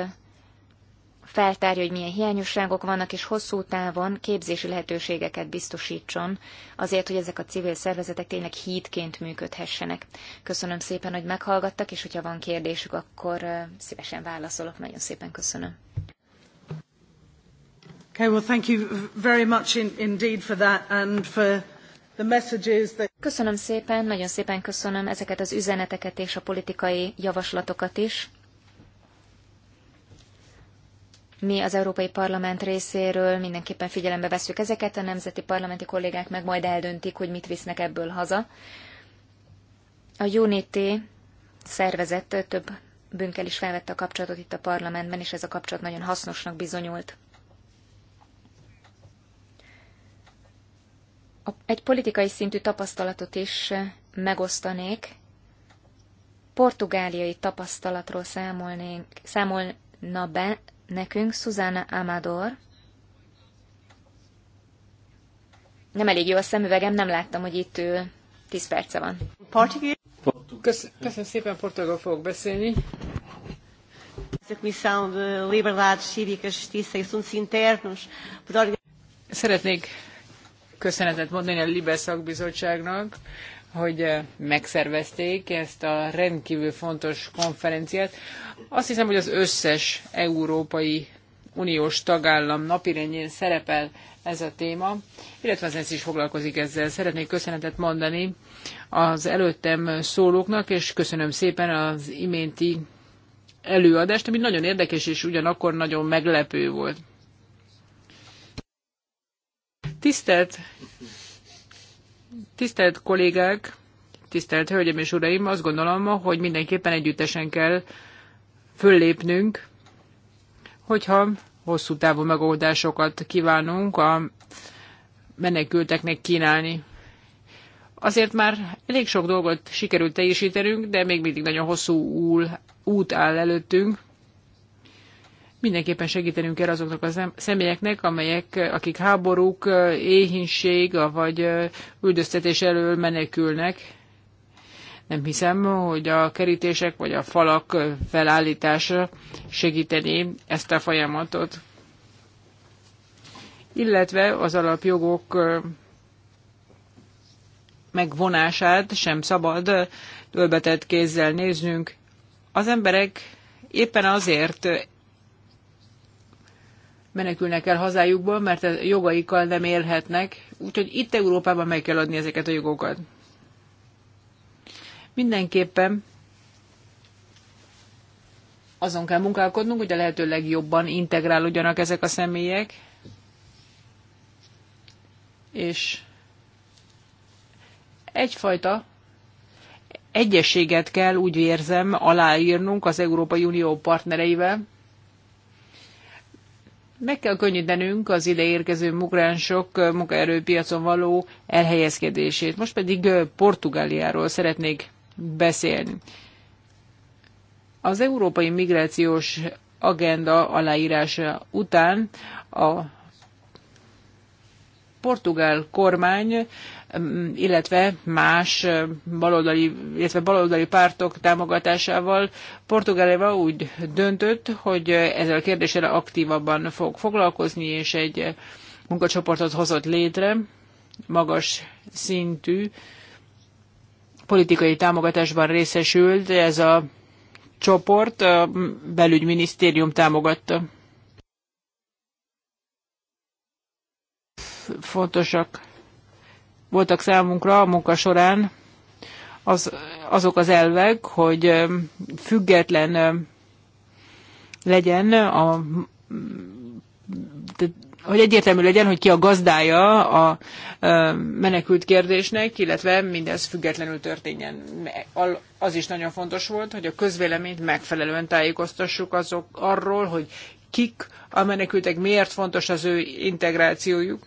feltárja, hogy milyen hiányosságok vannak, és hosszú távon képzési lehetőségeket biztosítson, azért, hogy ezek a civil szervezetek tényleg hídként működhessenek. Köszönöm szépen, hogy meghallgattak, és hogyha van kérdésük, akkor szívesen válaszolok. Nagyon szépen köszönöm. Okay, well, thank you very much in, indeed for that and for Köszönöm szépen, nagyon szépen köszönöm ezeket az üzeneteket és a politikai javaslatokat is. Mi az Európai Parlament részéről mindenképpen figyelembe veszük ezeket, a nemzeti parlamenti kollégák meg majd eldöntik, hogy mit visznek ebből haza. A Unity szervezet több bűnkkel is felvette a kapcsolatot itt a parlamentben, és ez a kapcsolat nagyon hasznosnak bizonyult. egy politikai szintű tapasztalatot is eh, megosztanék. Portugáliai tapasztalatról számolnénk, számolna be nekünk Susana Amador. Nem elég jó a szemüvegem, nem láttam, hogy itt ül. 10 perce van. Köszönöm, köszönöm szépen, portugál fogok beszélni. A e Szeretnék köszönetet mondani a Libe szakbizottságnak, hogy eh, megszervezték ezt a rendkívül fontos konferenciát. Azt hiszem, hogy az összes európai uniós tagállam napirendjén szerepel ez a téma, illetve az ENSZ is foglalkozik ezzel. Szeretnék köszönetet mondani az előttem szólóknak, és köszönöm szépen az iménti előadást, ami nagyon érdekes és ugyanakkor nagyon meglepő volt. Tisztelt, tisztelt kollégák, tisztelt hölgyeim és uraim, azt gondolom, hogy mindenképpen együttesen kell föllépnünk, hogyha hosszú távú megoldásokat kívánunk a menekülteknek kínálni. Azért már elég sok dolgot sikerült teljesítenünk, de még mindig nagyon hosszú út áll előttünk mindenképpen segítenünk kell azoknak a személyeknek, amelyek, akik háborúk, éhínség, vagy üldöztetés elől menekülnek. Nem hiszem, hogy a kerítések vagy a falak felállítása segíteni ezt a folyamatot. Illetve az alapjogok megvonását sem szabad ölbetett kézzel néznünk. Az emberek éppen azért menekülnek el hazájukból, mert a jogaikkal nem élhetnek, úgyhogy itt Európában meg kell adni ezeket a jogokat. Mindenképpen azon kell munkálkodnunk, hogy a lehető legjobban integrálódjanak ezek a személyek, és egyfajta egyességet kell, úgy érzem, aláírnunk az Európai Unió partnereivel, meg kell könnyítenünk az ide érkező migránsok munkaerőpiacon való elhelyezkedését. Most pedig Portugáliáról szeretnék beszélni. Az európai migrációs agenda aláírása után a portugál kormány, mm, illetve más baloldali, illetve baloldali pártok támogatásával Portugália úgy döntött, hogy ezzel a kérdéssel aktívabban fog foglalkozni, és egy munkacsoportot hozott létre, magas szintű politikai támogatásban részesült ez a csoport, a belügyminisztérium támogatta. fontosak voltak számunkra a munka során az, azok az elvek, hogy független legyen a hogy egyértelmű legyen, hogy ki a gazdája a menekült kérdésnek, illetve mindez függetlenül történjen. Az is nagyon fontos volt, hogy a közvéleményt megfelelően tájékoztassuk azok arról, hogy kik a menekültek, miért fontos az ő integrációjuk.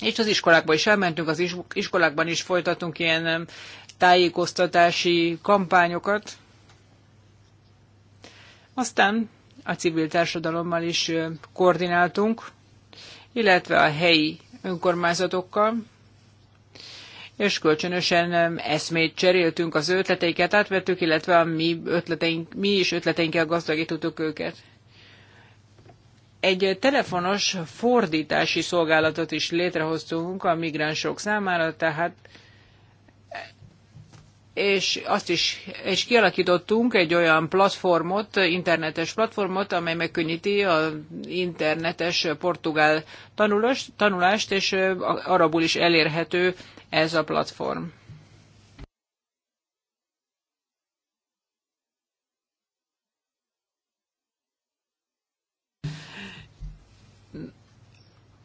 És az iskolákba is elmentünk, az iskolákban is folytatunk ilyen tájékoztatási kampányokat. Aztán a civil társadalommal is koordináltunk, illetve a helyi önkormányzatokkal, és kölcsönösen eszmét cseréltünk, az ötleteiket átvettük, illetve a mi, ötleteink, mi is ötleteinkkel gazdagítottuk őket. Egy telefonos fordítási szolgálatot is létrehoztunk a migránsok számára, tehát és azt is, és kialakítottunk egy olyan platformot, internetes platformot, amely megkönnyíti az internetes portugál tanulást, tanulást, és arabul is elérhető ez a platform.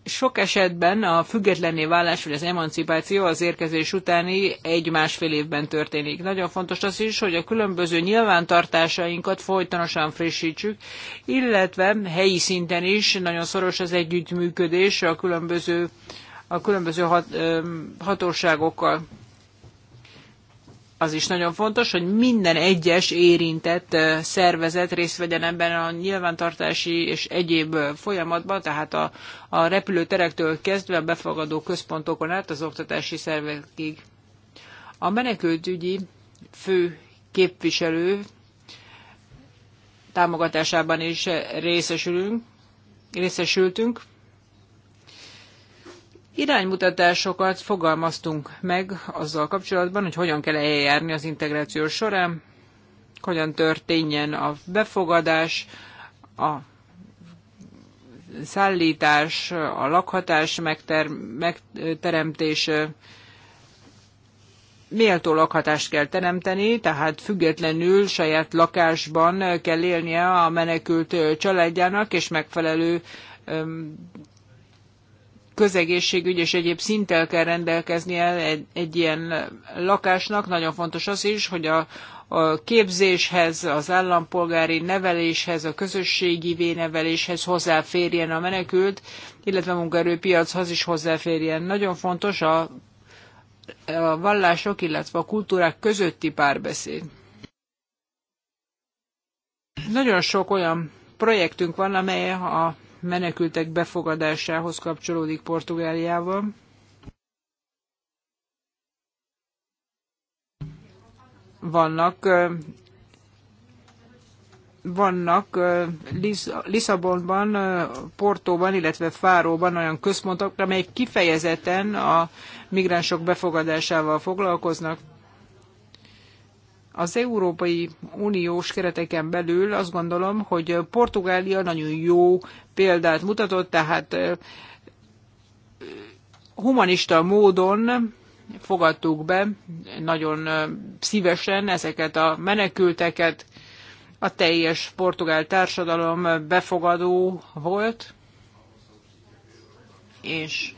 sok esetben a függetlenné válás vagy az emancipáció az érkezés utáni egy-másfél évben történik. Nagyon fontos az is, hogy a különböző nyilvántartásainkat folytonosan frissítsük, illetve helyi szinten is nagyon szoros az együttműködés a különböző, a különböző hat, hatóságokkal az is nagyon fontos, hogy minden egyes érintett szervezet részt vegyen ebben a nyilvántartási és egyéb folyamatban, tehát a, a repülőterektől kezdve a befogadó központokon át az oktatási szervekig. A menekültügyi fő képviselő támogatásában is részesülünk, részesültünk. Iránymutatásokat fogalmaztunk meg azzal kapcsolatban, hogy hogyan kell eljárni az integráció során, hogyan történjen a befogadás, a szállítás, a lakhatás megter- megteremtése, méltó lakhatást kell teremteni, tehát függetlenül saját lakásban kell élnie a menekült családjának, és megfelelő közegészségügy és egyéb szinttel kell rendelkeznie egy, egy ilyen lakásnak. Nagyon fontos az is, hogy a, a képzéshez, az állampolgári neveléshez, a közösségi véneveléshez hozzáférjen a menekült, illetve a munkaerőpiachoz is hozzáférjen. Nagyon fontos a, a vallások, illetve a kultúrák közötti párbeszéd. Nagyon sok olyan projektünk van, amely a menekültek befogadásához kapcsolódik Portugáliával. Vannak vannak Lisszabonban, Portóban, illetve Fáróban olyan központok, amelyek kifejezetten a migránsok befogadásával foglalkoznak, az Európai Uniós kereteken belül azt gondolom, hogy Portugália nagyon jó példát mutatott, tehát humanista módon fogadtuk be nagyon szívesen ezeket a menekülteket. A teljes portugál társadalom befogadó volt, és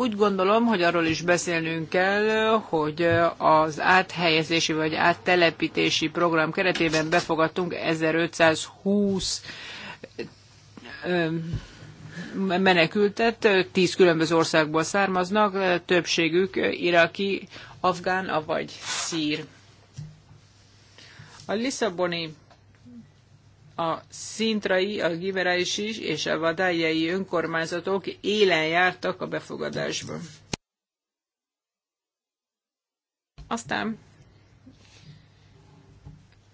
úgy gondolom, hogy arról is beszélnünk kell, hogy az áthelyezési vagy áttelepítési program keretében befogadtunk 1520 menekültet, 10 különböző országból származnak, többségük iraki, afgán, avagy szír. A Lisszaboni a szintrai, a giverais és a vadályai önkormányzatok élen jártak a befogadásban. Aztán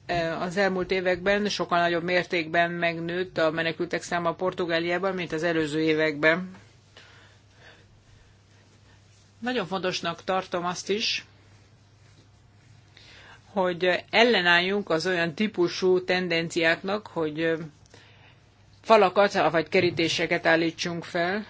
e, az elmúlt években sokkal nagyobb mértékben megnőtt a menekültek száma Portugáliában, mint az előző években. Nagyon fontosnak tartom azt is, hogy ellenálljunk az olyan típusú tendenciáknak, hogy falakat vagy kerítéseket állítsunk fel.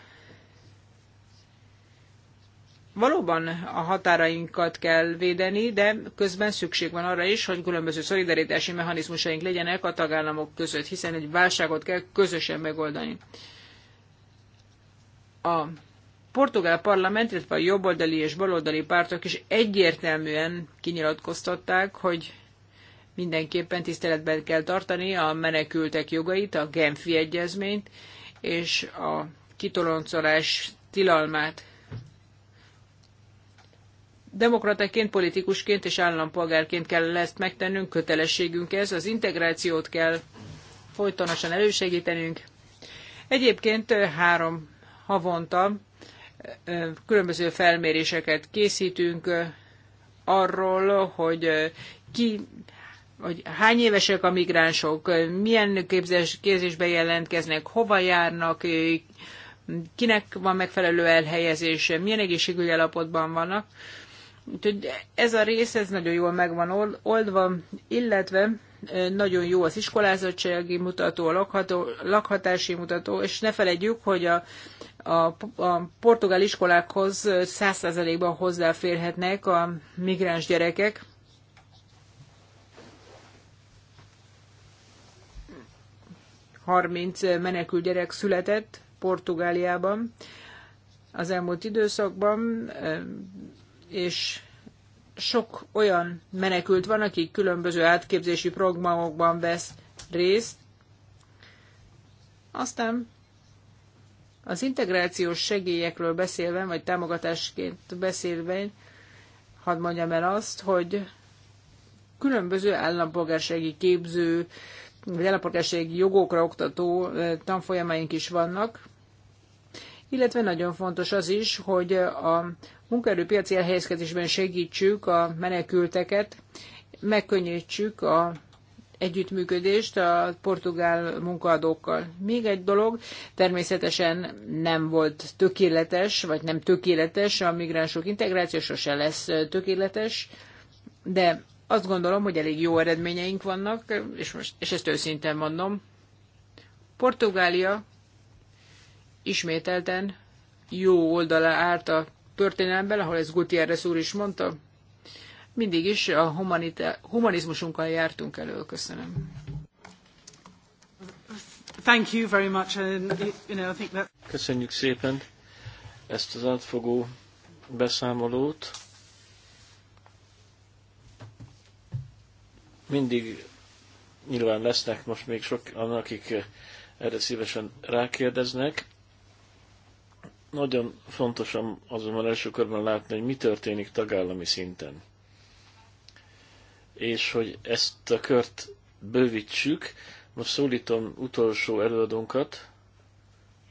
Valóban a határainkat kell védeni, de közben szükség van arra is, hogy különböző szolidaritási mechanizmusaink legyenek a tagállamok között, hiszen egy válságot kell közösen megoldani. A portugál parlament, illetve a jobboldali és baloldali pártok is egyértelműen kinyilatkoztatták, hogy mindenképpen tiszteletben kell tartani a menekültek jogait, a Genfi egyezményt és a kitoloncolás tilalmát. Demokrataként, politikusként és állampolgárként kell ezt megtennünk, kötelességünk ez, az integrációt kell folytonosan elősegítenünk. Egyébként három havonta különböző felméréseket készítünk arról, hogy ki, hogy hány évesek a migránsok, milyen képzés, képzésbe jelentkeznek, hova járnak, kinek van megfelelő elhelyezése, milyen egészségügyi állapotban vannak. Úgyhogy ez a rész, ez nagyon jól megvan oldva, illetve nagyon jó az iskolázottsági mutató, a lakható, lakhatási mutató, és ne felejtjük, hogy a, a, a portugál iskolákhoz 100%-ban hozzáférhetnek a migráns gyerekek. Harminc menekül gyerek született Portugáliában az elmúlt időszakban, és sok olyan menekült van, aki különböző átképzési programokban vesz részt. Aztán az integrációs segélyekről beszélve, vagy támogatásként beszélve, hadd mondjam el azt, hogy különböző állampolgársági képző, vagy állampolgársági jogokra oktató eh, tanfolyamaink is vannak illetve nagyon fontos az is, hogy a munkaerőpiaci elhelyezkedésben segítsük a menekülteket, megkönnyítsük a együttműködést a portugál munkaadókkal. Még egy dolog, természetesen nem volt tökéletes, vagy nem tökéletes a migránsok integráció, sose lesz tökéletes, de azt gondolom, hogy elég jó eredményeink vannak, és, most, és ezt őszintén mondom. Portugália ismételten jó oldala állt a történelemben, ahol ez Gutierrez úr is mondta, mindig is a humanizmusunkkal jártunk elő. Köszönöm. Thank you very much. And, you know, I think that... Köszönjük szépen ezt az átfogó beszámolót. Mindig nyilván lesznek most még sok annak, akik erre szívesen rákérdeznek. Nagyon fontos azonban első körben látni, hogy mi történik tagállami szinten. És hogy ezt a kört bővítsük, most szólítom utolsó előadónkat,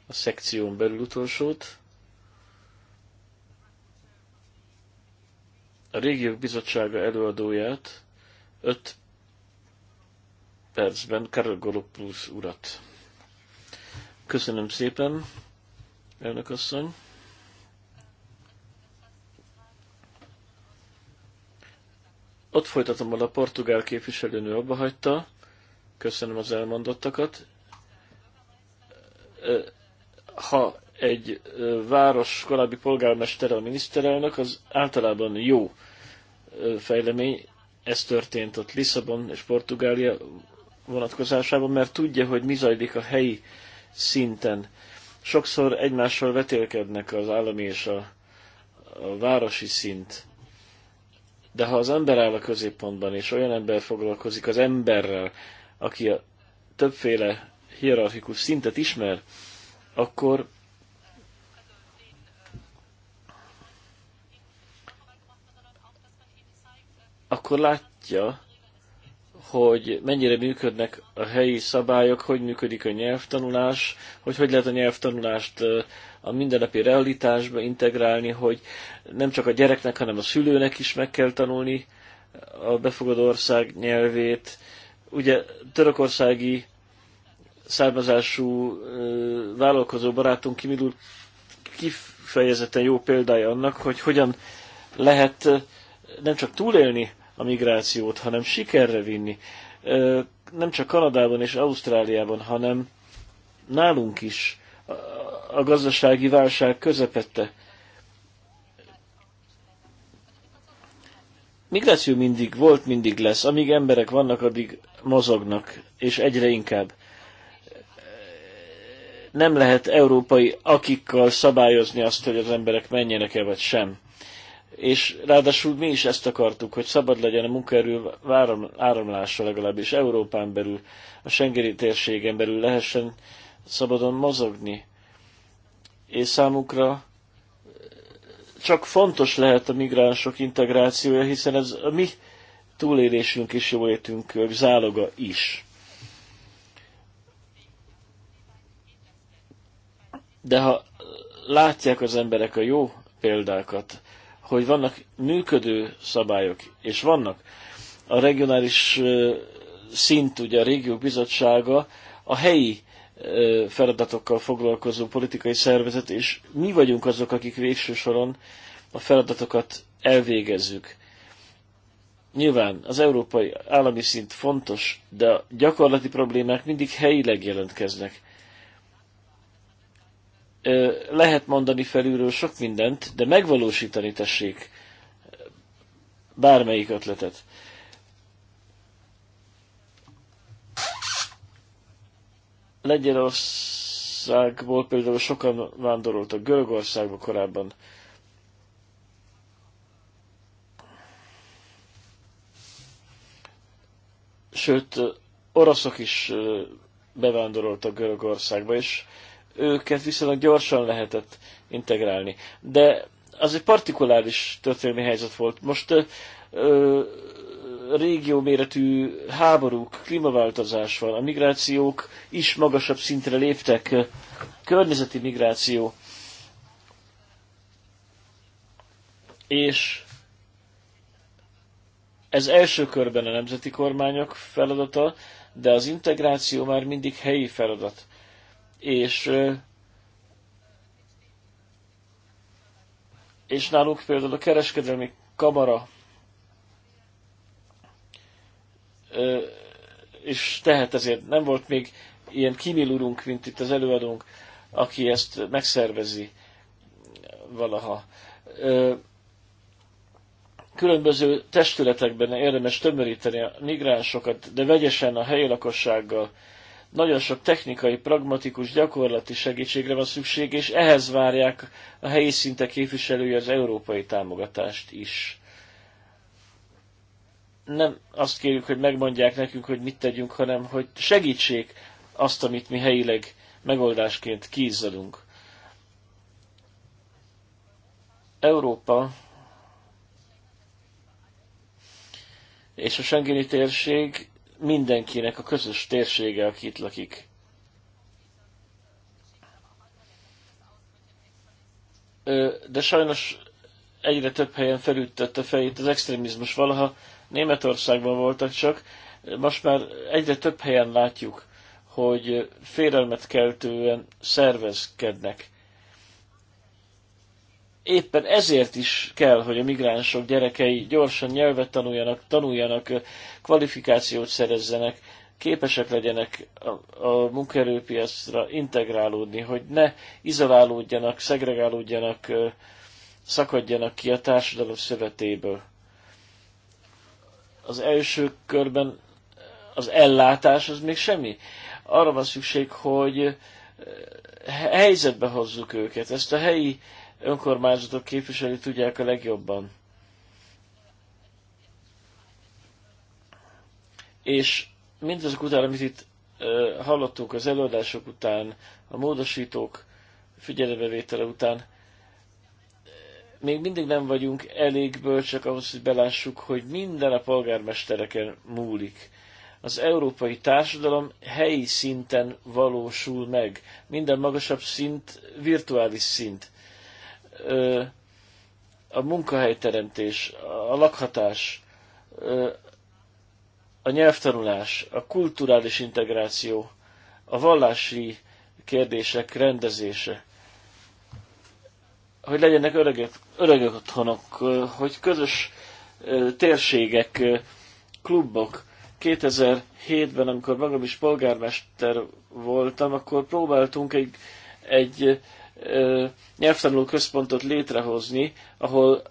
a szekción belül utolsót, a régiók bizottsága előadóját 5 percben Karol Goloplus urat. Köszönöm szépen! elnök asszony. Ott folytatom, ahol a portugál képviselőnő abba hagyta. Köszönöm az elmondottakat. Ha egy város korábbi polgármestere a miniszterelnök, az általában jó fejlemény. Ez történt ott Lisszabon és Portugália vonatkozásában, mert tudja, hogy mi zajlik a helyi szinten sokszor egymással vetélkednek az állami és a, a városi szint. De ha az ember áll a középpontban, és olyan ember foglalkozik az emberrel, aki a többféle hierarchikus szintet ismer, akkor akkor látja, hogy mennyire működnek a helyi szabályok, hogy működik a nyelvtanulás, hogy hogy lehet a nyelvtanulást a mindennapi realitásba integrálni, hogy nem csak a gyereknek, hanem a szülőnek is meg kell tanulni a befogadó ország nyelvét. Ugye törökországi származású vállalkozó barátunk Kimidul kifejezetten jó példája annak, hogy hogyan lehet nem csak túlélni a migrációt, hanem sikerre vinni. Nem csak Kanadában és Ausztráliában, hanem nálunk is a gazdasági válság közepette. Migráció mindig volt, mindig lesz. Amíg emberek vannak, addig mozognak, és egyre inkább. Nem lehet európai akikkal szabályozni azt, hogy az emberek menjenek-e vagy sem és ráadásul mi is ezt akartuk, hogy szabad legyen a munkaerő áramlása legalábbis Európán belül, a Schengeni térségen belül lehessen szabadon mozogni. És számukra csak fontos lehet a migránsok integrációja, hiszen ez a mi túlélésünk és jólétünk záloga is. De ha látják az emberek a jó példákat, hogy vannak működő szabályok, és vannak. A regionális szint, ugye a régió bizottsága a helyi feladatokkal foglalkozó politikai szervezet, és mi vagyunk azok, akik végső soron a feladatokat elvégezzük. Nyilván az európai állami szint fontos, de a gyakorlati problémák mindig helyileg jelentkeznek. Lehet mondani felülről sok mindent, de megvalósítani tessék bármelyik ötletet. Legyen országból például sokan vándoroltak Görögországba korábban. Sőt, oroszok is bevándoroltak Görögországba, és őket viszonylag gyorsan lehetett integrálni. De az egy partikuláris történelmi helyzet volt. Most ö, régió méretű háborúk, klímaváltozás van, a migrációk is magasabb szintre léptek, környezeti migráció. És ez első körben a nemzeti kormányok feladata, de az integráció már mindig helyi feladat és és náluk például a kereskedelmi kamara és tehet ezért. Nem volt még ilyen kimilurunk, mint itt az előadónk, aki ezt megszervezi valaha. Különböző testületekben érdemes tömöríteni a migránsokat, de vegyesen a helyi lakossággal, nagyon sok technikai, pragmatikus, gyakorlati segítségre van szükség, és ehhez várják a helyi szinte képviselői az európai támogatást is. Nem azt kérjük, hogy megmondják nekünk, hogy mit tegyünk, hanem hogy segítsék azt, amit mi helyileg megoldásként kízzadunk. Európa és a Schengeni térség mindenkinek a közös térsége, aki itt lakik. De sajnos egyre több helyen felüttette fejét az extrémizmus. Valaha Németországban voltak csak, most már egyre több helyen látjuk, hogy félelmet keltően szervezkednek éppen ezért is kell, hogy a migránsok gyerekei gyorsan nyelvet tanuljanak, tanuljanak, kvalifikációt szerezzenek, képesek legyenek a, a munkaerőpiacra integrálódni, hogy ne izolálódjanak, szegregálódjanak, szakadjanak ki a társadalom szövetéből. Az első körben az ellátás az még semmi. Arra van szükség, hogy helyzetbe hozzuk őket, ezt a helyi önkormányzatok képviselői tudják a legjobban. És mindazok után, amit itt hallottuk az előadások után, a módosítók figyelembevétele után, még mindig nem vagyunk elég bölcsek ahhoz, hogy belássuk, hogy minden a polgármestereken múlik. Az európai társadalom helyi szinten valósul meg. Minden magasabb szint virtuális szint a munkahelyteremtés, a lakhatás, a nyelvtanulás, a kulturális integráció, a vallási kérdések rendezése, hogy legyenek öregek, öregek otthonok, hogy közös térségek, klubok. 2007-ben, amikor magam is polgármester voltam, akkor próbáltunk egy, egy nyelvtanuló központot létrehozni, ahol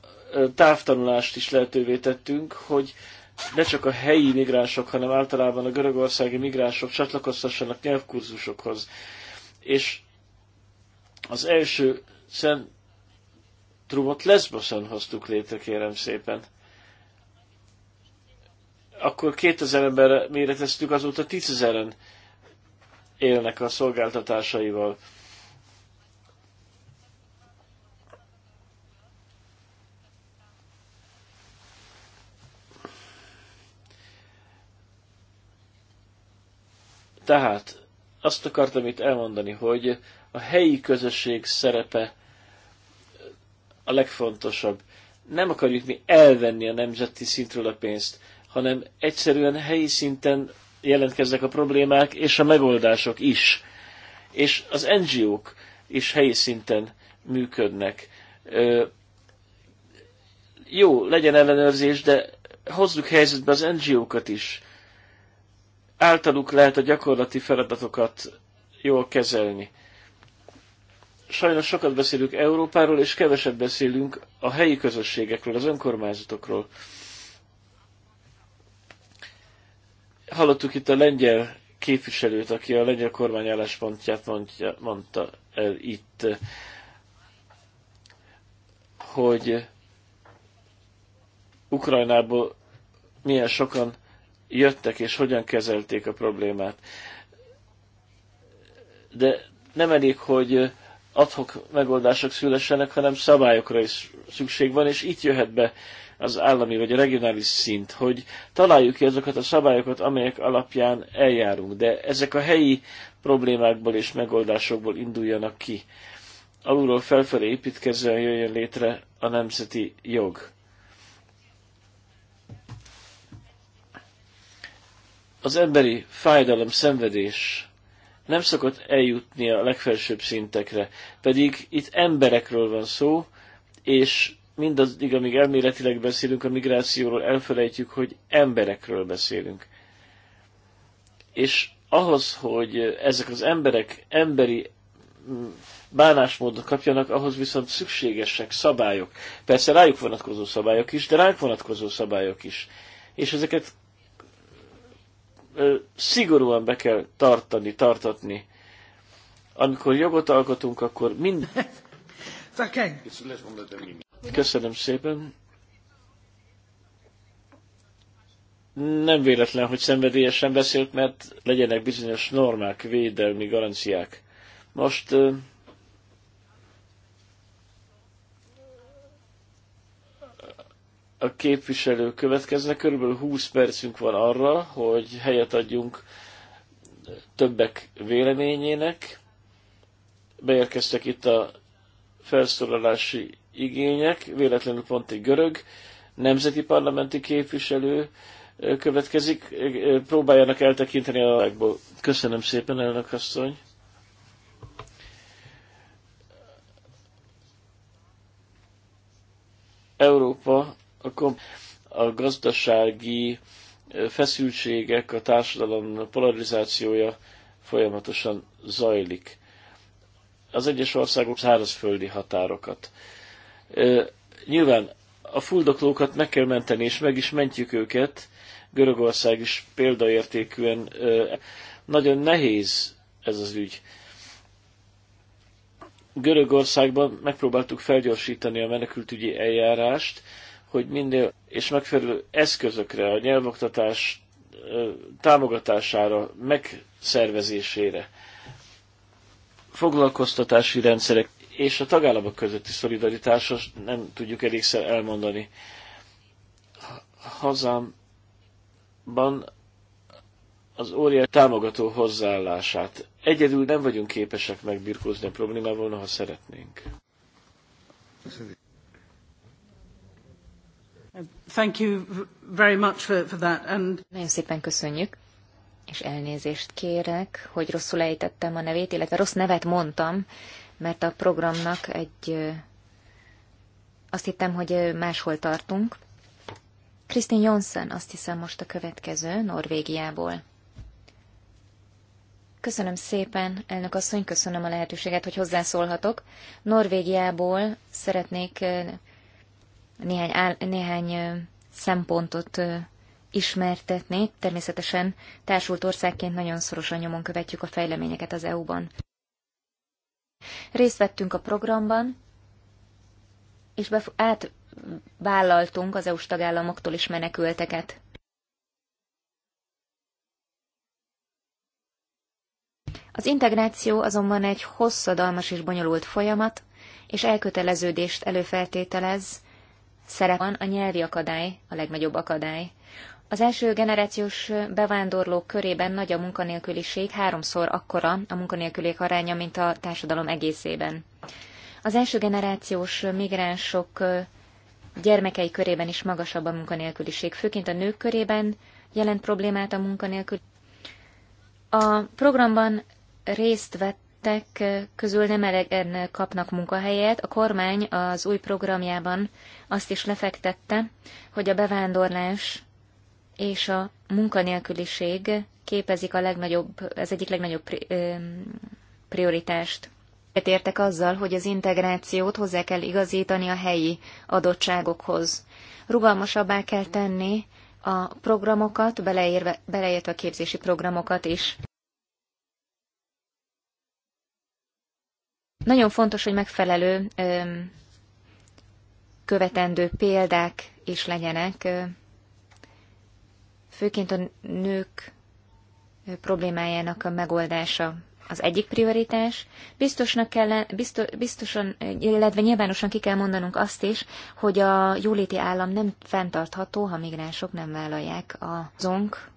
távtanulást is lehetővé tettünk, hogy ne csak a helyi migránsok, hanem általában a görögországi migránsok csatlakoztassanak nyelvkurzusokhoz. És az első centrumot Lesboszon hoztuk létre, kérem szépen. Akkor 2000 emberre méreteztük, azóta 10 en élnek a szolgáltatásaival. Tehát azt akartam itt elmondani, hogy a helyi közösség szerepe a legfontosabb. Nem akarjuk mi elvenni a nemzeti szintről a pénzt, hanem egyszerűen helyi szinten jelentkeznek a problémák és a megoldások is. És az NGO-k is helyi szinten működnek. jó, legyen ellenőrzés, de hozzuk helyzetbe az NGO-kat is általuk lehet a gyakorlati feladatokat jól kezelni. Sajnos sokat beszélünk Európáról, és keveset beszélünk a helyi közösségekről, az önkormányzatokról. Hallottuk itt a lengyel képviselőt, aki a lengyel kormány álláspontját mondja, mondta el itt, hogy Ukrajnából milyen sokan jöttek és hogyan kezelték a problémát. De nem elég, hogy adhok megoldások szülessenek, hanem szabályokra is szükség van, és itt jöhet be az állami vagy a regionális szint, hogy találjuk ki azokat a szabályokat, amelyek alapján eljárunk, de ezek a helyi problémákból és megoldásokból induljanak ki. Alulról felfelé építkezően jöjjön létre a nemzeti jog. az emberi fájdalom, szenvedés nem szokott eljutni a legfelsőbb szintekre, pedig itt emberekről van szó, és mindaddig, amíg elméletileg beszélünk a migrációról, elfelejtjük, hogy emberekről beszélünk. És ahhoz, hogy ezek az emberek emberi mm, bánásmódot kapjanak, ahhoz viszont szükségesek szabályok. Persze rájuk vonatkozó szabályok is, de ránk vonatkozó szabályok is. És ezeket szigorúan be kell tartani, tartatni. Amikor jogot alkotunk, akkor mind... Köszönöm szépen. Nem véletlen, hogy szenvedélyesen beszélt, mert legyenek bizonyos normák, védelmi garanciák. Most a képviselők következnek. Körülbelül 20 percünk van arra, hogy helyet adjunk többek véleményének. Beérkeztek itt a felszólalási igények, véletlenül pont egy görög nemzeti parlamenti képviselő következik. Próbáljanak eltekinteni a világból. Köszönöm szépen, elnök asszony. Európa akkor a gazdasági feszültségek, a társadalom polarizációja folyamatosan zajlik. Az egyes országok szárazföldi határokat. Nyilván a fuldoklókat meg kell menteni, és meg is mentjük őket. Görögország is példaértékűen nagyon nehéz ez az ügy. Görögországban megpróbáltuk felgyorsítani a menekültügyi eljárást, hogy minél és megfelelő eszközökre, a nyelvoktatás támogatására, megszervezésére, foglalkoztatási rendszerek és a tagállamok közötti szolidaritásra nem tudjuk elégszer elmondani. Hazámban az óriás támogató hozzáállását. Egyedül nem vagyunk képesek megbirkózni a problémával, ha szeretnénk. Köszönjük. Thank you very much for, for that. And... Nagyon szépen köszönjük, és elnézést kérek, hogy rosszul ejtettem a nevét, illetve rossz nevet mondtam, mert a programnak egy... Azt hittem, hogy máshol tartunk. Kristin Jonsson, azt hiszem most a következő, Norvégiából. Köszönöm szépen, elnök asszony, köszönöm a lehetőséget, hogy hozzászólhatok. Norvégiából szeretnék néhány, áll, néhány szempontot ismertetni. Természetesen társult országként nagyon szorosan nyomon követjük a fejleményeket az EU-ban. Részt vettünk a programban, és bef- átvállaltunk az EU-s tagállamoktól is menekülteket. Az integráció azonban egy hosszadalmas és bonyolult folyamat, és elköteleződést előfeltételez szerep van, a nyelvi akadály a legnagyobb akadály. Az első generációs bevándorlók körében nagy a munkanélküliség, háromszor akkora a munkanélküliek aránya, mint a társadalom egészében. Az első generációs migránsok gyermekei körében is magasabb a munkanélküliség, főként a nők körében jelent problémát a munkanélküliség. A programban részt vett érintettek közül nem elegen kapnak munkahelyet. A kormány az új programjában azt is lefektette, hogy a bevándorlás és a munkanélküliség képezik a legnagyobb, az egyik legnagyobb prioritást. Értek azzal, hogy az integrációt hozzá kell igazítani a helyi adottságokhoz. Rugalmasabbá kell tenni a programokat, beleértve, beleértve a képzési programokat is. Nagyon fontos, hogy megfelelő követendő példák is legyenek, főként a nők problémájának a megoldása az egyik prioritás. Biztosnak kell, biztos, biztosan, illetve nyilvánosan ki kell mondanunk azt is, hogy a jóléti állam nem fenntartható, ha migránsok nem vállalják a zonk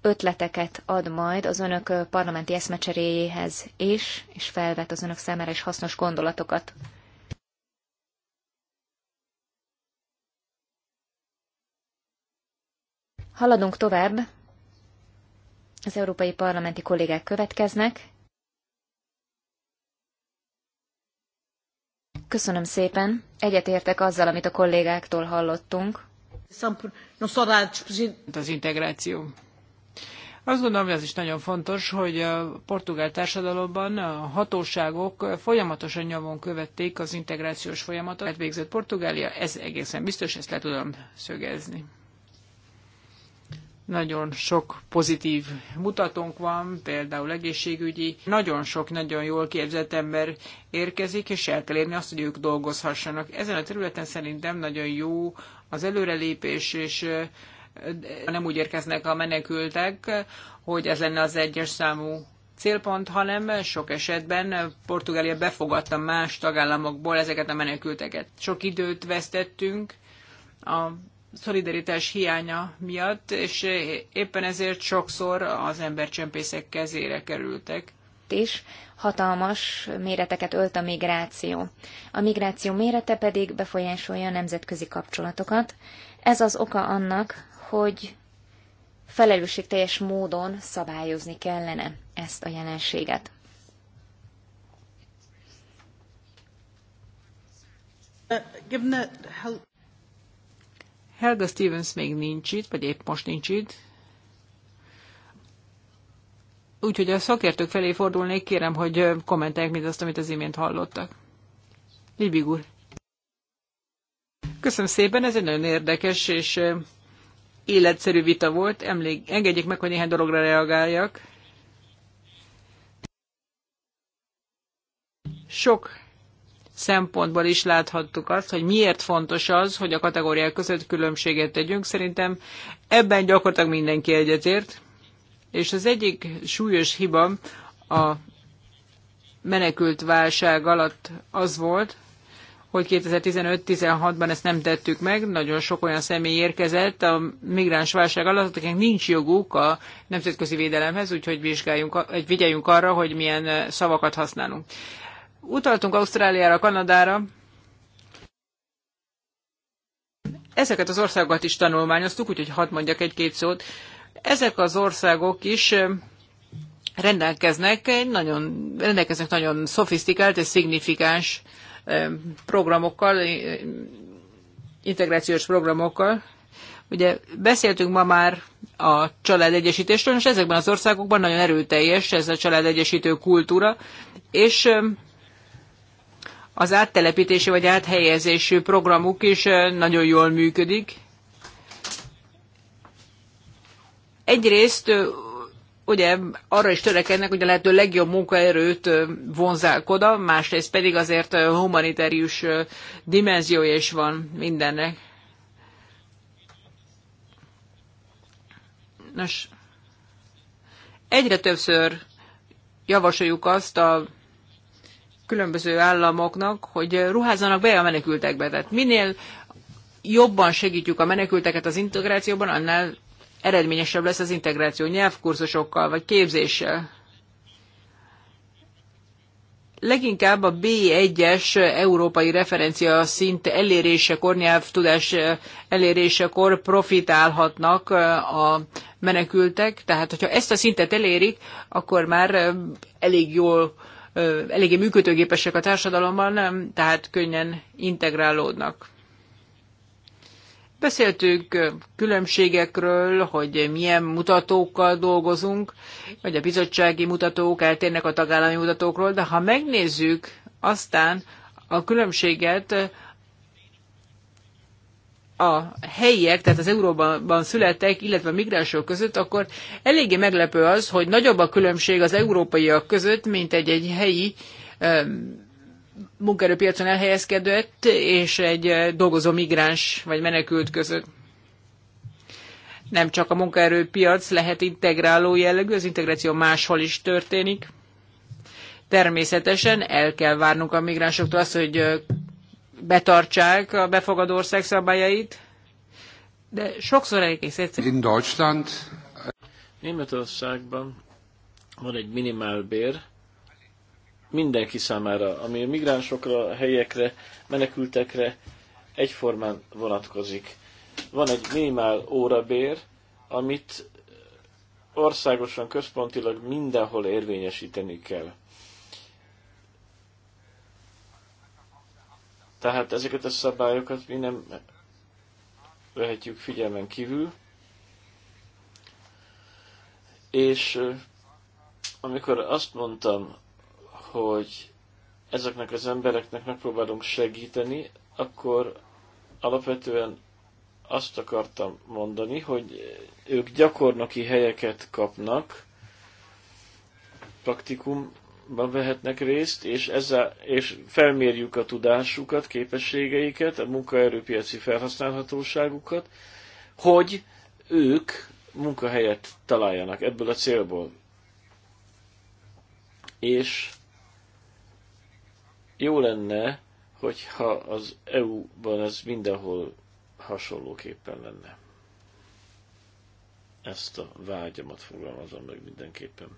ötleteket ad majd az önök parlamenti eszmecseréjéhez is, és felvet az önök számára is hasznos gondolatokat. Haladunk tovább. Az európai parlamenti kollégák következnek. Köszönöm szépen. Egyetértek azzal, amit a kollégáktól hallottunk. Hát- az integráció azt gondolom, hogy az is nagyon fontos, hogy a portugál társadalomban a hatóságok folyamatosan nyomon követték az integrációs folyamatot. Ezt Végzett Portugália, ez egészen biztos, ezt le tudom szögezni. Nagyon sok pozitív mutatónk van, például egészségügyi. Nagyon sok nagyon jól képzett ember érkezik, és el kell érni azt, hogy ők dolgozhassanak. Ezen a területen szerintem nagyon jó az előrelépés, és nem úgy érkeznek a menekültek, hogy ez lenne az egyes számú célpont, hanem sok esetben Portugália befogadta más tagállamokból ezeket a menekülteket. Sok időt vesztettünk a szolidaritás hiánya miatt, és éppen ezért sokszor az embercsempészek kezére kerültek. És hatalmas méreteket ölt a migráció. A migráció mérete pedig befolyásolja a nemzetközi kapcsolatokat. Ez az oka annak, hogy felelősségteljes módon szabályozni kellene ezt a jelenséget. Helga Stevens még nincs itt, vagy épp most nincs itt. Úgyhogy a szakértők felé fordulnék, kérem, hogy kommentelják mindazt, amit az imént hallottak. Libig úr. Köszönöm szépen, ez egy nagyon érdekes és életszerű vita volt. Emlék, engedjék meg, hogy néhány dologra reagáljak. Sok szempontból is láthattuk azt, hogy miért fontos az, hogy a kategóriák között különbséget tegyünk. Szerintem ebben gyakorlatilag mindenki egyetért. És az egyik súlyos hiba a menekült válság alatt az volt, hogy 2015-16-ban ezt nem tettük meg. Nagyon sok olyan személy érkezett a migráns válság alatt, akiknek nincs joguk a nemzetközi védelemhez, úgyhogy vizsgáljunk, vigyeljünk arra, hogy milyen szavakat használunk. Utaltunk Ausztráliára, Kanadára. Ezeket az országokat is tanulmányoztuk, úgyhogy hadd mondjak egy-két szót. Ezek az országok is rendelkeznek, nagyon, rendelkeznek nagyon szofisztikált és szignifikáns programokkal, integrációs programokkal. Ugye beszéltünk ma már a családegyesítésről, és ezekben az országokban nagyon erőteljes ez a családegyesítő kultúra, és az áttelepítési vagy áthelyezési programuk is eh, nagyon jól működik. Egyrészt eh, ugye arra is törekednek, hogy a lehető legjobb munkaerőt vonzák oda, másrészt pedig azért humanitárius dimenziója is van mindennek. Nos, egyre többször javasoljuk azt a különböző államoknak, hogy ruházzanak be a menekültekbe. Tehát minél jobban segítjük a menekülteket az integrációban, annál eredményesebb lesz az integráció nyelvkurzusokkal vagy képzéssel. Leginkább a B1-es európai referencia szint elérésekor, nyelvtudás elérésekor profitálhatnak a menekültek, tehát hogyha ezt a szintet elérik, akkor már elég jól, eléggé működőgépesek a társadalomban, tehát könnyen integrálódnak. Beszéltünk különbségekről, hogy milyen mutatókkal dolgozunk, hogy a bizottsági mutatók eltérnek a tagállami mutatókról, de ha megnézzük aztán a különbséget a helyiek, tehát az Euróban születtek, illetve a migránsok között, akkor eléggé meglepő az, hogy nagyobb a különbség az európaiak között, mint egy, egy helyi um, munkaerőpiacon elhelyezkedett, és egy dolgozó migráns vagy menekült között. Nem csak a munkaerőpiac lehet integráló jellegű, az integráció máshol is történik. Természetesen el kell várnunk a migránsoktól azt, hogy betartsák a befogadó ország szabályait, de sokszor egész egyszerűen. In Deutschland. Németországban van egy minimálbér, mindenki számára, ami a migránsokra, a helyekre, menekültekre egyformán vonatkozik. Van egy minimál órabér, amit országosan, központilag mindenhol érvényesíteni kell. Tehát ezeket a szabályokat mi nem vehetjük figyelmen kívül. És amikor azt mondtam, hogy ezeknek az embereknek megpróbálunk segíteni, akkor alapvetően azt akartam mondani, hogy ők gyakornoki helyeket kapnak, praktikumban vehetnek részt, és, ezzel, és felmérjük a tudásukat, képességeiket, a munkaerőpiaci felhasználhatóságukat, hogy ők munkahelyet találjanak ebből a célból. És jó lenne, hogyha az EU-ban ez mindenhol hasonlóképpen lenne. Ezt a vágyamat fogalmazom meg mindenképpen.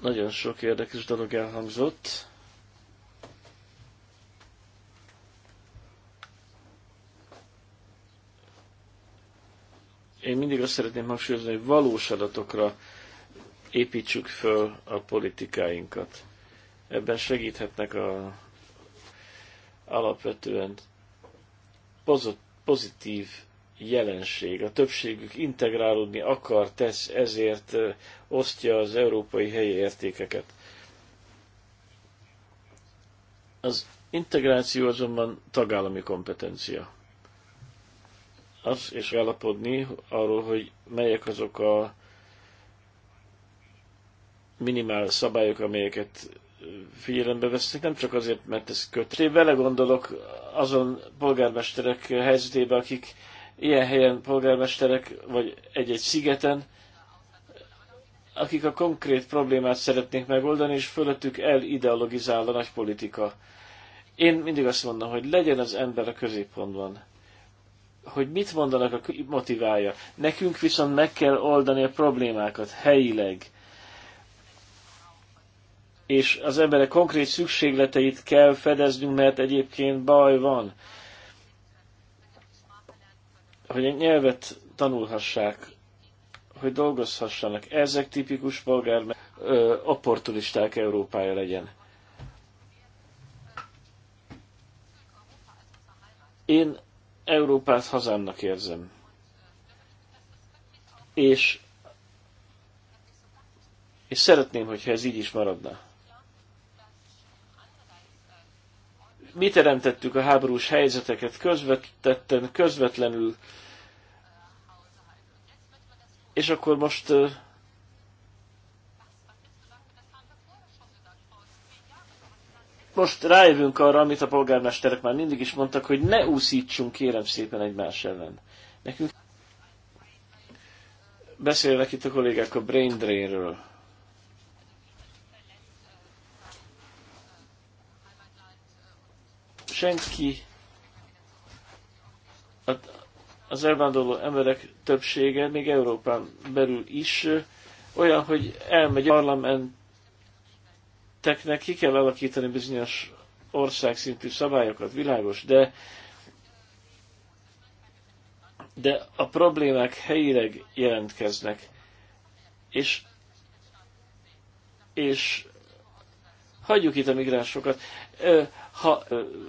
Nagyon sok érdekes dolog elhangzott. Én mindig azt szeretném hangsúlyozni, hogy valós adatokra építsük föl a politikáinkat ebben segíthetnek a alapvetően pozitív jelenség. A többségük integrálódni akar, tesz, ezért osztja az európai helyi értékeket. Az integráció azonban tagállami kompetencia. Az és állapodni arról, hogy melyek azok a minimál szabályok, amelyeket figyelembe veszik, nem csak azért, mert ez köt. Én belegondolok azon polgármesterek helyzetébe, akik ilyen helyen polgármesterek, vagy egy-egy szigeten, akik a konkrét problémát szeretnék megoldani, és fölöttük elideologizál a nagy politika. Én mindig azt mondom, hogy legyen az ember a középpontban. Hogy mit mondanak, a motiválja. Nekünk viszont meg kell oldani a problémákat helyileg és az emberek konkrét szükségleteit kell fedeznünk, mert egyébként baj van. Hogy egy nyelvet tanulhassák, hogy dolgozhassanak. Ezek tipikus polgár ö, opportunisták Európája legyen. Én Európát hazámnak érzem. És, és szeretném, hogyha ez így is maradna. mi teremtettük a háborús helyzeteket közvetetten, közvetlenül, és akkor most most rájövünk arra, amit a polgármesterek már mindig is mondtak, hogy ne úszítsunk kérem szépen egymás ellen. Nekünk beszélnek itt a kollégák a brain drainről. senki az elvándorló emberek többsége, még Európán belül is, olyan, hogy elmegy a parlamenteknek, ki kell alakítani bizonyos országszintű szabályokat, világos, de de a problémák helyileg jelentkeznek, és és hagyjuk itt a migránsokat ha,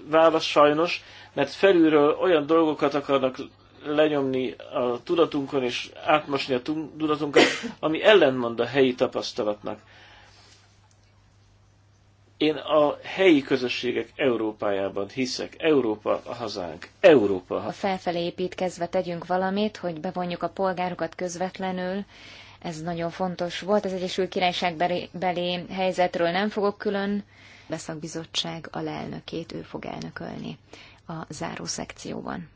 válasz sajnos, mert felülről olyan dolgokat akarnak lenyomni a tudatunkon és átmosni a tudatunkat, ami ellentmond a helyi tapasztalatnak. Én a helyi közösségek Európájában hiszek. Európa a hazánk. Európa. Ha felfelé építkezve tegyünk valamit, hogy bevonjuk a polgárokat közvetlenül, ez nagyon fontos volt. Az Egyesült Királyság belé helyzetről nem fogok külön Libe szakbizottság alelnökét ő fog elnökölni a záró szekcióban.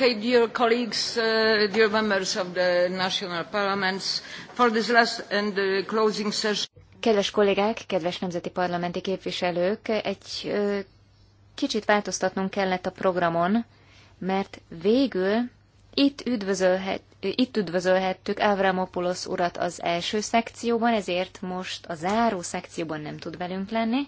Okay, dear colleagues, uh, dear members of the national parliaments, for this last and the closing session. Kedves kollégák, kedves nemzeti parlamenti képviselők, egy ö, kicsit változtatnunk kellett a programon, mert végül itt, üdvözölhet, itt üdvözölhettük Avramopoulos urat az első szekcióban, ezért most a záró szekcióban nem tud velünk lenni.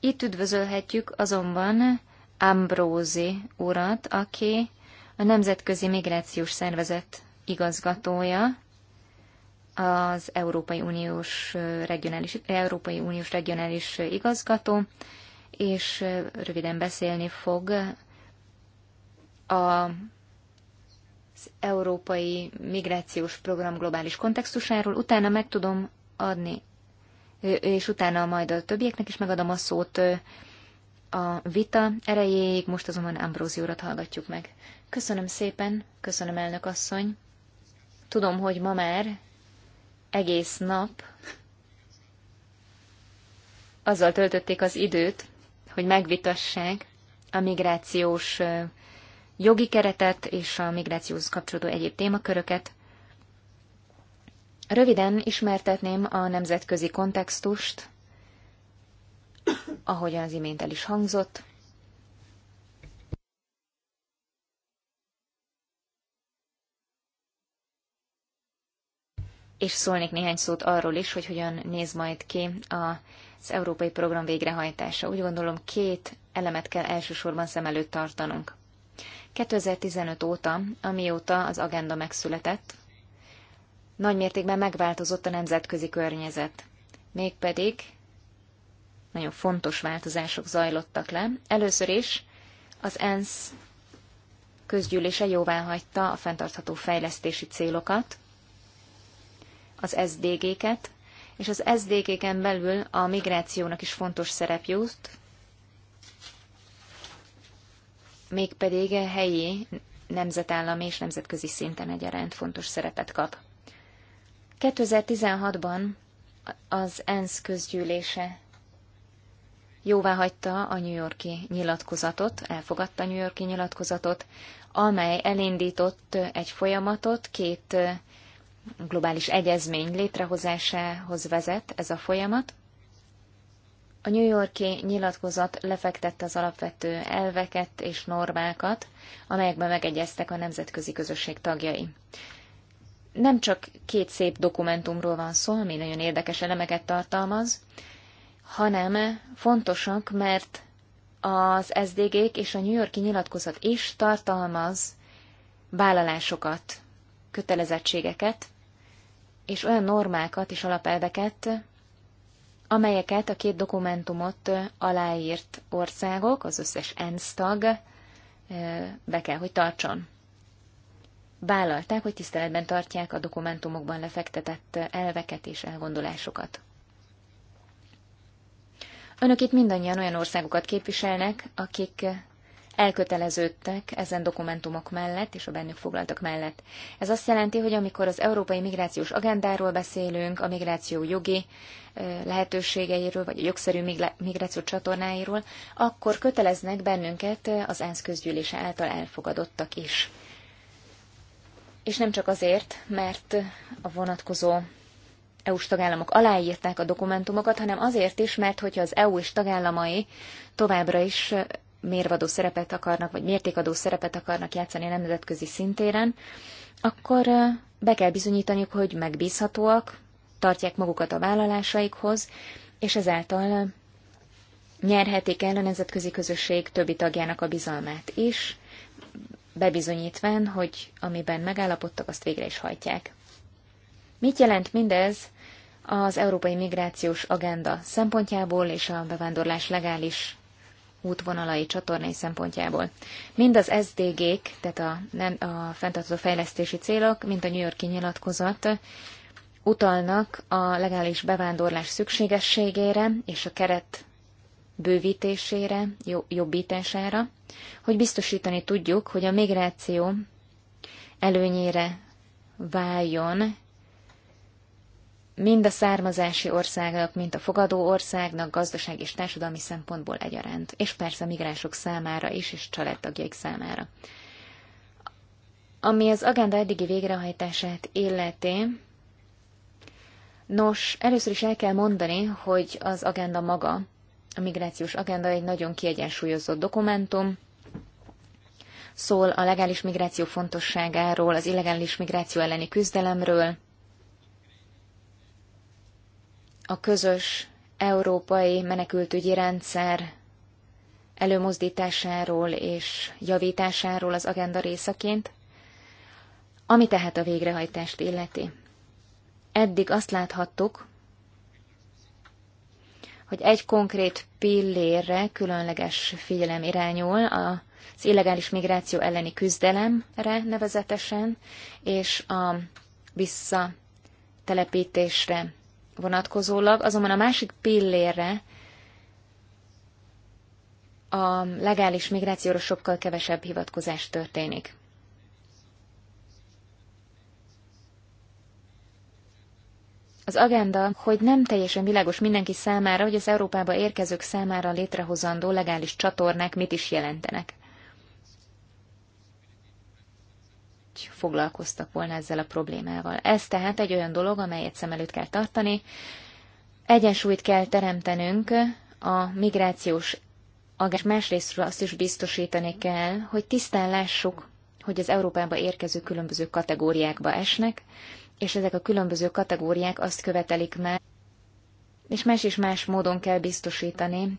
Itt üdvözölhetjük azonban Ambrózi urat, aki a Nemzetközi Migrációs Szervezet igazgatója, az Európai Uniós regionális, Európai Uniós regionális igazgató, és röviden beszélni fog a, az Európai Migrációs Program globális kontextusáról, utána meg tudom adni, és utána majd a többieknek is megadom a szót a vita erejéig, most azonban Ambrózi urat hallgatjuk meg. Köszönöm szépen, köszönöm elnök asszony. Tudom, hogy ma már egész nap azzal töltötték az időt, hogy megvitassák a migrációs jogi keretet és a migrációhoz kapcsolódó egyéb témaköröket. Röviden ismertetném a nemzetközi kontextust, ahogyan az imént el is hangzott. És szólnék néhány szót arról is, hogy hogyan néz majd ki az európai program végrehajtása. Úgy gondolom, két elemet kell elsősorban szem előtt tartanunk. 2015 óta, amióta az agenda megszületett, nagymértékben megváltozott a nemzetközi környezet. Mégpedig nagyon fontos változások zajlottak le. Először is az ENSZ közgyűlése jóvá hagyta a fenntartható fejlesztési célokat, az SDG-ket, és az SDG-ken belül a migrációnak is fontos szerep jut, mégpedig a helyi nemzetállami és nemzetközi szinten egyaránt fontos szerepet kap. 2016-ban az ENSZ közgyűlése jóvá hagyta a New Yorki nyilatkozatot, elfogadta a New Yorki nyilatkozatot, amely elindított egy folyamatot, két globális egyezmény létrehozásához vezet ez a folyamat. A New Yorki nyilatkozat lefektette az alapvető elveket és normákat, amelyekben megegyeztek a nemzetközi közösség tagjai. Nem csak két szép dokumentumról van szó, ami nagyon érdekes elemeket tartalmaz, hanem fontosak, mert az SDG-k és a New Yorki nyilatkozat is tartalmaz vállalásokat, kötelezettségeket, és olyan normákat és alapelveket, amelyeket a két dokumentumot aláírt országok, az összes ENSZ tag be kell, hogy tartson. Vállalták, hogy tiszteletben tartják a dokumentumokban lefektetett elveket és elgondolásokat. Önök itt mindannyian olyan országokat képviselnek, akik elköteleződtek ezen dokumentumok mellett és a bennük foglaltak mellett. Ez azt jelenti, hogy amikor az európai migrációs agendáról beszélünk, a migráció jogi lehetőségeiről, vagy a jogszerű migráció csatornáiról, akkor köteleznek bennünket az ENSZ közgyűlése által elfogadottak is. És nem csak azért, mert a vonatkozó EU-s tagállamok aláírták a dokumentumokat, hanem azért is, mert hogyha az EU és tagállamai továbbra is mérvadó szerepet akarnak, vagy mértékadó szerepet akarnak játszani a nemzetközi szintéren, akkor be kell bizonyítaniuk, hogy megbízhatóak, tartják magukat a vállalásaikhoz, és ezáltal nyerhetik el a nemzetközi közösség többi tagjának a bizalmát is, bebizonyítván, hogy amiben megállapodtak, azt végre is hajtják. Mit jelent mindez az európai migrációs agenda szempontjából és a bevándorlás legális útvonalai csatornai szempontjából. Mind az SDG-k, tehát a, nem, a fenntartó fejlesztési célok, mint a New Yorki nyilatkozat utalnak a legális bevándorlás szükségességére és a keret bővítésére, jobbítására, hogy biztosítani tudjuk, hogy a migráció előnyére váljon mind a származási országnak, mint a fogadó országnak gazdaság és társadalmi szempontból egyaránt, és persze migránsok számára is, és családtagjaik számára. Ami az agenda eddigi végrehajtását illeti, nos, először is el kell mondani, hogy az agenda maga, a migrációs agenda egy nagyon kiegyensúlyozott dokumentum, szól a legális migráció fontosságáról, az illegális migráció elleni küzdelemről, a közös európai menekültügyi rendszer előmozdításáról és javításáról az agenda részeként, ami tehát a végrehajtást illeti. Eddig azt láthattuk, hogy egy konkrét pillérre különleges figyelem irányul, az illegális migráció elleni küzdelemre nevezetesen, és a visszatelepítésre vonatkozólag, azonban a másik pillérre a legális migrációra sokkal kevesebb hivatkozás történik. Az agenda, hogy nem teljesen világos mindenki számára, hogy az Európába érkezők számára létrehozandó legális csatornák mit is jelentenek. hogy foglalkoztak volna ezzel a problémával. Ez tehát egy olyan dolog, amelyet szem előtt kell tartani. Egyensúlyt kell teremtenünk a migrációs agás másrésztről azt is biztosítani kell, hogy tisztán lássuk, hogy az Európába érkező különböző kategóriákba esnek, és ezek a különböző kategóriák azt követelik meg, és más és más módon kell biztosítani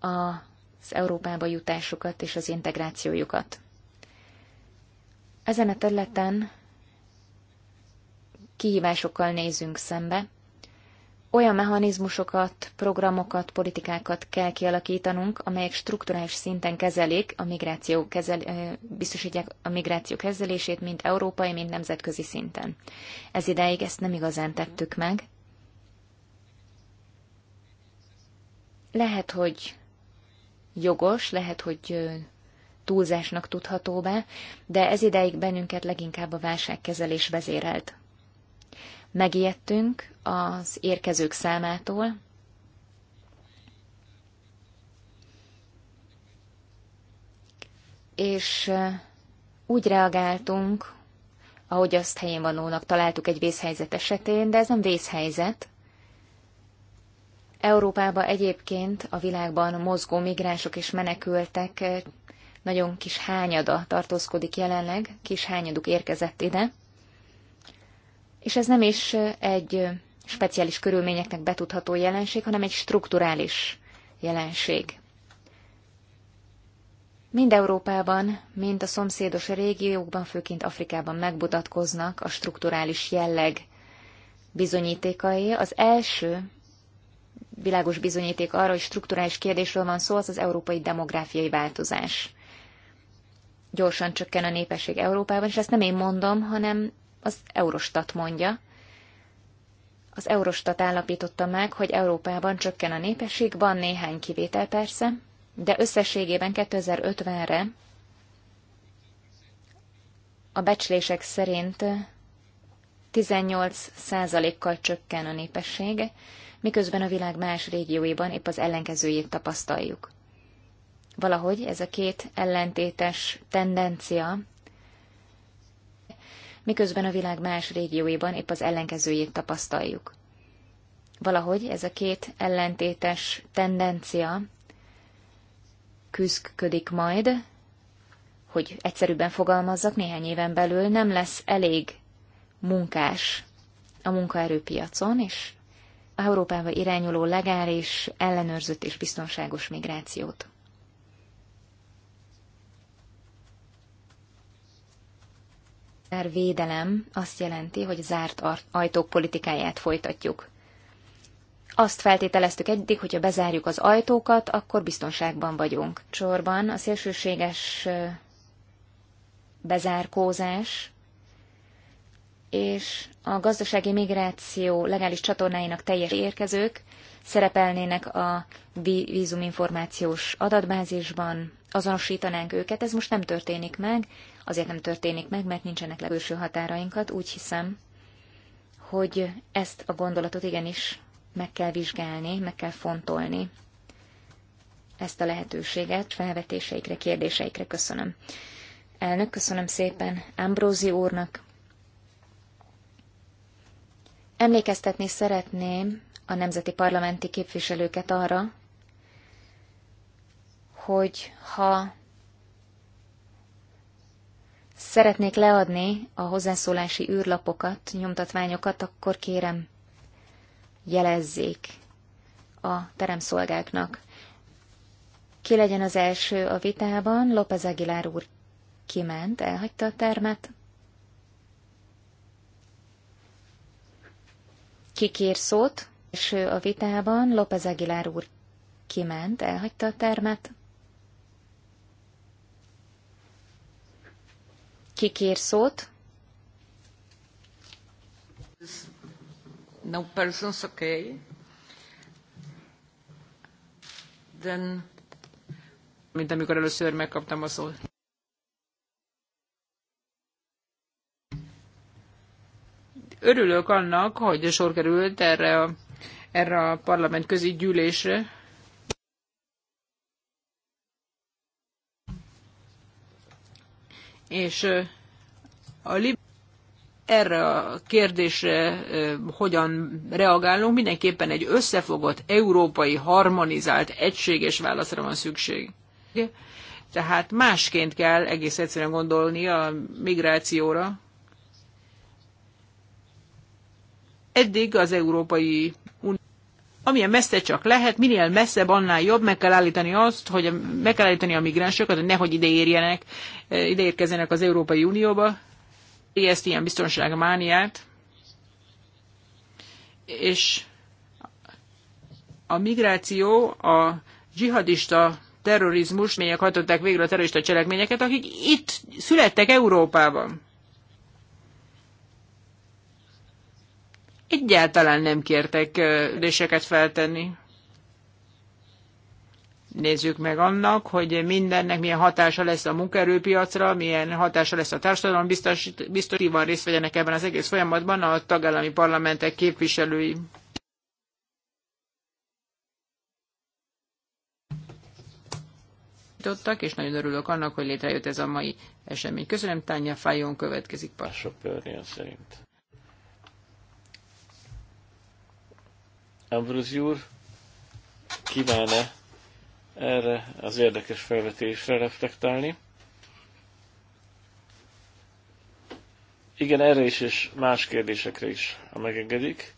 az Európába jutásukat és az integrációjukat. Ezen a területen kihívásokkal nézünk szembe. Olyan mechanizmusokat, programokat, politikákat kell kialakítanunk, amelyek strukturális szinten kezelik a migráció kezel, biztosítják a migráció kezelését, mind európai, mind nemzetközi szinten. Ez ideig ezt nem igazán tettük meg. Lehet, hogy jogos, lehet, hogy túlzásnak tudható be, de ez ideig bennünket leginkább a válságkezelés vezérelt. Megijedtünk az érkezők számától, és úgy reagáltunk, ahogy azt helyén vanónak találtuk egy vészhelyzet esetén, de ez nem vészhelyzet. Európában egyébként a világban mozgó migránsok és menekültek nagyon kis hányada tartózkodik jelenleg, kis hányaduk érkezett ide, és ez nem is egy speciális körülményeknek betudható jelenség, hanem egy strukturális jelenség. Mind Európában, mind a szomszédos régiókban, főként Afrikában megmutatkoznak a strukturális jelleg bizonyítékai. Az első világos bizonyíték arra, hogy strukturális kérdésről van szó, az az európai demográfiai változás gyorsan csökken a népesség Európában, és ezt nem én mondom, hanem az Eurostat mondja. Az Eurostat állapította meg, hogy Európában csökken a népesség, van néhány kivétel persze, de összességében 2050-re a becslések szerint 18%-kal csökken a népesség, miközben a világ más régióiban épp az ellenkezőjét tapasztaljuk valahogy ez a két ellentétes tendencia, miközben a világ más régióiban épp az ellenkezőjét tapasztaljuk. Valahogy ez a két ellentétes tendencia küzdködik majd, hogy egyszerűbben fogalmazzak, néhány éven belül nem lesz elég munkás a munkaerőpiacon, és Európába irányuló legális, ellenőrzött és biztonságos migrációt. védelem azt jelenti, hogy zárt ajtók politikáját folytatjuk. Azt feltételeztük eddig, ha bezárjuk az ajtókat, akkor biztonságban vagyunk. Sorban a szélsőséges bezárkózás és a gazdasági migráció legális csatornáinak teljes érkezők szerepelnének a vízuminformációs adatbázisban, azonosítanánk őket, ez most nem történik meg, azért nem történik meg, mert nincsenek legőső határainkat. Úgy hiszem, hogy ezt a gondolatot igenis meg kell vizsgálni, meg kell fontolni ezt a lehetőséget, felvetéseikre, kérdéseikre köszönöm. Elnök, köszönöm szépen Ambrózi úrnak. Emlékeztetni szeretném a nemzeti parlamenti képviselőket arra, hogy ha szeretnék leadni a hozzászólási űrlapokat, nyomtatványokat, akkor kérem, jelezzék a teremszolgáknak. Ki legyen az első a vitában? López Aguilar úr kiment, elhagyta a termet. Ki kér szót? Első a vitában López Aguilar úr kiment, elhagyta a termet. ki kér szót. No persons, okay. Then, mint amikor először megkaptam a szót. Örülök annak, hogy sor került erre a, erre a parlament közi gyűlésre, és a lib- erre a kérdésre hogyan reagálunk, mindenképpen egy összefogott, európai, harmonizált, egységes válaszra van szükség. Tehát másként kell egész egyszerűen gondolni a migrációra. Eddig az Európai Unió amilyen messze csak lehet, minél messzebb, annál jobb, meg kell állítani azt, hogy meg kell állítani a migránsokat, hogy nehogy ide érjenek, e, ide érkezzenek az Európai Unióba, ezt ilyen biztonságmániát, és a migráció, a dzsihadista terrorizmus, melyek hajtották végre a terrorista cselekményeket, akik itt születtek Európában. egyáltalán nem kértek kérdéseket feltenni. Nézzük meg annak, hogy mindennek milyen hatása lesz a munkaerőpiacra, milyen hatása lesz a társadalom, biztos, biztosan részt vegyenek ebben az egész folyamatban a tagállami parlamentek képviselői. és nagyon örülök annak, hogy létrejött ez a mai esemény. Köszönöm, Tánja Fájón következik. Pár sok szerint. Ambrózi úr kíván-e erre az érdekes felvetésre reflektálni? Igen, erre is és más kérdésekre is, ha megengedik.